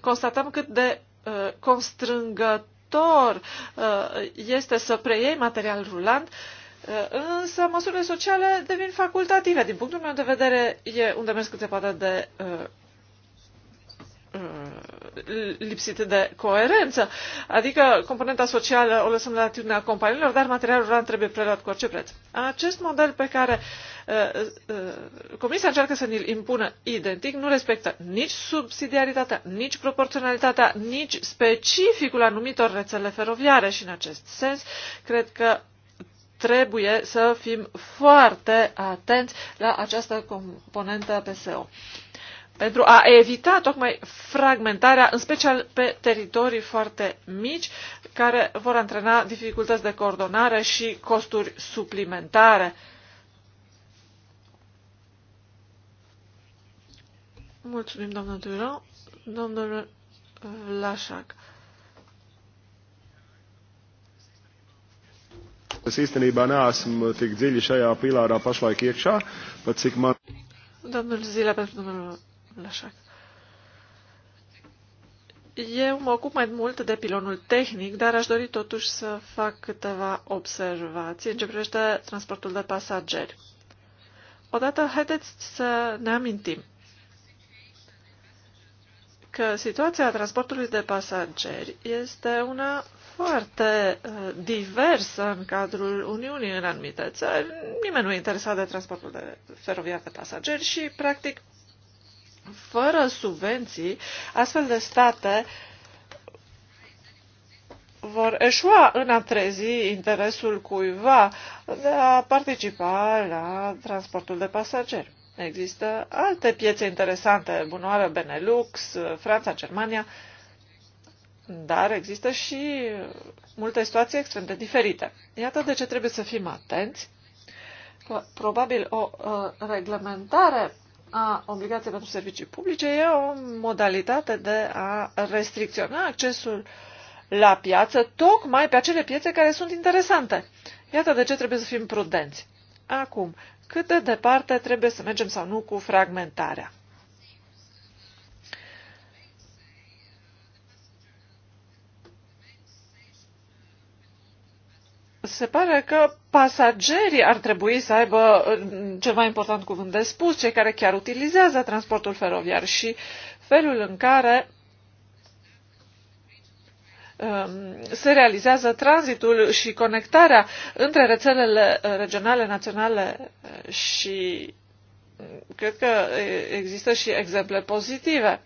constatăm cât de uh, constrângător ajutor uh, este să preiei material rulant, uh, însă măsurile sociale devin facultative. Din punctul meu de vedere, e unde demers cât se poate de uh, lipsit de coerență. Adică componenta socială o lăsăm la atitudinea companiilor, dar materialul rulant trebuie preluat cu orice preț. Acest model pe care uh, uh, Comisia încearcă să ne-l impună identic nu respectă nici subsidiaritatea, nici proporționalitatea, nici specificul anumitor rețele feroviare și în acest sens cred că trebuie să fim foarte atenți la această componentă PSO pentru a evita tocmai fragmentarea, în special pe teritorii foarte mici, care vor antrena dificultăți de coordonare și costuri suplimentare. Mulțumim, domnul Duron. Uh, domnul Lașac. Es īstenībā neesmu tik dziļi šajā pilārā pašlaik iekšā, pat cik man. Domnul Zila, pentru domnul Lășac. Eu mă ocup mai mult de pilonul tehnic, dar aș dori totuși să fac câteva observații în ce privește transportul de pasageri. Odată, haideți să ne amintim că situația transportului de pasageri este una foarte uh, diversă în cadrul Uniunii în anumite țări. Nimeni nu e interesat de transportul de feroviar de pasageri și, practic, fără subvenții, astfel de state vor eșua în a trezi interesul cuiva de a participa la transportul de pasageri. Există alte piețe interesante, bunoară Benelux, Franța, Germania, dar există și multe situații extrem de diferite. Iată de ce trebuie să fim atenți că probabil o uh, reglementare a obligației pentru servicii publice e o modalitate de a restricționa accesul la piață, tocmai pe acele piețe care sunt interesante. Iată de ce trebuie să fim prudenți. Acum, cât de departe trebuie să mergem sau nu cu fragmentarea? se pare că pasagerii ar trebui să aibă uh, cel mai important cuvânt de spus, cei care chiar utilizează transportul feroviar și felul în care um, se realizează tranzitul și conectarea între rețelele uh, regionale, naționale uh, și mm, cred că există și exemple pozitive.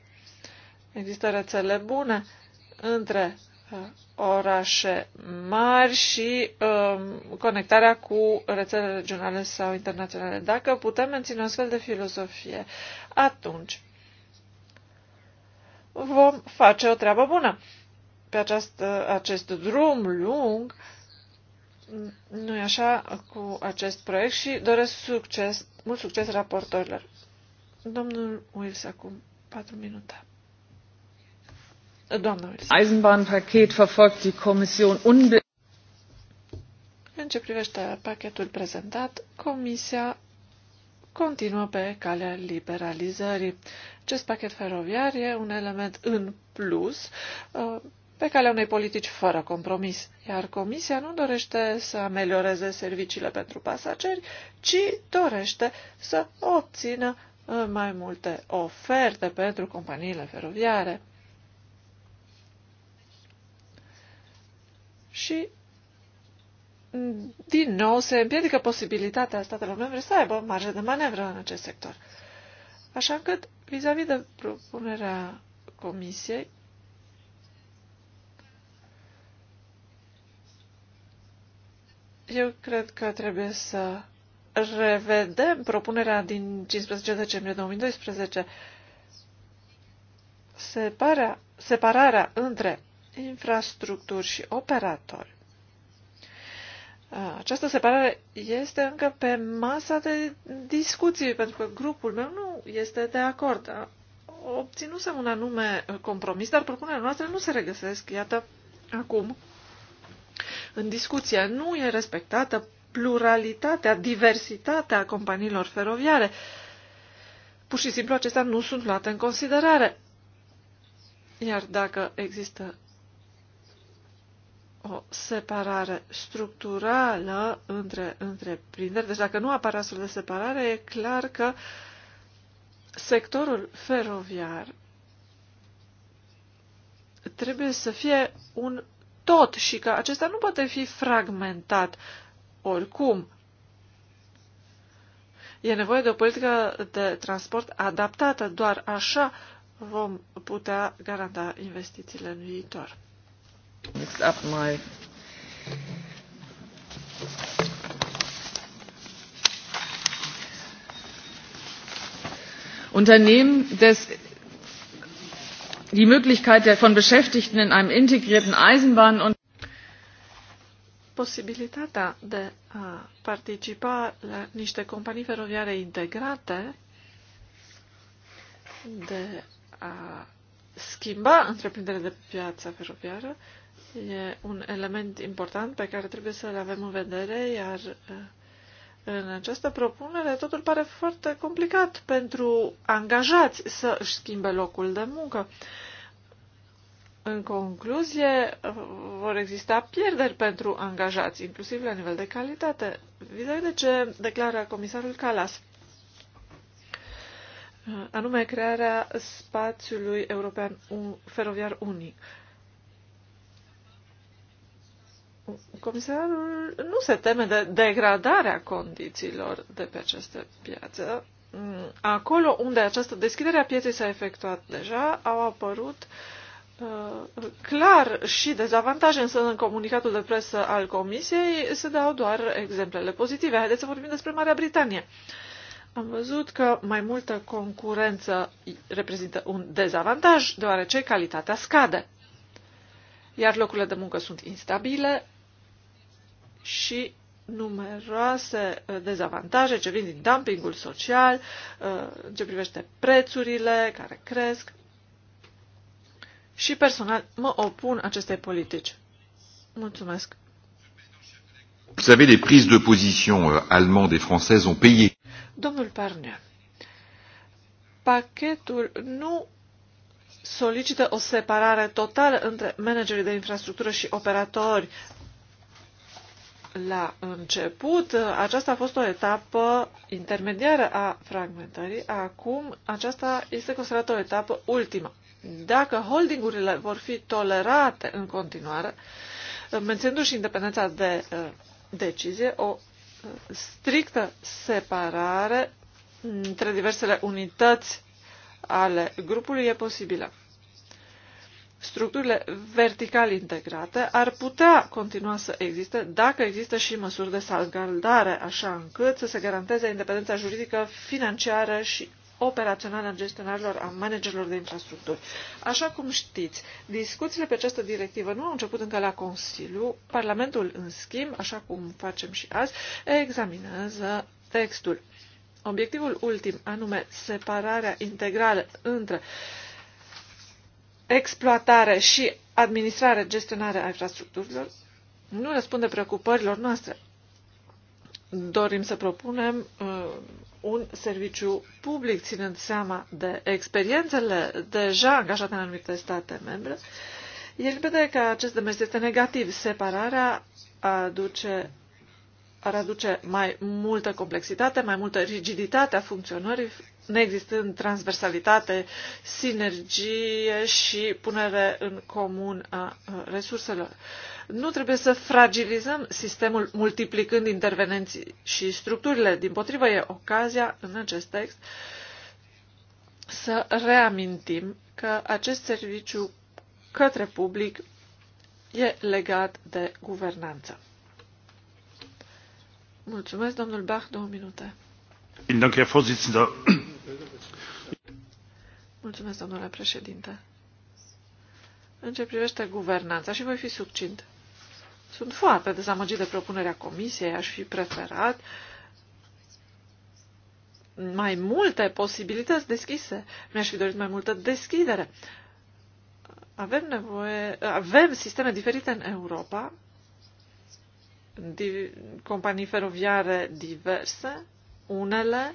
Există rețele bune între Uh, orașe mari și um, conectarea cu rețele regionale sau internaționale. Dacă putem menține o astfel de filozofie, atunci vom face o treabă bună. Pe aceast, uh, acest drum lung, nu e așa, cu acest proiect și doresc succes, mult succes raportorilor. Domnul Wills, acum patru minute. Doamna verfolgt die Kommission unbe În ce privește pachetul prezentat, Comisia continuă pe calea liberalizării. Acest pachet feroviar e un element în plus uh, pe calea unei politici fără compromis, iar Comisia nu dorește să amelioreze serviciile pentru pasageri, ci dorește să obțină uh, mai multe oferte pentru companiile feroviare. și din nou se împiedică posibilitatea statelor membre să aibă marjă de manevră în acest sector. Așa încât, vis-a-vis -vis de propunerea Comisiei, eu cred că trebuie să revedem propunerea din 15 decembrie 2012, separarea, separarea între infrastructuri și operatori. Această separare este încă pe masa de discuții, pentru că grupul meu nu este de acord. Obținusem un anume compromis, dar propunerea noastră nu se regăsesc, iată, acum, în discuție. Nu e respectată pluralitatea, diversitatea companiilor feroviare. Pur și simplu acestea nu sunt luate în considerare. Iar dacă există o separare structurală între întreprinderi. Deci dacă nu apare astfel de separare, e clar că sectorul feroviar trebuie să fie un tot și că acesta nu poate fi fragmentat oricum. E nevoie de o politică de transport adaptată, doar așa vom putea garanta investițiile în viitor. Jetzt ab mal. Unternehmen das die Möglichkeit der von Beschäftigten in einem integrierten Eisenbahn- und posibilitatea de a participa la niște companii feroviare integrate, de a schimba întreprinderea de piață feroviară, E un element important pe care trebuie să-l avem în vedere, iar în această propunere totul pare foarte complicat pentru angajați să își schimbe locul de muncă. În concluzie, vor exista pierderi pentru angajați, inclusiv la nivel de calitate, vis de ce declară comisarul Calas, anume crearea spațiului european feroviar unic. comisarul nu se teme de degradarea condițiilor de pe această piață. Mm, Acolo unde această deschidere a pieței s-a efectuat deja, au apărut uh, clar și dezavantaje, însă în comunicatul de presă al comisiei se dau doar exemplele pozitive. Haideți să vorbim despre Marea Britanie. Am văzut că mai multă concurență reprezintă un dezavantaj, deoarece calitatea scade iar locurile de muncă sunt instabile, și numeroase uh, dezavantaje ce vin din dumpingul social, uh, în ce privește prețurile care cresc. Și personal mă opun acestei politici. Mulțumesc. Vous savez, les prises de position euh, allemandes et françaises ont payé. Domnul Parnia, pachetul nu solicită o separare totală între managerii de infrastructură și operatori la început, aceasta a fost o etapă intermediară a fragmentării, acum aceasta este considerată o etapă ultimă. Dacă holdingurile vor fi tolerate în continuare, menținându-și independența de uh, decizie, o uh, strictă separare între diversele unități ale grupului e posibilă structurile vertical integrate ar putea continua să existe dacă există și măsuri de salvgardare, așa încât să se garanteze independența juridică, financiară și operațională a gestionarilor, a managerilor de infrastructuri. Așa cum știți, discuțiile pe această directivă nu au început încă la Consiliu. Parlamentul, în schimb, așa cum facem și azi, examinează textul. Obiectivul ultim, anume separarea integrală între exploatare și administrare, gestionare a infrastructurilor, nu răspunde preocupărilor noastre. Dorim să propunem uh, un serviciu public, ținând seama de experiențele deja angajate în anumite state membre. El vede că acest demers este negativ. Separarea aduce, ar aduce mai multă complexitate, mai multă rigiditate a funcționării neexistând transversalitate, sinergie și punere în comun a resurselor. Nu trebuie să fragilizăm sistemul multiplicând intervenții și structurile. Din potrivă, e ocazia în acest text să reamintim că acest serviciu către public e legat de guvernanță. Mulțumesc, domnul Bach, două minute. Vielen Dank, Herr Vorsitzender. Mulțumesc, domnule președinte. În ce privește guvernanța, și voi fi succint. Sunt foarte dezamăgit de propunerea comisiei, aș fi preferat mai multe posibilități deschise. Mi-aș fi dorit mai multă deschidere. Avem nevoie, avem sisteme diferite în Europa, companii feroviare diverse, unele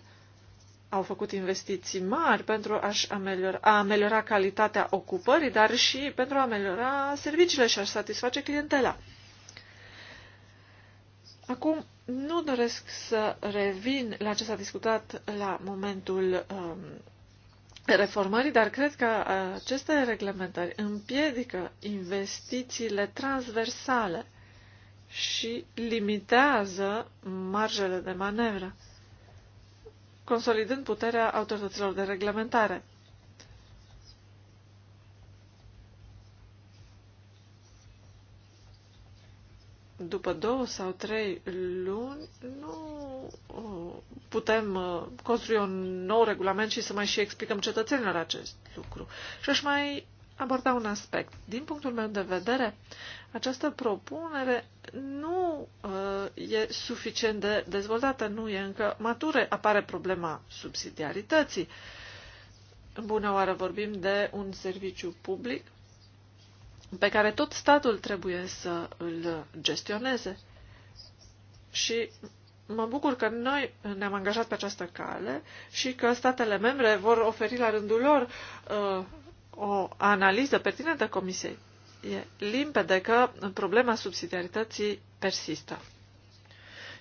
au făcut investiții mari pentru a-și ameliora, a ameliora calitatea ocupării, dar și pentru a ameliora serviciile și a satisface clientela. Acum, nu doresc să revin la ce s-a discutat la momentul um, reformării, dar cred că uh, aceste reglementări împiedică investițiile transversale și limitează marjele de manevră consolidând puterea autorităților de reglementare. După două sau trei luni, nu putem uh, construi un nou regulament și să mai și explicăm cetățenilor acest lucru. Și aș mai aborda un aspect. Din punctul meu de vedere, această propunere nu uh, e suficient de dezvoltată, nu e încă matură. Apare problema subsidiarității. Bună oară, vorbim de un serviciu public pe care tot statul trebuie să îl gestioneze. Și mă bucur că noi ne-am angajat pe această cale și că statele membre vor oferi la rândul lor uh, o analiză pertinentă Comisiei e limpede că problema subsidiarității persistă.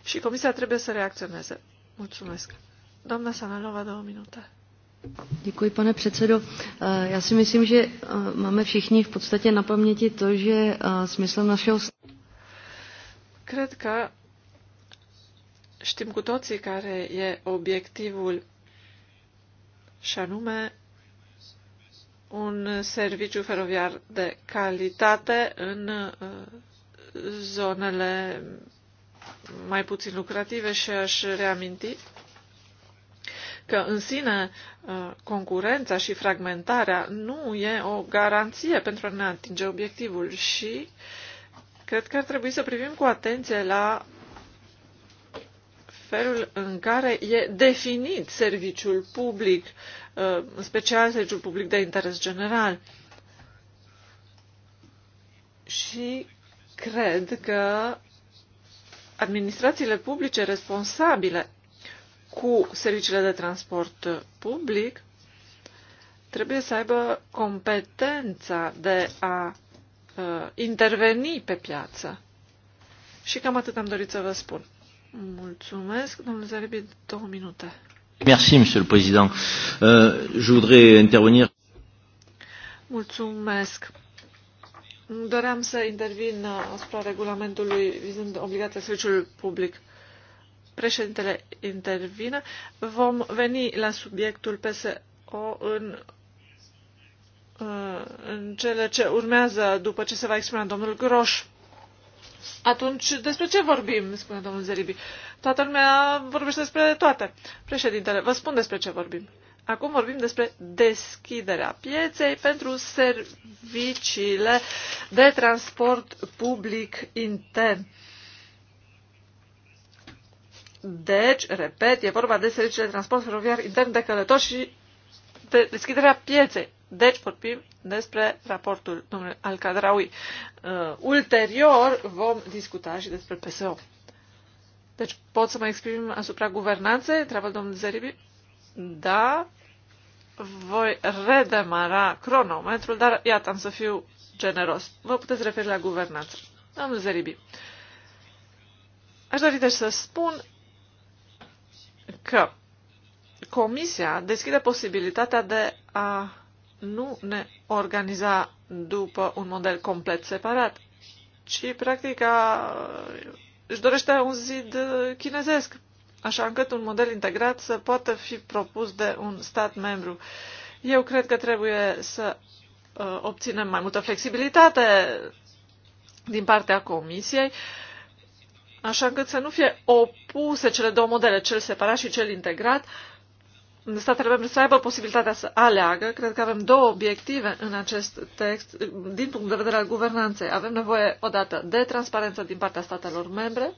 Și Comisia trebuie să reacționeze. Mulțumesc. Doamna Sanalova, două minute. Děkuji, pane předsedo. Eh, já si myslím, že eh, máme všichni v podstatě na paměti to, že eh, smyslem našeho... Cred că știm cu toții care e obiectivul și anume un serviciu feroviar de calitate în uh, zonele mai puțin lucrative și aș reaminti că în sine uh, concurența și fragmentarea nu e o garanție pentru a ne atinge obiectivul și cred că ar trebui să privim cu atenție la felul în care e definit serviciul public uh, Uh, în special serviciul public de interes general. Și cred că administrațiile publice responsabile cu serviciile de transport public trebuie să aibă competența de a uh, interveni pe piață. Și cam atât am dorit să vă spun. Mulțumesc, domnule Zaribi, două minute. Merci, Monsieur le Président. Euh, je voudrais intervenir. Mulțumesc. Doream să intervin asupra regulamentului vizând obligația serviciului public. Președintele intervine. Vom veni la subiectul PSO în, uh, în cele ce urmează după ce se va exprima domnul Groș. Atunci, despre ce vorbim, spune domnul Zeribi? Toată lumea vorbește despre toate. Președintele, vă spun despre ce vorbim. Acum vorbim despre deschiderea pieței pentru serviciile de transport public intern. Deci, repet, e vorba de serviciile de transport feroviar intern de călători și de deschiderea pieței. Deci vorbim despre raportul domnului Alcadraui. Uh, ulterior vom discuta și despre PSO. Deci pot să mă exprim asupra guvernanței? Întreabă domnul Zeribi. Da, voi redemara cronometrul, dar iată, am să fiu generos. Vă puteți referi la guvernanță. Domnul Zeribi, aș dori deci să spun că Comisia deschide posibilitatea de a nu ne organiza după un model complet separat, ci practic a, își dorește un zid chinezesc, așa încât un model integrat să poată fi propus de un stat membru. Eu cred că trebuie să uh, obținem mai multă flexibilitate din partea Comisiei, așa încât să nu fie opuse cele două modele, cel separat și cel integrat, uh, statele membre să aibă posibilitatea să aleagă. Cred că avem două obiective în acest text din punct de vedere al guvernanței. Avem nevoie odată de transparență din partea statelor membre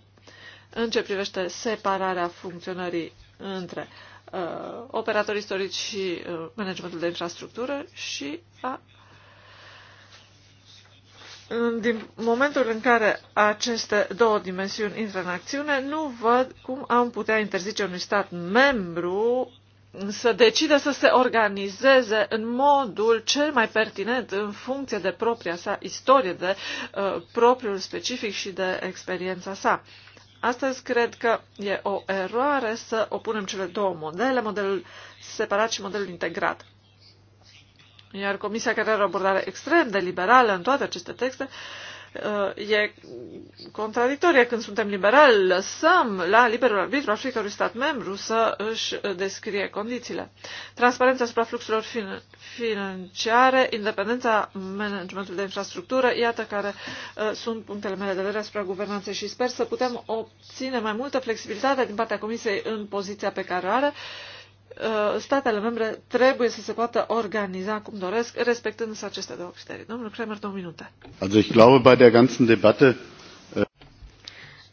în ce privește separarea funcționării între uh, operatorii istorici și uh, managementul de infrastructură și a din momentul în care aceste două dimensiuni intră în acțiune, nu văd cum am putea interzice unui stat membru să decide să se organizeze în modul cel mai pertinent în funcție de propria sa istorie, de uh, propriul specific și de experiența sa. Astăzi cred că e o eroare să opunem cele două modele, modelul separat și modelul integrat. Iar Comisia, care are o abordare extrem de liberală în toate aceste texte, uh, Uh, e contradictorie când suntem liberali, lăsăm la liberul arbitru al fiecărui stat membru să își descrie condițiile. Transparența asupra fluxurilor fin- financiare, independența managementului de infrastructură, iată care uh, sunt punctele mele de vedere asupra guvernanței și sper să putem obține mai multă flexibilitate din partea Comisiei în poziția pe care o are. Uh, Uh, statele membre trebuie să se poată organiza cum doresc, respectând însă aceste două criterii. Domnul Kramer, două minute. Also ich glaube, bei der ganzen uh,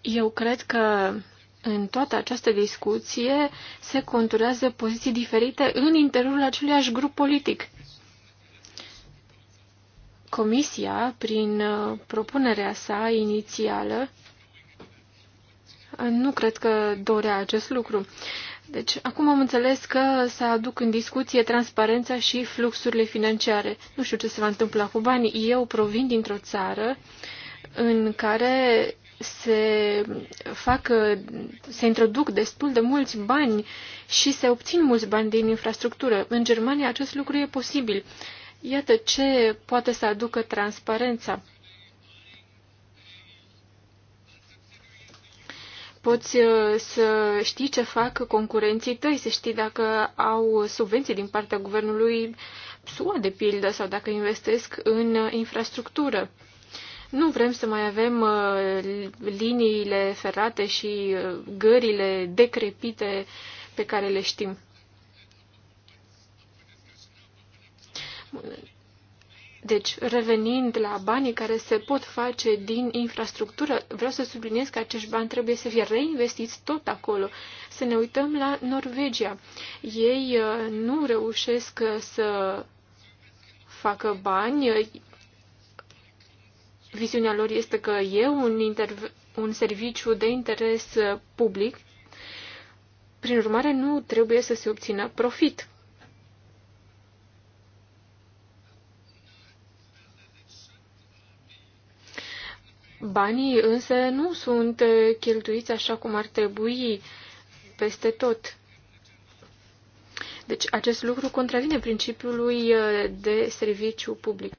Eu cred că în toată această discuție se conturează poziții diferite în interiorul aceluiași grup politic. Comisia, prin uh, propunerea sa inițială, nu cred că dorea acest lucru. Deci, acum am înțeles că să aduc în discuție transparența și fluxurile financiare. Nu știu ce se va întâmpla cu banii. Eu provin dintr-o țară în care se fac, se introduc destul de mulți bani și se obțin mulți bani din infrastructură. În Germania acest lucru e posibil. Iată ce poate să aducă transparența. poți uh, să știi ce fac concurenții tăi, să știi dacă au subvenții din partea guvernului SUA, de pildă, sau dacă investesc în infrastructură. Nu vrem să mai avem uh, liniile ferate și uh, gările decrepite pe care le știm. Deci, revenind la banii care se pot face din infrastructură, vreau să subliniez că acești bani trebuie să fie reinvestiți tot acolo. Să ne uităm la Norvegia. Ei uh, nu reușesc uh, să facă bani. Viziunea lor este că e un, un serviciu de interes uh, public. Prin urmare, nu trebuie să se obțină profit. Banii însă nu sunt cheltuiți așa cum ar trebui peste tot. Deci acest lucru contravine principiului uh, de serviciu public.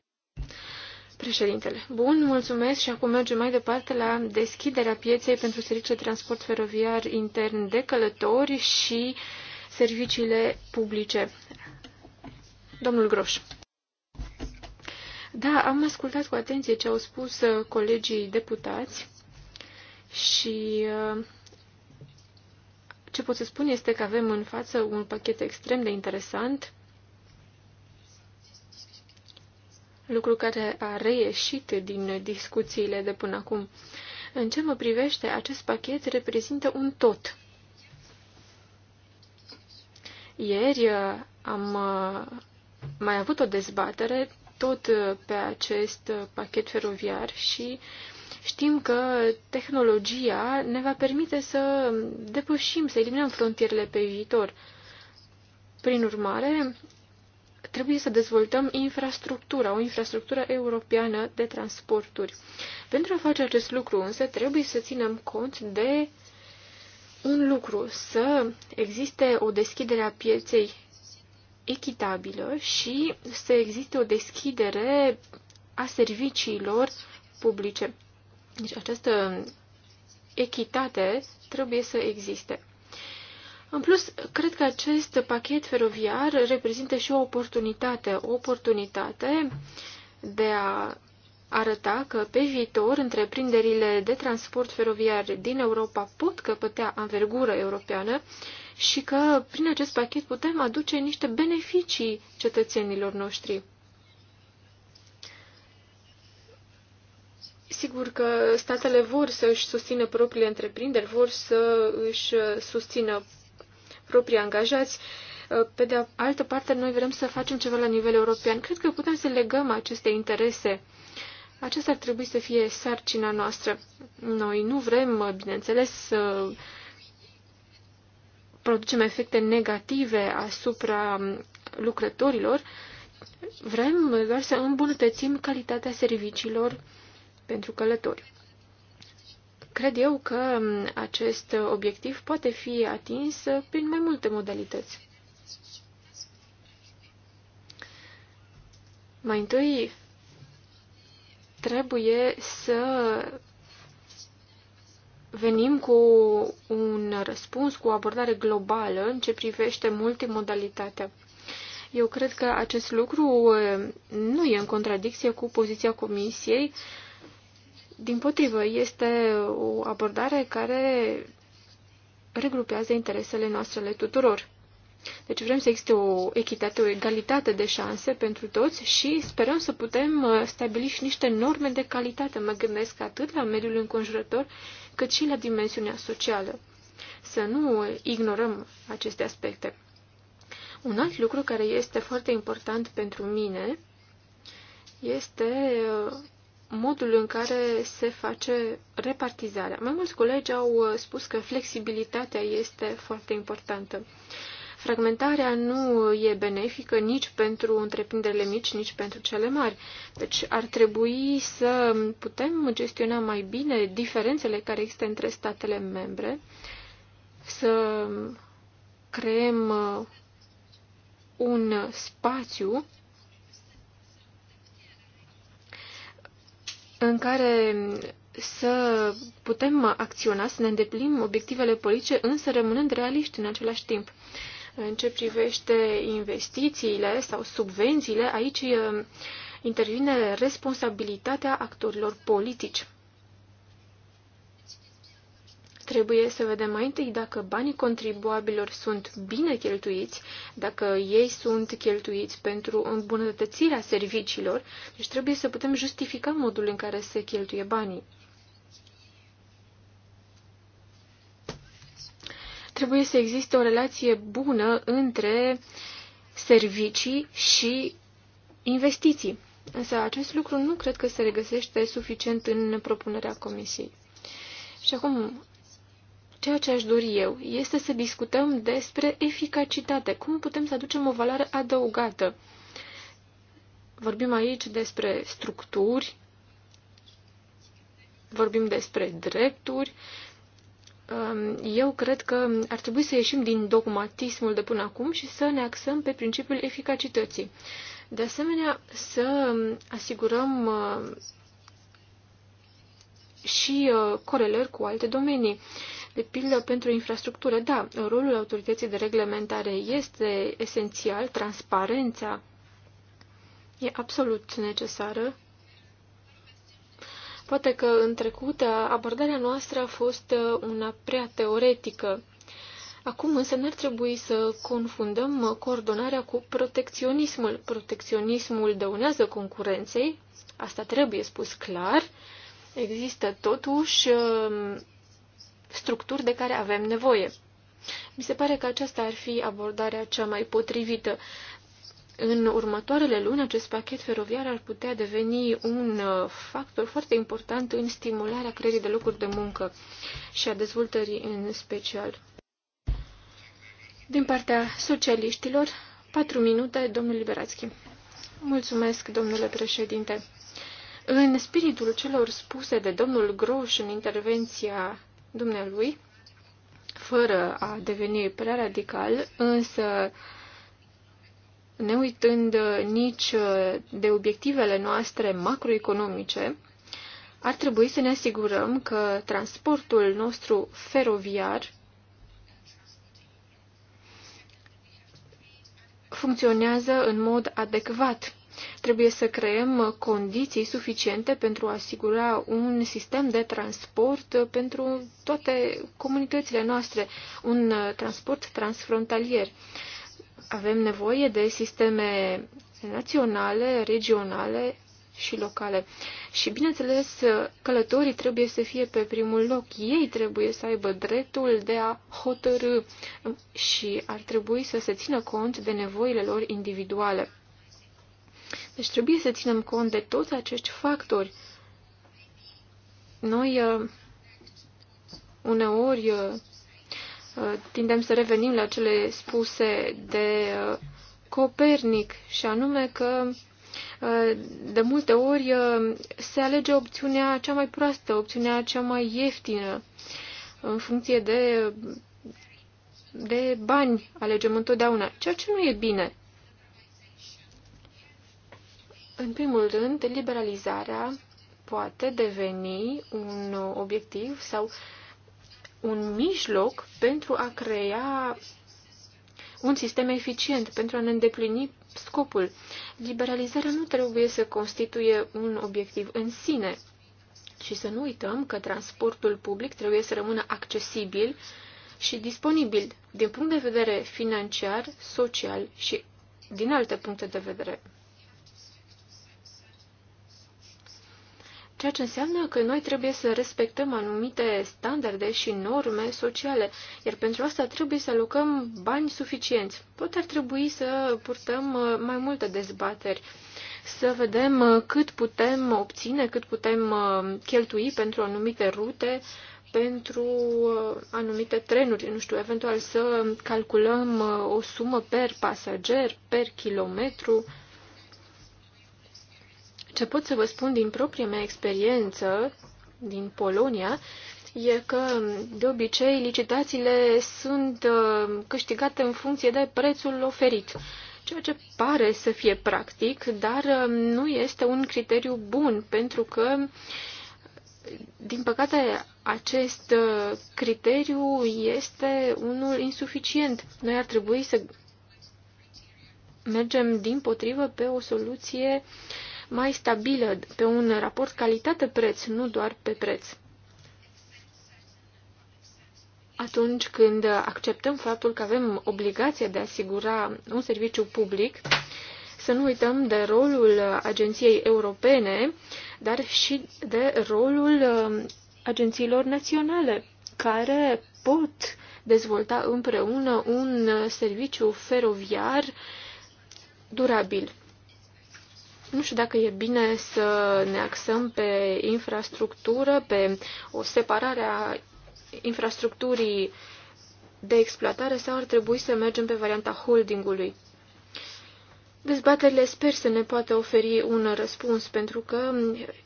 Președintele. Bun, mulțumesc și acum mergem mai departe la deschiderea pieței pentru serviciul de transport feroviar intern de călători și serviciile publice. Domnul Groș. Da, am ascultat cu atenție ce au spus uh, colegii deputați și uh, ce pot să spun este că avem în față un pachet extrem de interesant, lucru care a reieșit din discuțiile de până acum. În ce mă privește, acest pachet reprezintă un tot. Ieri uh, am mai avut o dezbatere tot uh, pe acest uh, pachet feroviar și știm că tehnologia ne va permite să depășim, să eliminăm frontierele pe viitor. Prin urmare, trebuie să dezvoltăm infrastructura, o infrastructură europeană de transporturi. Pentru a face acest lucru, însă, trebuie să ținem cont de un lucru, să existe o deschidere a pieței echitabilă și să existe o deschidere a serviciilor publice. Deci această echitate trebuie să existe. În plus, cred că acest pachet feroviar reprezintă și o oportunitate, o oportunitate de a arăta că pe viitor întreprinderile de transport feroviar din Europa pot căpătea anvergură europeană și că prin acest pachet putem aduce niște beneficii cetățenilor noștri. Sigur că statele vor să își susțină propriile întreprinderi, vor să își susțină proprii angajați. Pe de altă parte, noi vrem să facem ceva la nivel european. Cred că putem să legăm aceste interese. Aceasta ar trebui să fie sarcina noastră. Noi nu vrem, bineînțeles, să producem efecte negative asupra lucrătorilor, vrem doar să îmbunătățim calitatea serviciilor pentru călători. Cred eu că acest obiectiv poate fi atins prin mai multe modalități. Mai întâi, trebuie să venim cu un răspuns, cu o abordare globală în ce privește multimodalitatea. Eu cred că acest lucru nu e în contradicție cu poziția Comisiei. Din potrivă, este o abordare care regrupează interesele noastre ale tuturor. Deci vrem să existe o echitate, o egalitate de șanse pentru toți și sperăm să putem uh, stabili și niște norme de calitate. Mă gândesc atât la mediul înconjurător, cât și la dimensiunea socială. Să nu ignorăm aceste aspecte. Un alt lucru care este foarte important pentru mine este uh, modul în care se face repartizarea. Mai mulți colegi au uh, spus că flexibilitatea este foarte importantă. Fragmentarea nu e benefică nici pentru întreprinderile mici, nici pentru cele mari. Deci ar trebui să putem gestiona mai bine diferențele care există între statele membre, să creăm uh, un spațiu în care să putem acționa, să ne îndeplinim obiectivele politice, însă rămânând realiști în același timp. În ce privește investițiile sau subvențiile, aici intervine responsabilitatea actorilor politici. Trebuie să vedem mai întâi dacă banii contribuabilor sunt bine cheltuiți, dacă ei sunt cheltuiți pentru îmbunătățirea serviciilor, deci trebuie să putem justifica modul în care se cheltuie banii. trebuie să existe o relație bună între servicii și investiții. Însă acest lucru nu cred că se regăsește suficient în propunerea comisiei. Și acum, ceea ce aș dori eu este să discutăm despre eficacitate, cum putem să aducem o valoare adăugată. Vorbim aici despre structuri, vorbim despre drepturi, Um, eu cred că ar trebui să ieșim din dogmatismul de până acum și să ne axăm pe principiul eficacității. De asemenea, să asigurăm uh, și uh, corelări cu alte domenii. De pildă, pentru infrastructură, da, rolul autorității de reglementare este esențial, transparența e absolut necesară Poate că în trecut abordarea noastră a fost una prea teoretică. Acum însă n-ar trebui să confundăm coordonarea cu protecționismul. Protecționismul dăunează concurenței, asta trebuie spus clar. Există totuși structuri de care avem nevoie. Mi se pare că aceasta ar fi abordarea cea mai potrivită. În următoarele luni, acest pachet feroviar ar putea deveni un uh, factor foarte important în stimularea creierii de locuri de muncă și a dezvoltării în special. Din partea socialiștilor, patru minute, domnul Liberațchi. Mulțumesc, domnule președinte. În spiritul celor spuse de domnul Groș în intervenția dumnealui, fără a deveni prea radical, însă ne uitând uh, nici uh, de obiectivele noastre macroeconomice, ar trebui să ne asigurăm că transportul nostru feroviar funcționează în mod adecvat. Trebuie să creăm condiții suficiente pentru a asigura un sistem de transport pentru toate comunitățile noastre, un uh, transport transfrontalier avem nevoie de sisteme naționale, regionale și locale. Și, bineînțeles, călătorii trebuie să fie pe primul loc. Ei trebuie să aibă dreptul de a hotărâ și ar trebui să se țină cont de nevoile lor individuale. Deci trebuie să ținem cont de toți acești factori. Noi uh, uneori uh, tindem să revenim la cele spuse de uh, Copernic, și anume că uh, de multe ori uh, se alege opțiunea cea mai proastă, opțiunea cea mai ieftină. În funcție de, de bani alegem întotdeauna, ceea ce nu e bine. În primul rând, liberalizarea poate deveni un obiectiv sau uh, un mijloc pentru a crea un sistem eficient pentru a ne îndeplini scopul. Liberalizarea nu trebuie să constituie un obiectiv în sine și să nu uităm că transportul public trebuie să rămână accesibil și disponibil din punct de vedere financiar, social și din alte puncte de vedere. ceea ce înseamnă că noi trebuie să respectăm anumite standarde și norme sociale, iar pentru asta trebuie să alocăm bani suficienți. Pot ar trebui să purtăm uh, mai multe dezbateri, să vedem uh, cât putem obține, cât putem uh, cheltui pentru anumite rute, pentru anumite trenuri, nu știu, eventual să calculăm o sumă per pasager, per kilometru, ce pot să vă spun din propria mea experiență din Polonia e că, de obicei, licitațiile sunt uh, câștigate în funcție de prețul oferit, ceea ce pare să fie practic, dar uh, nu este un criteriu bun, pentru că, din păcate, acest uh, criteriu este unul insuficient. Noi ar trebui să mergem din potrivă pe o soluție uh, mai stabilă pe un raport calitate-preț, nu doar pe preț. Atunci când acceptăm faptul că avem obligația de a asigura un serviciu public, să nu uităm de rolul agenției europene, dar și de rolul um, agențiilor naționale, care pot dezvolta împreună un uh, serviciu feroviar durabil. Nu știu dacă e bine să ne axăm pe infrastructură, pe o separare a infrastructurii de exploatare sau ar trebui să mergem pe varianta holdingului. Dezbaterile sper să ne poată oferi un răspuns, pentru că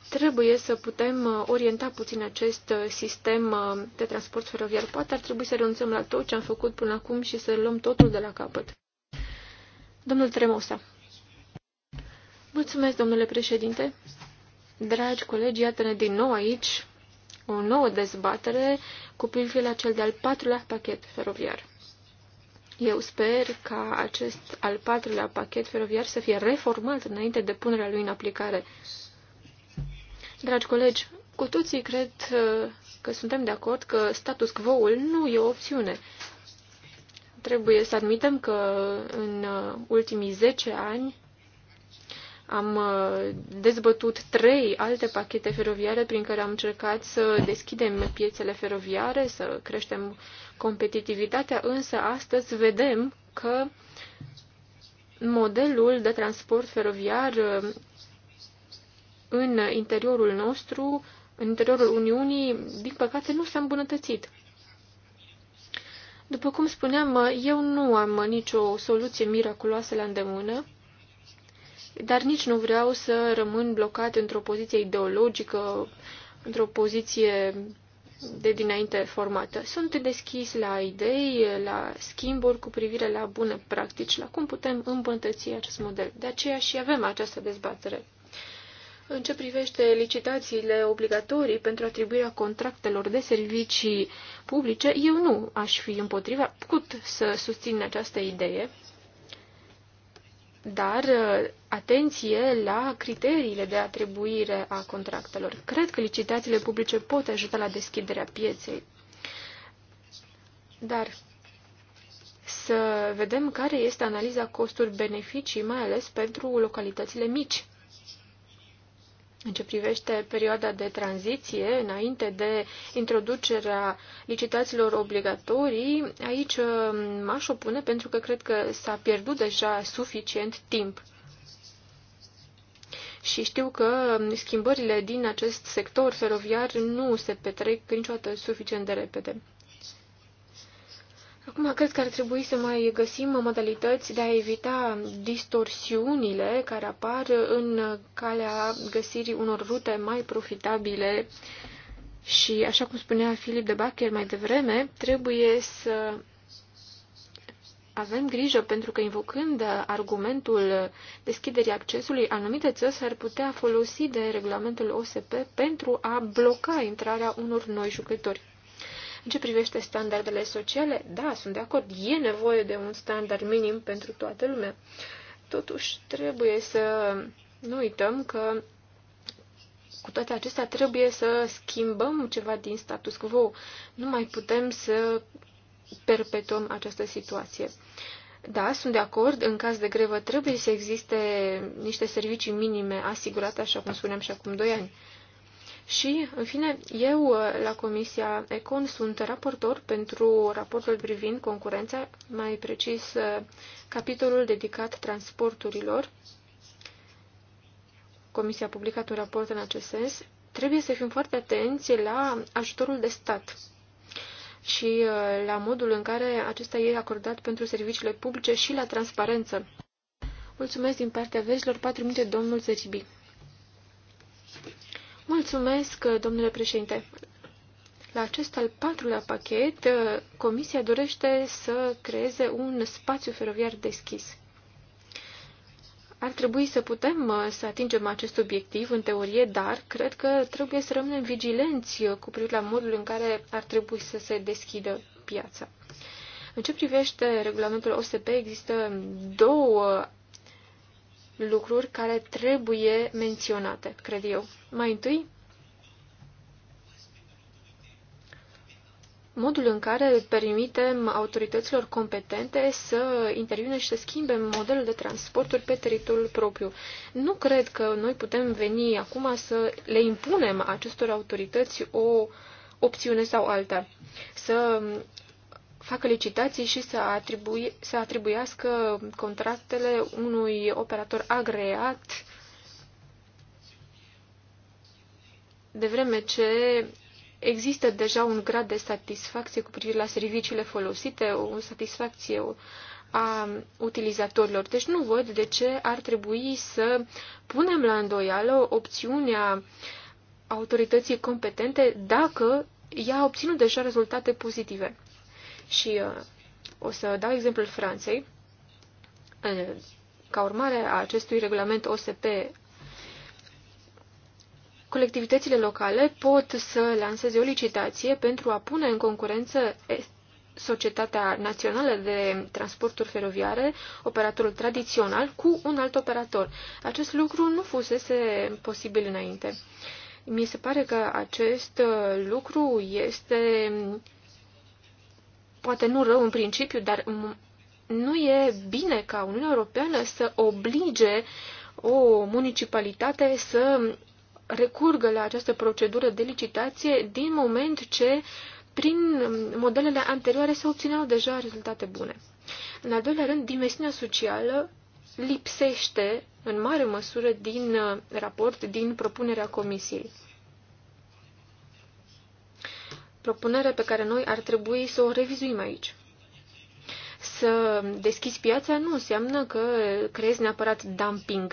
trebuie să putem orienta puțin acest sistem de transport feroviar. Poate ar trebui să renunțăm la tot ce am făcut până acum și să luăm totul de la capăt. Domnul Tremosa. Mulțumesc, domnule președinte. Dragi colegi, iată-ne din nou aici o nouă dezbatere cu privire la cel de-al patrulea pachet feroviar. Eu sper ca acest al patrulea pachet feroviar să fie reformat înainte de punerea lui în aplicare. Dragi colegi, cu toții cred uh, că suntem de acord că status quo-ul nu e o opțiune. Trebuie să admitem că în uh, ultimii 10 ani am uh, dezbătut trei alte pachete feroviare prin care am încercat să deschidem piețele feroviare, să creștem competitivitatea, însă astăzi vedem că modelul de transport feroviar uh, în interiorul nostru, în interiorul Uniunii, din păcate nu s-a îmbunătățit. După cum spuneam, uh, eu nu am nicio soluție miraculoasă la îndemână dar nici nu vreau să rămân blocat într-o poziție ideologică, într-o poziție de dinainte formată. Sunt deschis la idei, la schimburi cu privire la bune practici, la cum putem îmbunătăți acest model. De aceea și avem această dezbatere. În ce privește licitațiile obligatorii pentru atribuirea contractelor de servicii publice, eu nu aș fi împotriva, put să susțin această idee, dar uh, atenție la criteriile de atribuire a contractelor. Cred că licitațiile publice pot ajuta la deschiderea pieței, dar să vedem care este analiza costuri-beneficii, mai ales pentru localitățile mici. În ce privește perioada de tranziție, înainte de introducerea licitațiilor obligatorii, aici uh, m-aș opune pentru că cred că s-a pierdut deja suficient timp. Și știu că um, schimbările din acest sector feroviar nu se petrec niciodată suficient de repede. Acum, cred că ar trebui să mai găsim modalități de a evita distorsiunile care apar în calea găsirii unor rute mai profitabile și, așa cum spunea Filip de Bacher mai devreme, trebuie să avem grijă pentru că invocând argumentul deschiderii accesului, anumite țări ar putea folosi de regulamentul OSP pentru a bloca intrarea unor noi jucători. În ce privește standardele sociale, da, sunt de acord, e nevoie de un standard minim pentru toată lumea. Totuși, trebuie să nu uităm că cu toate acestea trebuie să schimbăm ceva din status quo. Nu mai putem să perpetuăm această situație. Da, sunt de acord, în caz de grevă trebuie să existe niște servicii minime asigurate, așa cum spuneam și acum 2 ani. Și, în fine, eu uh, la Comisia Econ sunt raportor pentru raportul privind concurența, mai precis uh, capitolul dedicat transporturilor. Comisia a publicat un raport în acest sens. Trebuie să fim foarte atenți la ajutorul de stat și uh, la modul în care acesta e acordat pentru serviciile publice și la transparență. Mulțumesc din partea vezilor. 4 minute, domnul Zecibi. Mulțumesc, domnule președinte. La acest al patrulea pachet, Comisia dorește să creeze un spațiu feroviar deschis. Ar trebui să putem uh, să atingem acest obiectiv, în teorie, dar cred că trebuie să rămânem vigilenți uh, cu privire la modul în care ar trebui să se deschidă piața. În ce privește regulamentul OSP, există două lucruri care trebuie menționate, cred eu. Mai întâi, modul în care permitem autorităților competente să intervină și să schimbe modelul de transporturi pe teritoriul propriu. Nu cred că noi putem veni acum să le impunem acestor autorități o opțiune sau alta, să facă licitații și să, atribui, să atribuiască contractele unui operator agreat de vreme ce există deja un grad de satisfacție cu privire la serviciile folosite, o satisfacție a utilizatorilor. Deci nu văd de ce ar trebui să punem la îndoială opțiunea autorității competente dacă ea a obținut deja rezultate pozitive. Și uh, o să dau exemplul Franței. Uh, ca urmare a acestui regulament OSP, colectivitățile locale pot să lanseze o licitație pentru a pune în concurență Societatea Națională de Transporturi Feroviare, operatorul tradițional, cu un alt operator. Acest lucru nu fusese posibil înainte. Mi se pare că acest uh, lucru este poate nu rău în principiu, dar nu e bine ca Uniunea Europeană să oblige o municipalitate să recurgă la această procedură de licitație din moment ce prin modelele anterioare se obțineau deja rezultate bune. În al doilea rând, dimensiunea socială lipsește în mare măsură din uh, raport, din propunerea Comisiei propunere pe care noi ar trebui să o revizuim aici. Să deschizi piața nu înseamnă că creezi neapărat dumping.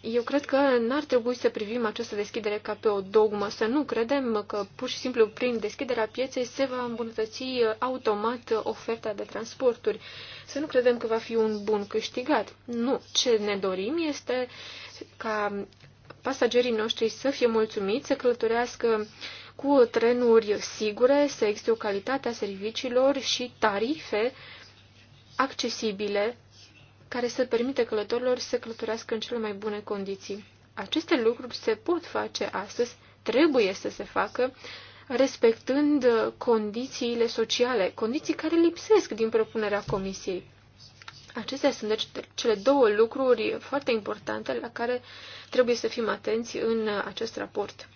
Eu cred că n-ar trebui să privim această deschidere ca pe o dogmă, să nu credem că pur și simplu prin deschiderea pieței se va îmbunătăți uh, automat uh, oferta de transporturi, să nu credem că va fi un bun câștigat. Nu, ce ne dorim este ca pasagerii noștri să fie mulțumiți, să călătorească cu trenuri sigure, să existe o calitate a serviciilor și tarife accesibile care să permite călătorilor să călătorească în cele mai bune condiții. Aceste lucruri se pot face astăzi, trebuie să se facă, respectând condițiile sociale, condiții care lipsesc din propunerea Comisiei. Acestea sunt deci cele două lucruri foarte importante la care trebuie să fim atenți în acest raport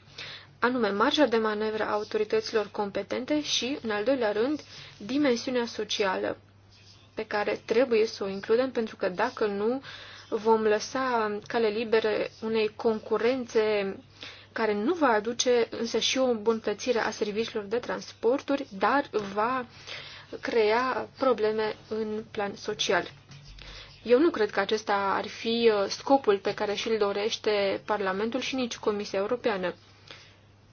anume marja de manevră a autorităților competente și, în al doilea rând, dimensiunea socială pe care trebuie să o includem, pentru că dacă nu, vom lăsa cale libere unei concurențe care nu va aduce însă și o îmbunătățire a serviciilor de transporturi, dar va crea probleme în plan social. Eu nu cred că acesta ar fi uh, scopul pe care și-l dorește Parlamentul și nici Comisia Europeană.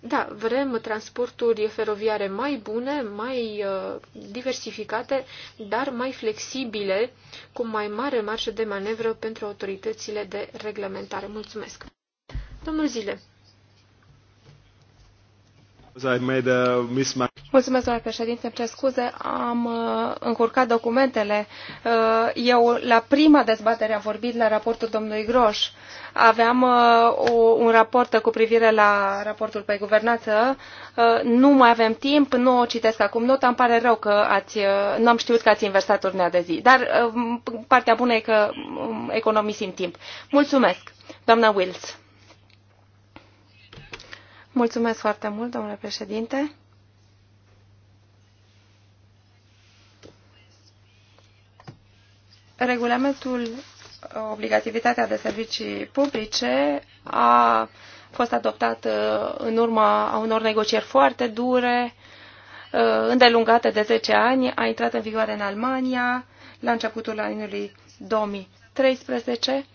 Da, vrem transporturi feroviare mai bune, mai uh, diversificate, dar mai flexibile, cu mai mare marjă de manevră pentru autoritățile de reglementare. Mulțumesc. Domnul Zile. I made a Mulțumesc, doamnă președinte, îmi cer scuze, am uh, încurcat documentele. Uh, eu, la prima dezbatere, am vorbit la raportul domnului Groș. Aveam uh, un raport cu privire la raportul pe guvernanță. Uh, nu mai avem timp, nu o citesc acum nota. Îmi pare rău că ați, uh, nu am știut că ați inversat urnea de zi. Dar uh, partea bună e că um, economisim timp. Mulțumesc, doamna Wills. Mulțumesc foarte mult, domnule președinte. Regulamentul uh, obligativitatea de servicii publice a fost adoptat uh, în urma a unor negocieri foarte dure, uh, îndelungate de 10 ani, a intrat în vigoare în Almania la începutul anului 2013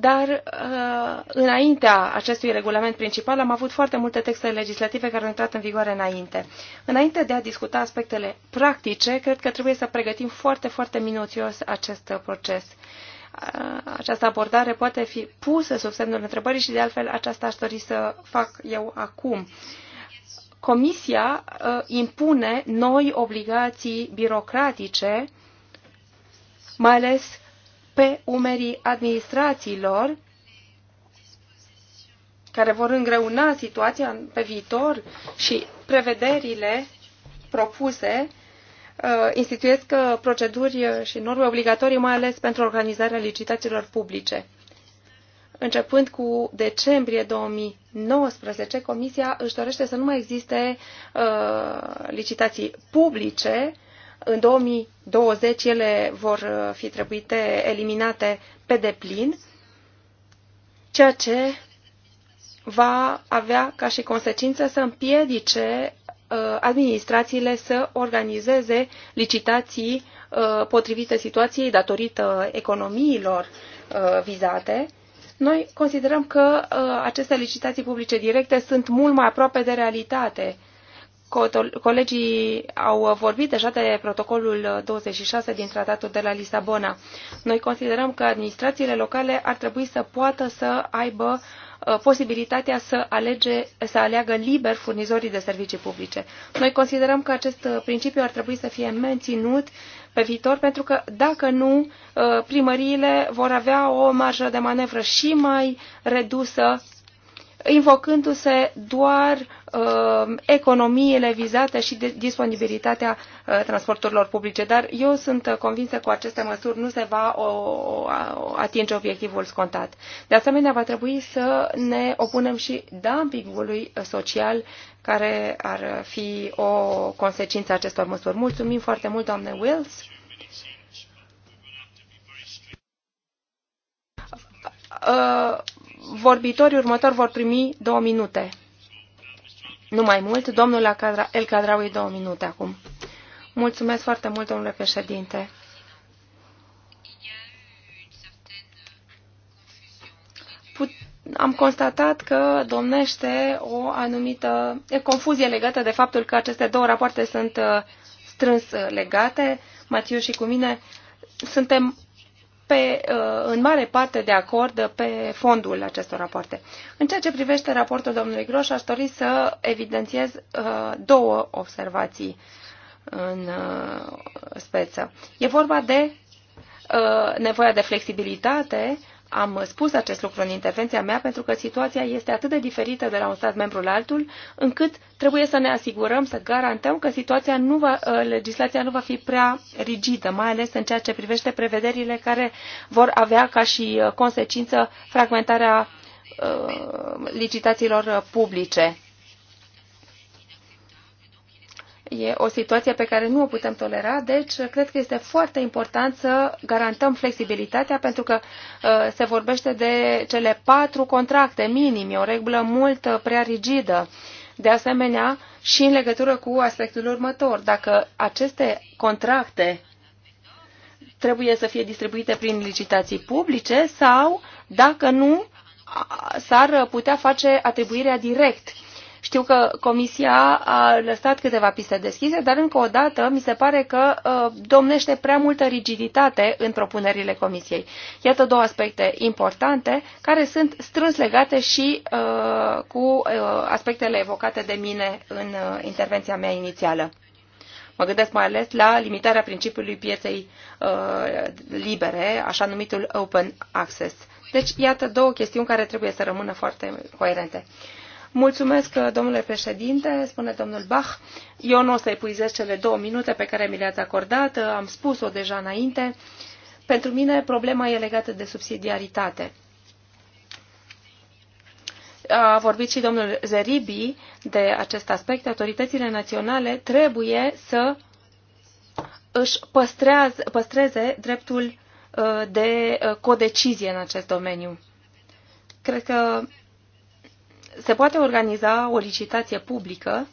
dar uh, înaintea acestui regulament principal am avut foarte multe texte legislative care au intrat în vigoare înainte. Înainte de a discuta aspectele practice, cred că trebuie să pregătim foarte, foarte minuțios acest proces. Uh, această abordare poate fi pusă sub semnul întrebării și de altfel aceasta aș dori să fac eu acum. Comisia uh, impune noi obligații birocratice, mai ales pe umerii administrațiilor care vor îngreuna situația pe viitor și prevederile propuse uh, instituiesc uh, proceduri și norme obligatorii, mai ales pentru organizarea licitațiilor publice. Începând cu decembrie 2019, Comisia își dorește să nu mai existe uh, licitații publice în 2020 ele vor uh, fi trebuite eliminate pe deplin, ceea ce va avea ca și consecință să împiedice uh, administrațiile să organizeze licitații uh, potrivite situației datorită economiilor vizate. Noi considerăm că aceste licitații publice directe sunt mult mai aproape de realitate Colegii au vorbit deja de protocolul 26 din Tratatul de la Lisabona. Noi considerăm că administrațiile locale ar trebui să poată să aibă uh, posibilitatea să, alege, să aleagă liber furnizorii de servicii publice. Noi considerăm că acest principiu ar trebui să fie menținut pe viitor, pentru că dacă nu, uh, primăriile vor avea o marjă de manevră și mai redusă invocându-se doar uh, economiile vizate și disponibilitatea uh, transporturilor publice. Dar eu sunt convinsă că cu aceste măsuri nu se va o, o, atinge obiectivul scontat. De asemenea, va trebui să ne opunem și dumpingului social, care ar fi o consecință a acestor măsuri. Mulțumim foarte mult, doamne Wills. Uh, vorbitorii următori vor primi două minute. Nu mai mult, domnul El Cadraui două minute acum. Mulțumesc foarte mult, domnule președinte. Put am constatat că domnește o anumită confuzie legată de faptul că aceste două rapoarte sunt uh, strâns uh, legate. Matiu și cu mine suntem pe, uh, în mare parte de acord pe fondul acestor rapoarte. În ceea ce privește raportul domnului Groș, aș dori să evidențiez uh, două observații în uh, speță. E vorba de nevoia de flexibilitate am spus acest lucru în intervenția mea pentru că situația este atât de diferită de la un stat membru la altul, încât trebuie să ne asigurăm, să garantăm că situația nu va, uh, legislația nu va fi prea rigidă, mai ales în ceea ce privește prevederile care vor avea ca și uh, consecință fragmentarea uh, licitațiilor publice E o situație pe care nu o putem tolera, deci cred că este foarte important să garantăm flexibilitatea pentru că uh, se vorbește de cele patru contracte minimi, o regulă mult uh, prea rigidă. De asemenea, și în legătură cu aspectul următor, dacă aceste contracte trebuie să fie distribuite prin licitații publice sau, dacă nu, s-ar putea face atribuirea direct știu că Comisia a lăsat câteva piste deschise, dar încă o dată mi se pare că uh, domnește prea multă rigiditate în propunerile Comisiei. Iată două aspecte importante care sunt strâns legate și uh, cu uh, aspectele evocate de mine în uh, intervenția mea inițială. Mă gândesc mai ales la limitarea principiului pieței uh, libere, așa numitul open access. Deci, iată două chestiuni care trebuie să rămână foarte coerente. Uh, Mulțumesc, uh, domnule președinte, spune domnul Bach. Eu nu o să epuizez cele două minute pe care mi le-ați acordat, uh, am spus-o deja înainte. Pentru mine problema e legată de subsidiaritate. A vorbit și domnul Zeribi de acest aspect. Autoritățile naționale trebuie să își păstrează, păstreze dreptul uh, de codecizie în acest domeniu. Cred că se poate organiza o licitație publică.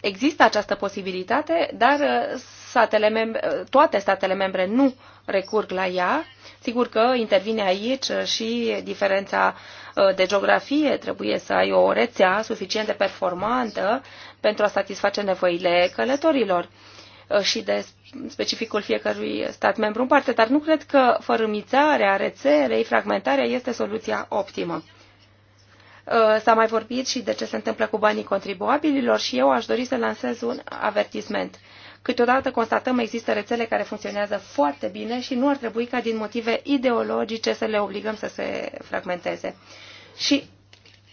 Există această posibilitate, dar uh, statele membre, uh, toate statele membre nu recurg la ea. Sigur că intervine aici și diferența uh, de geografie. Trebuie să ai o rețea suficient de performantă pentru a satisface nevoile călătorilor și de specificul fiecărui stat membru în parte, dar nu cred că fărâmițarea rețelei, fragmentarea este soluția optimă. Uh, s-a mai vorbit și de ce se întâmplă cu banii contribuabililor și eu aș dori să lansez un avertisment. Câteodată constatăm că există rețele care funcționează foarte bine și nu ar trebui ca din motive ideologice să le obligăm să se fragmenteze. Și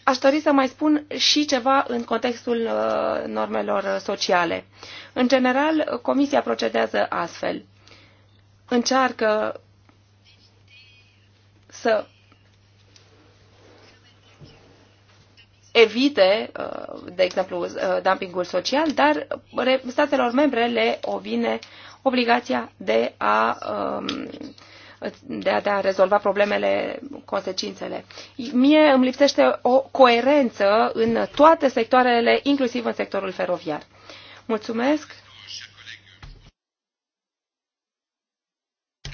aș dori să mai spun și ceva în contextul uh, normelor sociale. În general, Comisia procedează astfel. Încearcă să evite, uh, de exemplu, uh, dumpingul social, dar statelor membre le ovine obligația de a, um, de a, de a rezolva problemele, consecințele. Mie îmi lipsește o coerență în toate sectoarele, inclusiv în sectorul feroviar. Mulțumesc!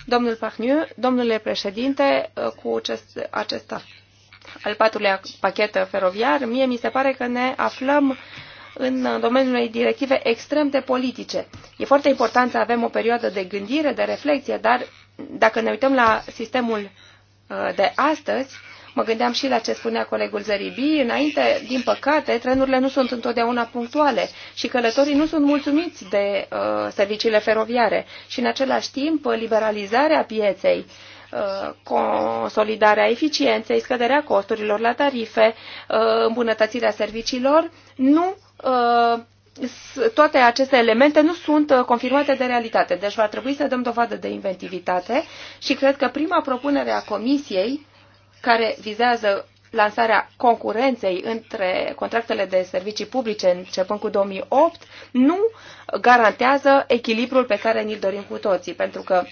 Domnul Parniu, domnule președinte, uh, cu acest, acesta al patrulea pachet feroviar, mie mi se pare că ne aflăm în domeniul unei directive extrem de politice. E foarte important să avem o perioadă de gândire, de reflexie, dar dacă ne uităm la sistemul uh, de astăzi, mă gândeam și la ce spunea colegul Zăribi, înainte, din păcate, trenurile nu sunt întotdeauna punctuale și călătorii nu sunt mulțumiți de uh, serviciile feroviare. Și în același timp, liberalizarea pieței uh, consolidarea eficienței, scăderea costurilor la tarife, uh, îmbunătățirea serviciilor, nu uh, toate aceste elemente nu sunt uh, confirmate de realitate. Deci va trebui să dăm dovadă de inventivitate și cred că prima propunere a Comisiei care vizează lansarea concurenței între contractele de servicii publice începând cu 2008 nu garantează echilibrul pe care ni-l dorim cu toții, pentru că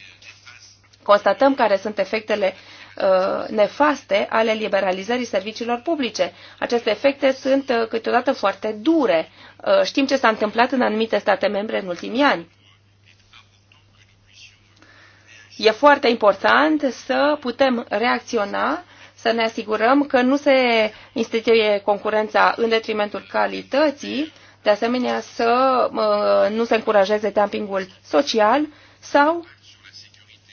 constatăm care sunt efectele uh, nefaste ale liberalizării serviciilor publice. Aceste efecte sunt uh, câteodată foarte dure. Uh, știm ce s-a întâmplat în anumite state membre în ultimii ani. E foarte important să putem reacționa, să ne asigurăm că nu se instituie concurența în detrimentul calității, de asemenea să nu se încurajeze dumpingul social sau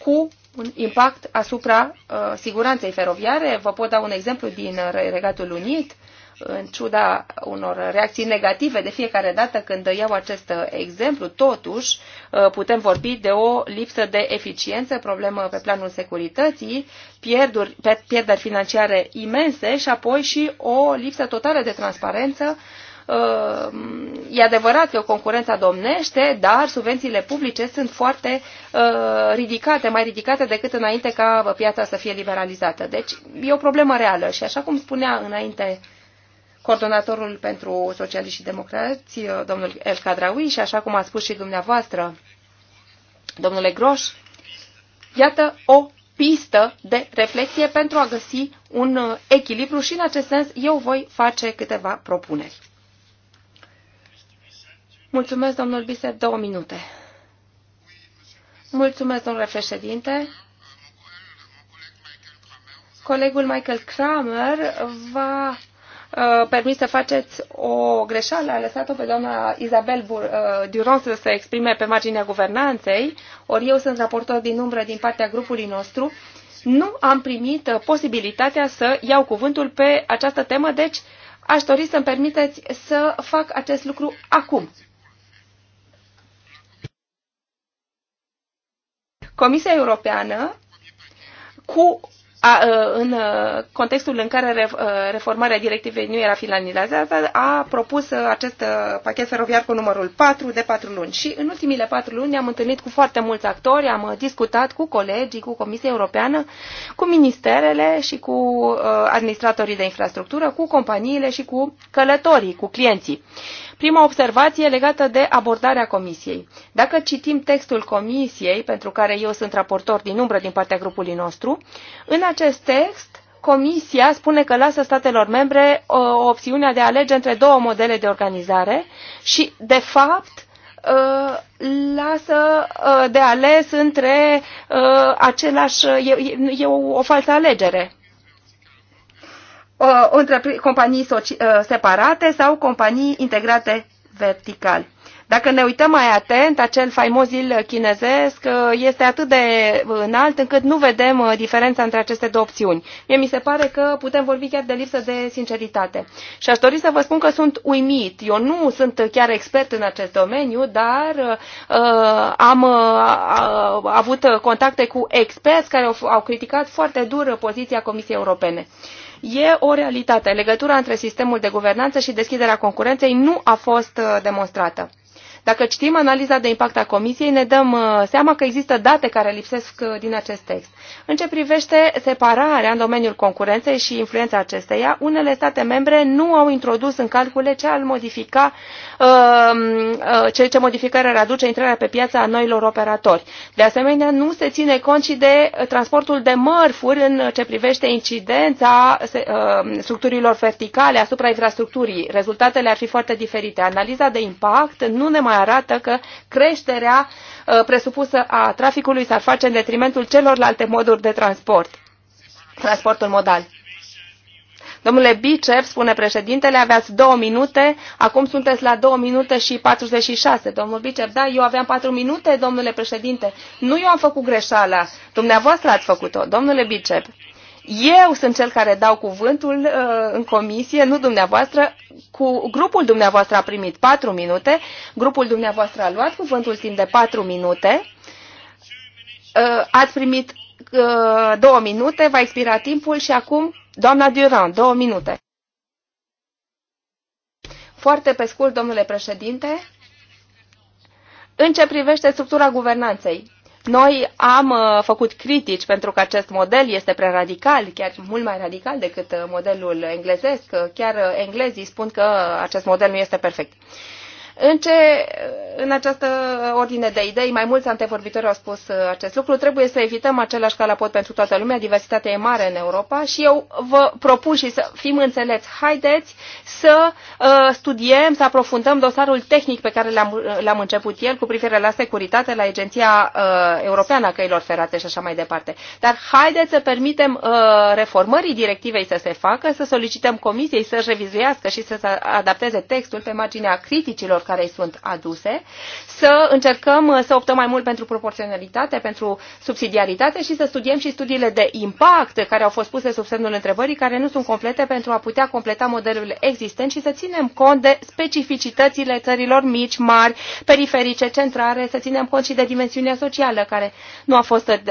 cu un impact asupra uh, siguranței feroviare. Vă pot da un exemplu din uh, Regatul Unit, în ciuda unor reacții negative de fiecare dată când iau acest uh, exemplu, totuși uh, putem vorbi de o lipsă de eficiență, problemă pe planul securității, pierduri, pierderi financiare imense și apoi și o lipsă totală de transparență uh, Uh, e adevărat că concurența domnește, dar subvențiile publice sunt foarte uh, ridicate, mai ridicate decât înainte ca piața să fie liberalizată. Deci e o problemă reală și așa cum spunea înainte coordonatorul pentru socialiști și democrați, uh, domnul El Cadraui, și așa cum a spus și dumneavoastră, domnule Groș, iată o pistă de reflexie pentru a găsi un echilibru și în acest sens eu voi face câteva propuneri. Mulțumesc, domnul Bise, două minute. Mulțumesc, domnule președinte. Colegul Michael Kramer va uh, permis să faceți o greșeală. A lăsat-o pe doamna Isabel uh, Durand să se exprime pe marginea guvernanței, ori eu sunt raportor din umbră din partea grupului nostru. Nu am primit uh, posibilitatea să iau cuvântul pe această temă, deci aș dori să-mi permiteți să fac acest lucru acum. Comisia Europeană, cu, a, în contextul în care reformarea directivei nu era finalizată, a propus acest pachet feroviar cu numărul 4 de 4 luni. Și în ultimile 4 luni ne-am întâlnit cu foarte mulți actori, am discutat cu colegii, cu Comisia Europeană, cu ministerele și cu administratorii de infrastructură, cu companiile și cu călătorii, cu clienții. Uh, Prima observație legată de abordarea Comisiei. Dacă citim textul Comisiei, pentru care eu sunt raportor din umbră din partea grupului nostru, în acest text Comisia spune că lasă statelor membre uh, o opțiune de a alege între două modele de organizare și, de fapt, uh, lasă uh, de ales între același... E, e o falsă alegere Uh, între companii uh, separate sau companii integrate vertical. Dacă ne uităm mai atent, acel faimos zil chinezesc uh, este atât de înalt încât nu vedem diferența între aceste două opțiuni. Mie mi se pare că putem vorbi chiar de lipsă de sinceritate. Și aș dori să vă spun că sunt uimit. Eu nu sunt chiar expert în acest domeniu, dar uh, am uh, avut contacte cu experți care au, au criticat foarte dur poziția Comisiei Europene. Uh, e o realitate. Legătura între sistemul de guvernanță și deschiderea concurenței nu a fost uh, demonstrată. Dacă citim analiza de impact a Comisiei, ne dăm uh, seama că există date care lipsesc uh, din acest text. În ce privește separarea în domeniul concurenței și influența acesteia, unele state membre nu au introdus în calcule ce ar modifica, uh, ce, ce modificare ar aduce intrarea pe piață a noilor operatori. De asemenea, nu se ține cont și de transportul de mărfuri în ce privește incidența structurilor verticale asupra infrastructurii. Rezultatele ar fi foarte diferite. Analiza de impact nu ne mai arată că creșterea uh, presupusă a traficului s-ar face în detrimentul celorlalte moduri de transport, transportul modal. Domnule Bicep, spune președintele, aveați două minute, acum sunteți la două minute și 46. Domnul Bicep, da, eu aveam patru minute, domnule președinte. Nu eu am făcut greșeala, dumneavoastră ați făcut-o, domnule Bicep. Eu sunt cel care dau cuvântul uh, în comisie, nu dumneavoastră. Cu grupul dumneavoastră a primit patru minute, grupul dumneavoastră a luat cuvântul timp de patru minute. Uh, ați primit uh, două minute, va expira timpul și acum, doamna Durand, două minute. Foarte pe scurt, domnule președinte, în ce privește structura guvernanței. Noi am uh, făcut critici pentru că acest model este prea radical, chiar mult mai radical decât uh, modelul englezesc. Chiar uh, englezii spun că acest model nu este perfect. În, ce, în această ordine de idei, mai mulți antevorbitori au spus uh, acest lucru, trebuie să evităm același calapot pentru toată lumea, diversitatea e mare în Europa și eu vă propun și să fim înțelepți, haideți să uh, studiem, să aprofundăm dosarul tehnic pe care uh, l-am început el cu privire la securitate, la Agenția uh, Europeană a Căilor Ferate și așa mai departe. Dar haideți să permitem uh, reformării directivei să se facă, să solicităm comisiei să-și revizuiască și să adapteze textul pe marginea criticilor care îi sunt aduse, să încercăm uh, să optăm mai mult pentru proporționalitate, pentru subsidiaritate și să studiem și studiile de impact care au fost puse sub semnul întrebării, care nu sunt complete pentru a putea completa modelul existent și să ținem cont de specificitățile țărilor mici, mari, periferice, centrare, să ținem cont și de dimensiunea socială, care nu a fost uh,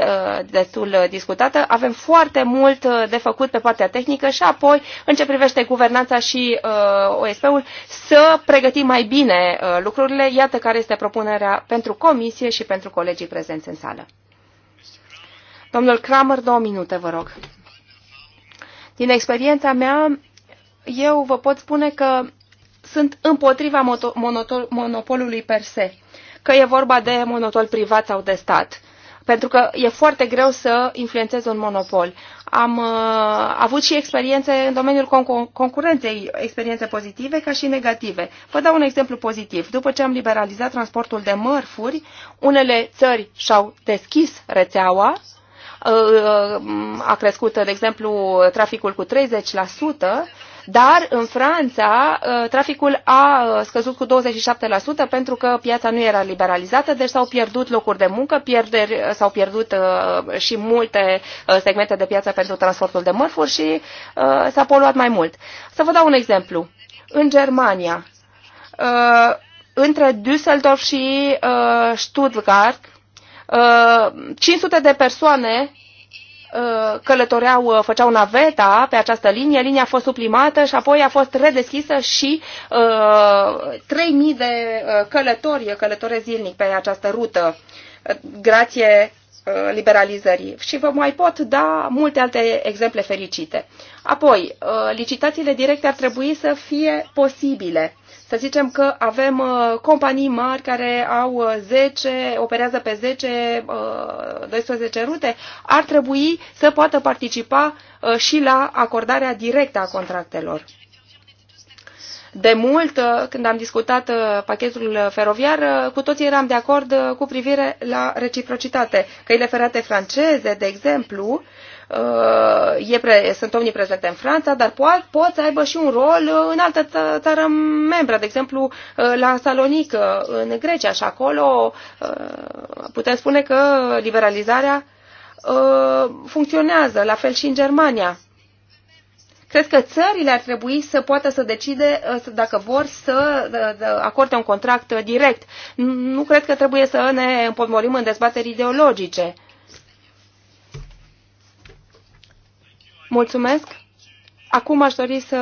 destul discutată. Avem foarte mult uh, de făcut pe partea tehnică și apoi, în ce privește guvernanța și OSP-ul, să pregătim mai bine Uh, lucrurile. Iată care este propunerea pentru comisie și pentru colegii prezenți în sală. Domnul Kramer, două minute, vă rog. Din experiența mea, eu vă pot spune că sunt împotriva monopolului per se, că e vorba de monopol privat sau de stat, pentru că e foarte greu să influențezi un monopol. Am uh, avut și experiențe în domeniul con concurenței, experiențe pozitive ca și negative. Vă dau un exemplu pozitiv. După ce am liberalizat transportul de mărfuri, unele țări și-au deschis rețeaua, uh, uh a crescut, de exemplu, traficul cu 30%, dar în Franța ă, traficul a ă, scăzut cu 27% pentru că piața nu era liberalizată, deci s-au pierdut locuri de muncă, s-au pierdut ă, și multe segmente de piață pentru transportul de mărfuri și s-a poluat mai mult. Să vă dau un exemplu. În Germania, între Düsseldorf și Stuttgart, 500 de persoane Uh, călătoreau, uh, făceau naveta pe această linie, linia a fost suplimată și apoi a fost redeschisă și uh, 3000 de uh, călători călătoresc zilnic pe această rută, grație liberalizării. Și vă mai pot da multe alte exemple fericite. Apoi, licitațiile directe ar trebui să fie posibile să zicem că avem uh, companii mari care au 10, uh, operează pe 10-12 uh, rute, ar trebui să poată participa și la acordarea directă a contractelor. De mult, când am discutat pachetul feroviar, cu toții eram de acord cu privire la reciprocitate. Căile ferate franceze, de exemplu, Uh, e pre, sunt omniprezente în Franța, dar poate, pot să aibă și un rol uh, în altă țară membră, de exemplu uh, la Salonică, în Grecia și acolo putem spune că liberalizarea funcționează, la fel și în Germania. Cred că țările ar trebui să poată să decide dacă vor să acorde un contract direct. Nu cred că trebuie să ne împotmolim în dezbateri ideologice Mulțumesc. Acum aș dori să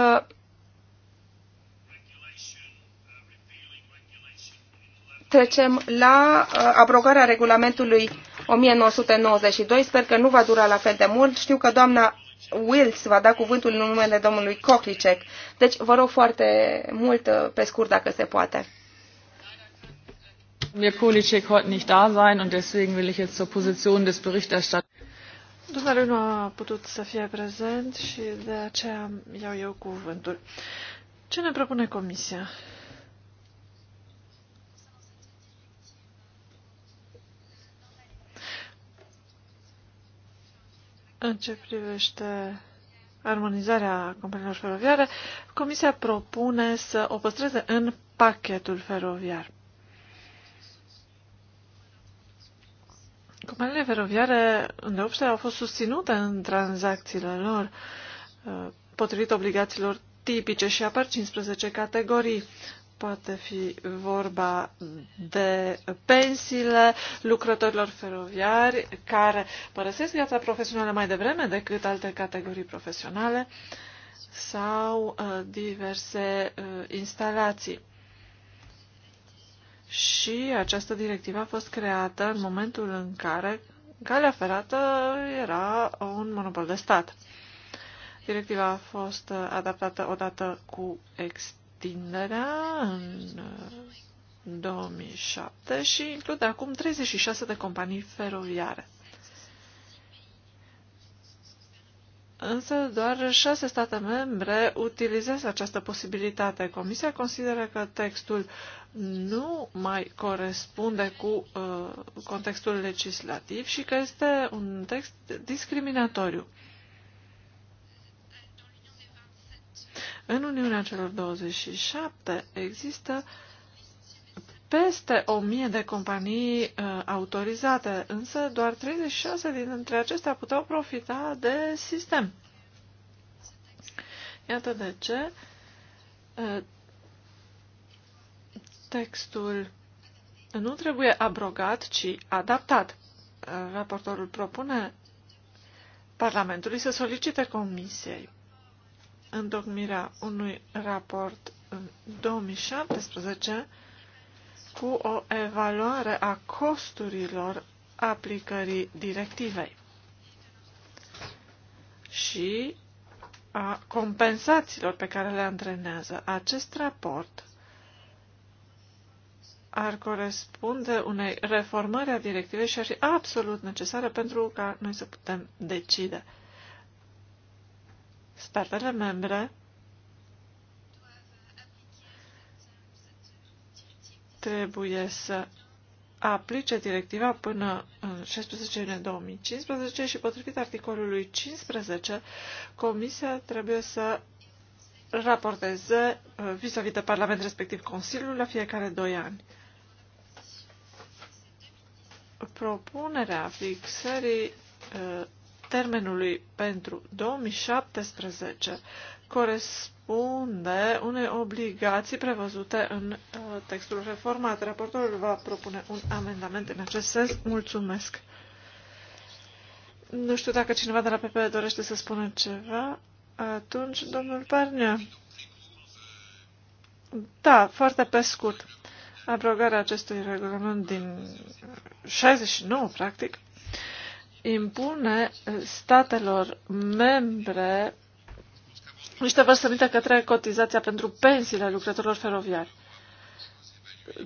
trecem la uh, abrogarea regulamentului 1992. Sper că nu va dura la fel de mult. Știu că doamna Wills va da cuvântul în numele domnului Kohlicek. Deci vă rog foarte mult, uh, pe scurt, dacă se poate. Mir Kohlicek heute nicht da sein und deswegen will ich jetzt zur Position des Berichterstatters. Dumnezeu nu a putut să fie prezent și de aceea iau eu cuvântul. Ce ne propune Comisia? În ce privește armonizarea companiilor feroviare, Comisia propune să o păstreze în pachetul feroviar. Companiile feroviare, îndeopște, au fost susținute în tranzacțiile lor uh, potrivit obligațiilor tipice și apar 15 categorii. Poate fi vorba de pensiile lucrătorilor feroviari care părăsesc viața profesională mai devreme decât alte categorii profesionale sau uh, diverse uh, instalații și această directivă a fost creată în momentul în care calea ferată era un monopol de stat. Directiva a fost adaptată odată cu extinderea în 2007 uh, și include acum 36 de companii feroviare. Însă doar șase state membre utilizează această posibilitate. Comisia consideră că textul nu mai corespunde cu uh, contextul legislativ și că este un text discriminatoriu. În Uniunea celor 27 există uh, peste 1000 de companii uh, autorizate, însă doar 36 dintre acestea puteau profita de sistem. Iată de ce uh, textul nu trebuie abrogat, ci adaptat. Uh, raportorul propune Parlamentului să solicite Comisiei întocmirea unui raport în 2017 cu o evaluare a costurilor aplicării directivei și a compensațiilor pe care le antrenează. Acest raport ar corespunde unei reformări a directivei și ar fi absolut necesară pentru ca noi să putem decide. Statele membre trebuie să aplice directiva până în 16 iunie 2015 și potrivit articolului 15, Comisia trebuie să raporteze uh, vis-a-vis -vis de Parlament, respectiv Consiliul, la fiecare doi ani. Propunerea fixării uh, termenului pentru 2017 corespunde unde unei obligații prevăzute în uh, textul reformat. Raportorul va propune un amendament în acest sens. Mulțumesc! Nu știu dacă cineva de la PP dorește să spună ceva. Atunci, domnul Parnea. Da, foarte pe scurt. Abrogarea acestui regulament din 69, practic, impune statelor membre niște vărsăminte către cotizația pentru pensiile lucrătorilor feroviari.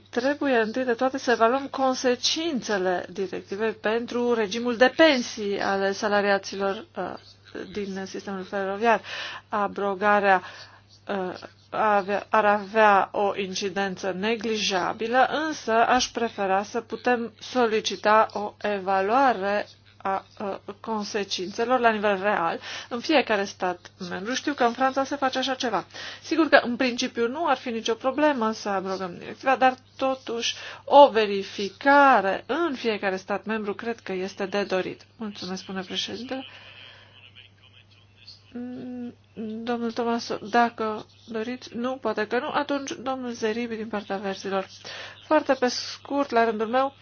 Trebuie întâi de toate să evaluăm consecințele directivei pentru regimul de pensii ale salariaților uh, din sistemul feroviar. Abrogarea uh, avea, ar avea o incidență neglijabilă, însă aș prefera să putem solicita o evaluare a consecințelor la nivel real în fiecare stat membru. Știu că în Franța se face așa ceva. Sigur că în principiu nu ar fi nicio problemă să abrogăm directiva, dar totuși o verificare în fiecare stat membru cred că este de dorit. Mulțumesc, spune președintele. Mm, domnul Tomas, dacă doriți, nu, poate că nu, atunci domnul Zeribi din partea verzilor. Foarte pe scurt, la rândul meu,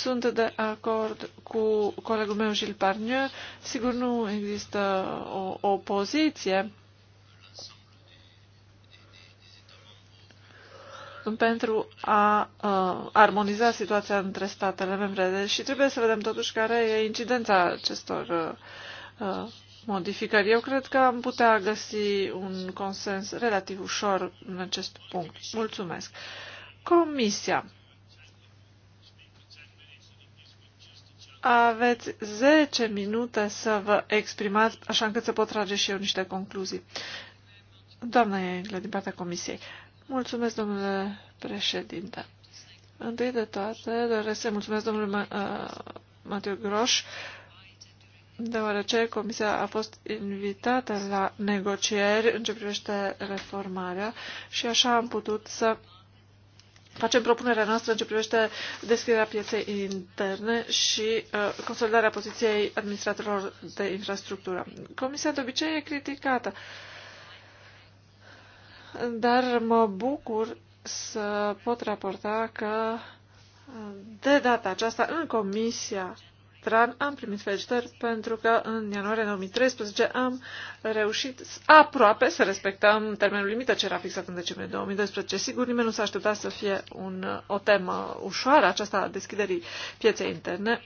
sunt de acord cu colegul meu Gilles Parnieu. Sigur, nu există o opoziție pentru a uh, armoniza situația între statele membre. Deci trebuie să vedem totuși care e incidența acestor uh, uh, modificări. Eu cred că am putea găsi un consens relativ ușor în acest punct. Mulțumesc. Comisia. aveți 10 minute să vă exprimați, așa încât să pot trage și eu niște concluzii. Doamna Engle, din partea Comisiei. Mulțumesc, domnule președinte. Întâi de toate, doresc să mulțumesc domnului uh, Matiu Groș, deoarece Comisia a fost invitată la negocieri în ce privește reformarea și așa am putut să facem propunerea noastră în ce privește deschiderea pieței interne și uh, consolidarea poziției administratorilor de infrastructură. Comisia de obicei e criticată, dar mă bucur să pot raporta că uh, de data aceasta în Comisia Tran am primit felicitări pentru că în ianuarie 2013 am reușit aproape să respectăm termenul limită ce era fixat în decembrie 2012. Sigur, nimeni nu s-a așteptat să fie un, o temă ușoară, aceasta a deschiderii pieței interne,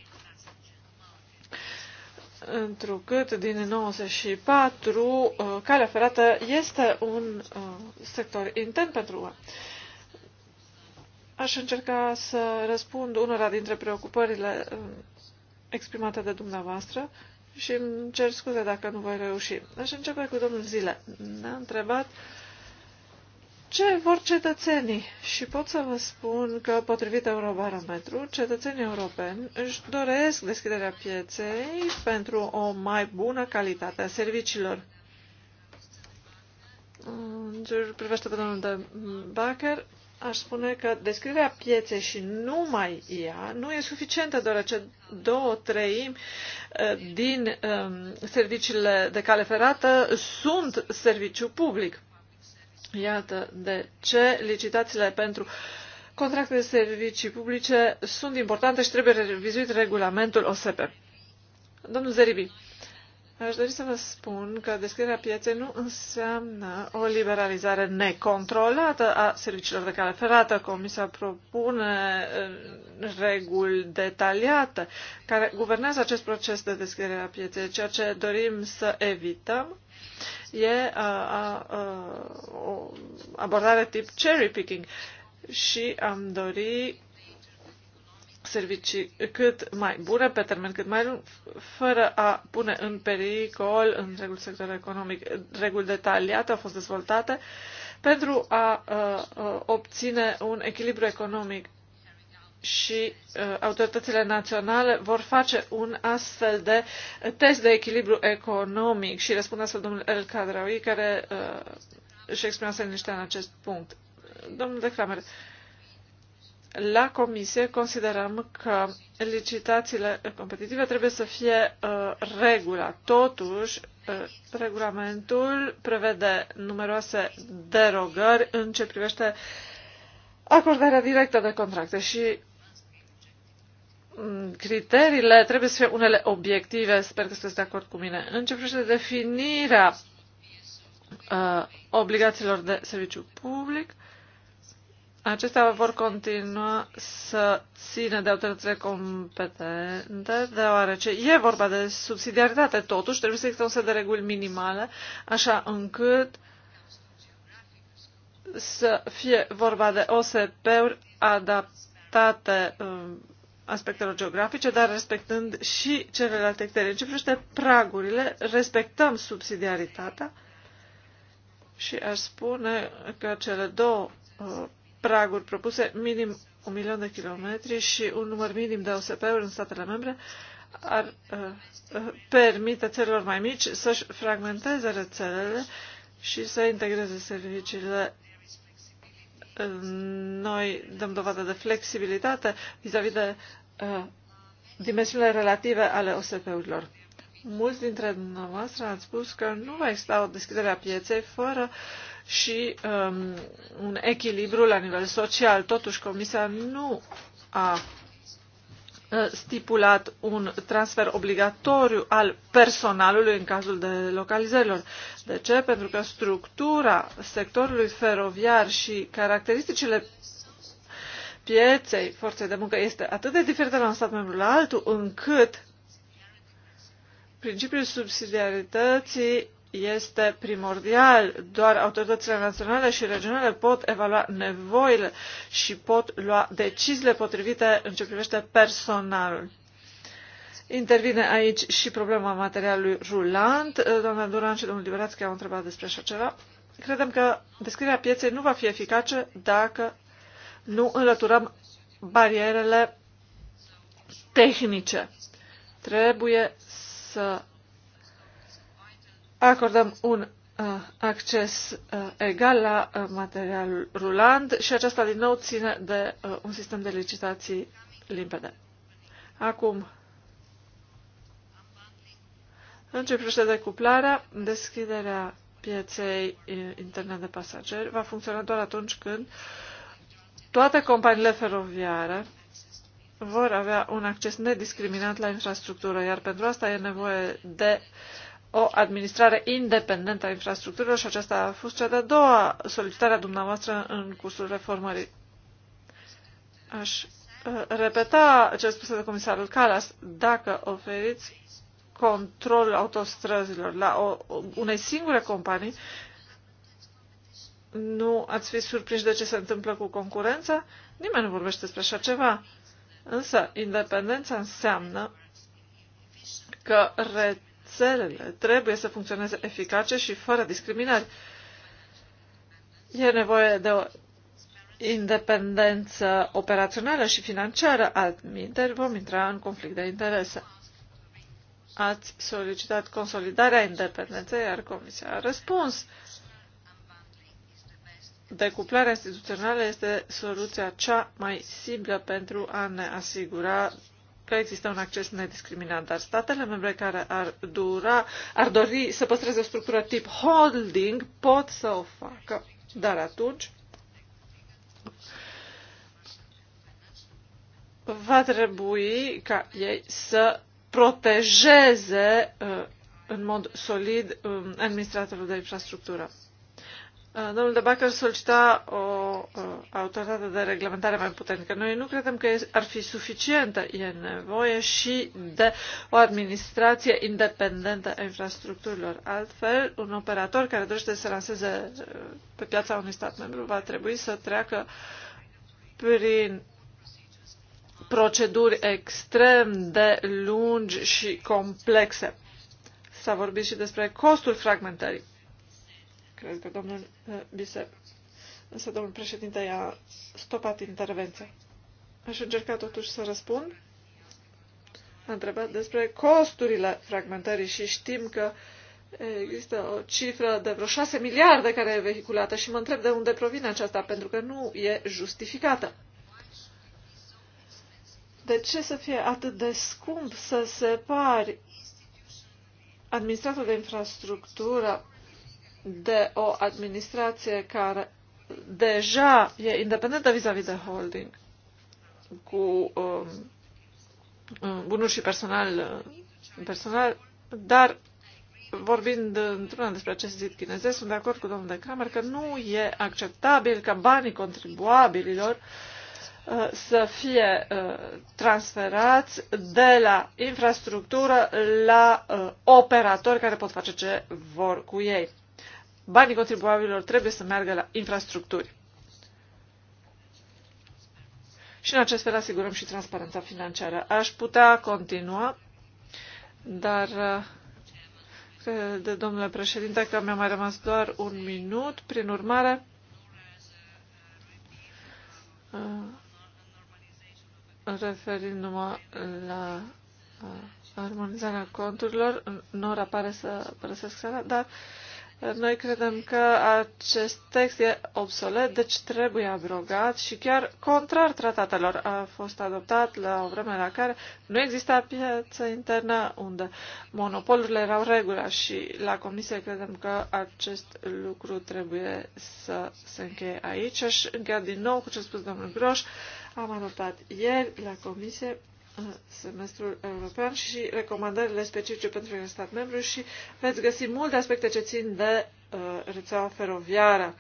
întrucât din 94 uh, calea ferată este un uh, sector intern pentru UE. Aș încerca să răspund unora dintre preocupările uh, exprimată de dumneavoastră și îmi cer scuze dacă nu voi reuși. Aș începe cu domnul Zile. Ne-a întrebat ce vor cetățenii și pot să vă spun că, potrivit Eurobarometru, cetățenii europeni își doresc deschiderea pieței pentru o mai bună calitate a serviciilor. În privește pe domnul de Bacher, aș spune că descrierea pieței și numai ea nu e suficientă, deoarece două treimi eh, din ehm, serviciile de cale ferată sunt serviciu public. Iată de ce licitațiile pentru contracte de servicii publice sunt importante și trebuie revizuit regulamentul OSP. Domnul Zeribi, Aș dori să vă spun că deschiderea pieței nu înseamnă o liberalizare necontrolată a serviciilor de cale ferată. Comisia propune uh, reguli detaliate care guvernează acest proces de deschidere a pieței. Ceea ce dorim să evităm e uh, a, a, uh, a, o abordare tip cherry picking și am dori servicii cât mai bune, pe termen cât mai lung, fără a pune în pericol întregul sector economic. Reguli detaliate au fost dezvoltate pentru a uh, uh obține un echilibru economic și uh, autoritățile naționale vor face un astfel de test de echilibru economic și răspund astfel domnul El Cadraui, care uh, își exprimase niște în acest punct. Domnul de Kramer, uh, la comisie considerăm că licitațiile competitive trebuie să fie uh, regula. Totuși, uh, regulamentul prevede numeroase derogări în ce privește acordarea directă de contracte și mm, criteriile trebuie să fie unele obiective, sper că sunteți de acord cu mine. În ce privește definirea uh, obligațiilor de serviciu public, uh, Acestea vor continua să țină de autoritățile competente, deoarece e vorba de subsidiaritate. Totuși, trebuie să există un set de reguli minimale, așa încât să fie vorba de OSP-uri adaptate um, aspectelor geografice, dar respectând și celelalte criterii. În ce privește pragurile, respectăm subsidiaritatea și aș spune că cele două uh, praguri propuse, minim un milion de kilometri și un număr minim de OSP-uri în statele membre, ar uh, uh, permite țărilor mai mici să-și fragmenteze rețelele și să integreze serviciile. Uh, noi dăm dovadă de flexibilitate vis-a-vis -vis de uh, dimensiunile relative ale OSP-urilor. Mulți dintre dumneavoastră ați spus că nu va exista o deschidere a pieței fără uh, și um, un echilibru la nivel social. Totuși, Comisia nu a uh, stipulat un transfer obligatoriu al personalului în cazul de localizărilor. De ce? Pentru că structura sectorului feroviar și caracteristicile pieței forței de muncă este atât de diferită la un stat membru la altul, încât principiul subsidiarității este primordial. Doar autoritățile naționale și regionale pot evalua nevoile și pot lua deciziile potrivite în ce privește personalul. Intervine aici și problema materialului rulant. Doamna Duran și domnul Liberațchi au întrebat despre așa ceva. Credem că descrierea pieței nu va fi eficace dacă nu înlăturăm barierele tehnice. Trebuie să acordăm un uh, acces uh, egal la uh, materialul rulant și aceasta din nou ține de un sistem de licitații limpede. Acum, în ce privește decuplarea, deschiderea pieței interne de pasageri va funcționa doar atunci când toate companiile feroviare vor avea un acces nediscriminat la infrastructură, iar pentru asta e nevoie de uh, o administrare independentă a infrastructurilor și aceasta a fost cea de-a doua solicitare a dumneavoastră în cursul reformării. Aș uh, repeta ce spus de comisarul Calas, dacă oferiți control autostrăzilor la o, unei singure companii, nu ați fi surprins de ce se întâmplă cu concurența? Nimeni nu vorbește despre așa ceva. Însă, independența înseamnă că re țările trebuie să funcționeze eficace și fără discriminări. E nevoie de o independență operațională și financiară, altminteri vom intra în conflict de interese. Ați solicitat consolidarea independenței, iar Comisia a răspuns. Decuplarea instituțională este soluția cea mai simplă pentru a ne asigura că există un acces nediscriminat, dar statele membre care ar, dura, ar dori să păstreze o structură tip holding pot să o facă. Dar atunci va trebui ca ei să protejeze uh, în mod solid um, administratorul de infrastructură. Uh, domnul de Bacher solicita o uh, autoritate de reglementare mai puternică. Noi nu credem că ar fi suficientă. E nevoie și de o administrație independentă a infrastructurilor. Altfel, un operator care dorește să lanseze uh, pe piața unui stat membru va trebui să treacă prin proceduri extrem de lungi și complexe. S-a vorbit și despre costul fragmentării cred că domnul eh, Bisep. Însă domnul președinte i-a stopat intervenția. Aș încerca totuși să răspund. A întrebat despre costurile fragmentării și știm că există o cifră de vreo 6 miliarde care e vehiculată și mă întreb de unde provine aceasta, pentru că nu e justificată. De ce să fie atât de scump să separi administratul de infrastructură de o administrație care deja e independentă vis-a-vis -vis de holding cu um, um bunuri și personal, uh, personal, dar vorbind într-una despre acest zid chinezesc, sunt de acord cu domnul de Kramer că nu e acceptabil ca banii contribuabililor uh, să fie uh, transferați de la infrastructură la uh, operatori care pot face ce vor cu ei banii contribuabililor trebuie să meargă la infrastructuri. Și în acest fel asigurăm și transparența financiară. Aș putea continua, dar uh, de domnule președinte că mi-a mai rămas doar un minut. Prin urmare, uh, referindu-mă la uh, armonizarea conturilor, nu apare să părăsesc sala, dar uh, noi credem că acest text e obsolet, deci trebuie abrogat și chiar contrar tratatelor a fost adoptat la o vreme la care nu exista piață internă unde monopolurile erau regula și la comisie credem că acest lucru trebuie să se încheie aici. Aș încheia din nou cu ce a spus domnul Groș. Am adoptat ieri la comisie semestrul european și recomandările specifice pentru un stat membru și veți găsi multe aspecte ce țin de uh, rețeaua feroviară.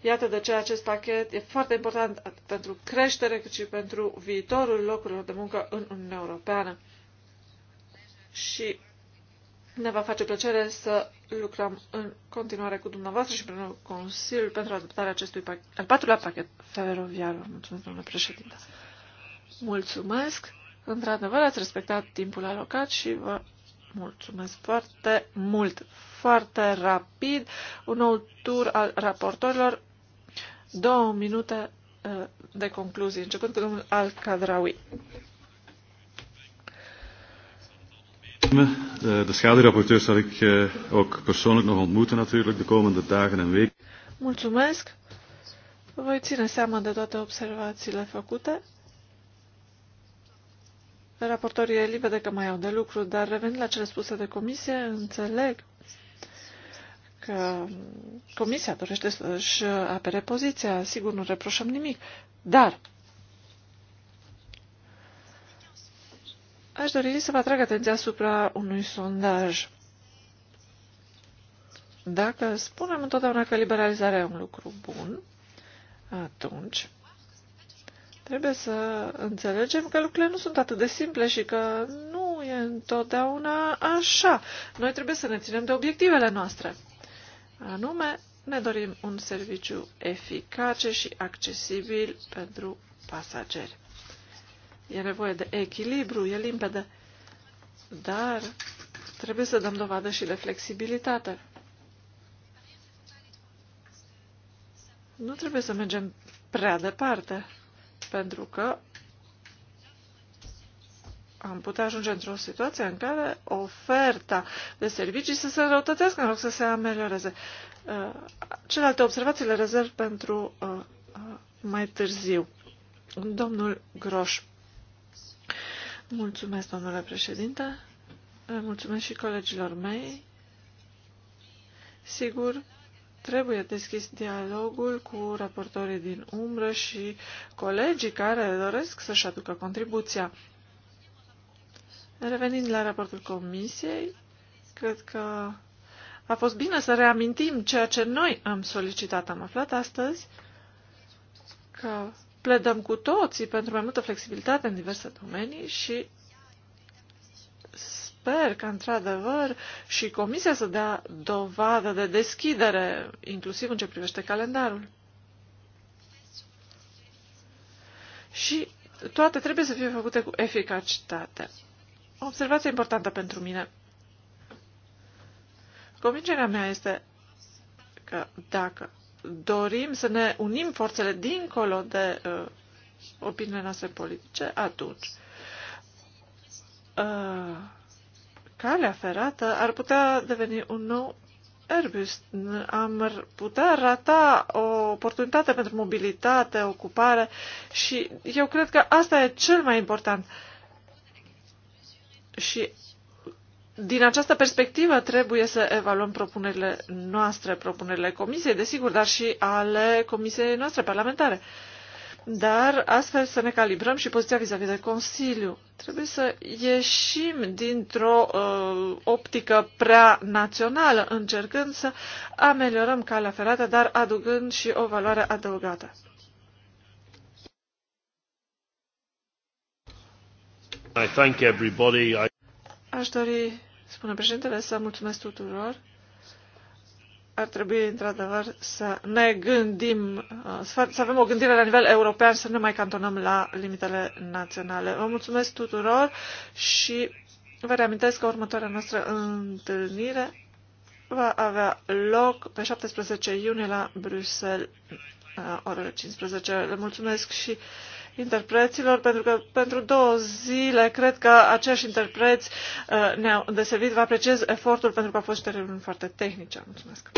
Iată de ce acest pachet e foarte important atât pentru creștere cât și pentru viitorul locurilor de muncă în Uniunea Europeană. Și ne va face plăcere să lucrăm în continuare cu dumneavoastră și prin Consiliul pentru adoptarea acestui pachet, al patrulea pachet feroviar. Mulțumesc, domnule președinte. Mulțumesc! Într-adevăr, ați respectat timpul alocat și vă mulțumesc foarte mult, foarte rapid. Un nou tur al raportorilor. Două minute eh, de concluzii, începând cu domnul Al-Kadrawi. De schaduwrapporteurs zal ik eh, ook persoonlijk nog ontmoeten natuurlijk de komende dagen en weken. Mulțumesc. Voi ține seama de toate observațiile făcute Raportorii e vede de că mai au de lucru, dar revenind la cele spuse de comisie, înțeleg că comisia dorește să-și apere poziția, sigur nu reproșăm nimic, dar aș dori să vă atrag atenția asupra unui sondaj. Dacă spunem întotdeauna că liberalizarea e un lucru bun, atunci Trebuie să înțelegem că lucrurile nu sunt atât de simple și că nu e întotdeauna așa. Noi trebuie să ne ținem de obiectivele noastre. Anume, ne dorim un serviciu eficace și accesibil pentru pasageri. E nevoie de echilibru, e limpede, dar trebuie să dăm dovadă și de flexibilitate. Nu trebuie să mergem prea departe pentru că am putea ajunge într-o situație în care oferta de servicii să se răutătească în loc să se amelioreze. Uh, celelalte observații le rezerv pentru uh, uh, mai târziu. Domnul Groș. Mulțumesc, domnule președinte. Mulțumesc și colegilor mei. Sigur, Trebuie deschis dialogul cu raportorii din umbră și colegii care doresc să-și aducă contribuția. Revenind la raportul comisiei, cred că a fost bine să reamintim ceea ce noi am solicitat. Am aflat astăzi că pledăm cu toții pentru mai multă flexibilitate în diverse domenii și sper că, într-adevăr, și Comisia să dea dovadă de deschidere, inclusiv în ce privește calendarul. Și toate trebuie să fie făcute cu eficacitate. O observație importantă pentru mine. Convingerea mea este că dacă dorim să ne unim forțele dincolo de uh, opiniile noastre politice, atunci uh, Calea ferată ar putea deveni un nou Airbus. Am putea rata o oportunitate pentru mobilitate, ocupare și eu cred că asta e cel mai important. Și din această perspectivă trebuie să evaluăm propunerile noastre, propunerile Comisiei, desigur, dar și ale Comisiei noastre parlamentare. Uh, dar astfel să ne calibrăm și poziția vis-a-vis -vis de Consiliu. Trebuie să ieșim dintr-o uh, optică prea națională, încercând să ameliorăm calea ferată, dar aducând și o valoare adăugată. I thank everybody. I... Aș dori, spune președintele, să mulțumesc tuturor ar trebui, într-adevăr, să ne gândim, uh, să avem o gândire la nivel european, să ne mai cantonăm la limitele naționale. Vă mulțumesc tuturor și vă reamintesc că următoarea noastră întâlnire va avea loc pe 17 iunie la Bruxelles, uh, orele 15. Le mulțumesc și interpreților, pentru că pentru două zile cred că acești interpreți uh, ne-au deservit. Vă apreciez efortul pentru că au fost niște reuniuni foarte tehnice. Mulțumesc!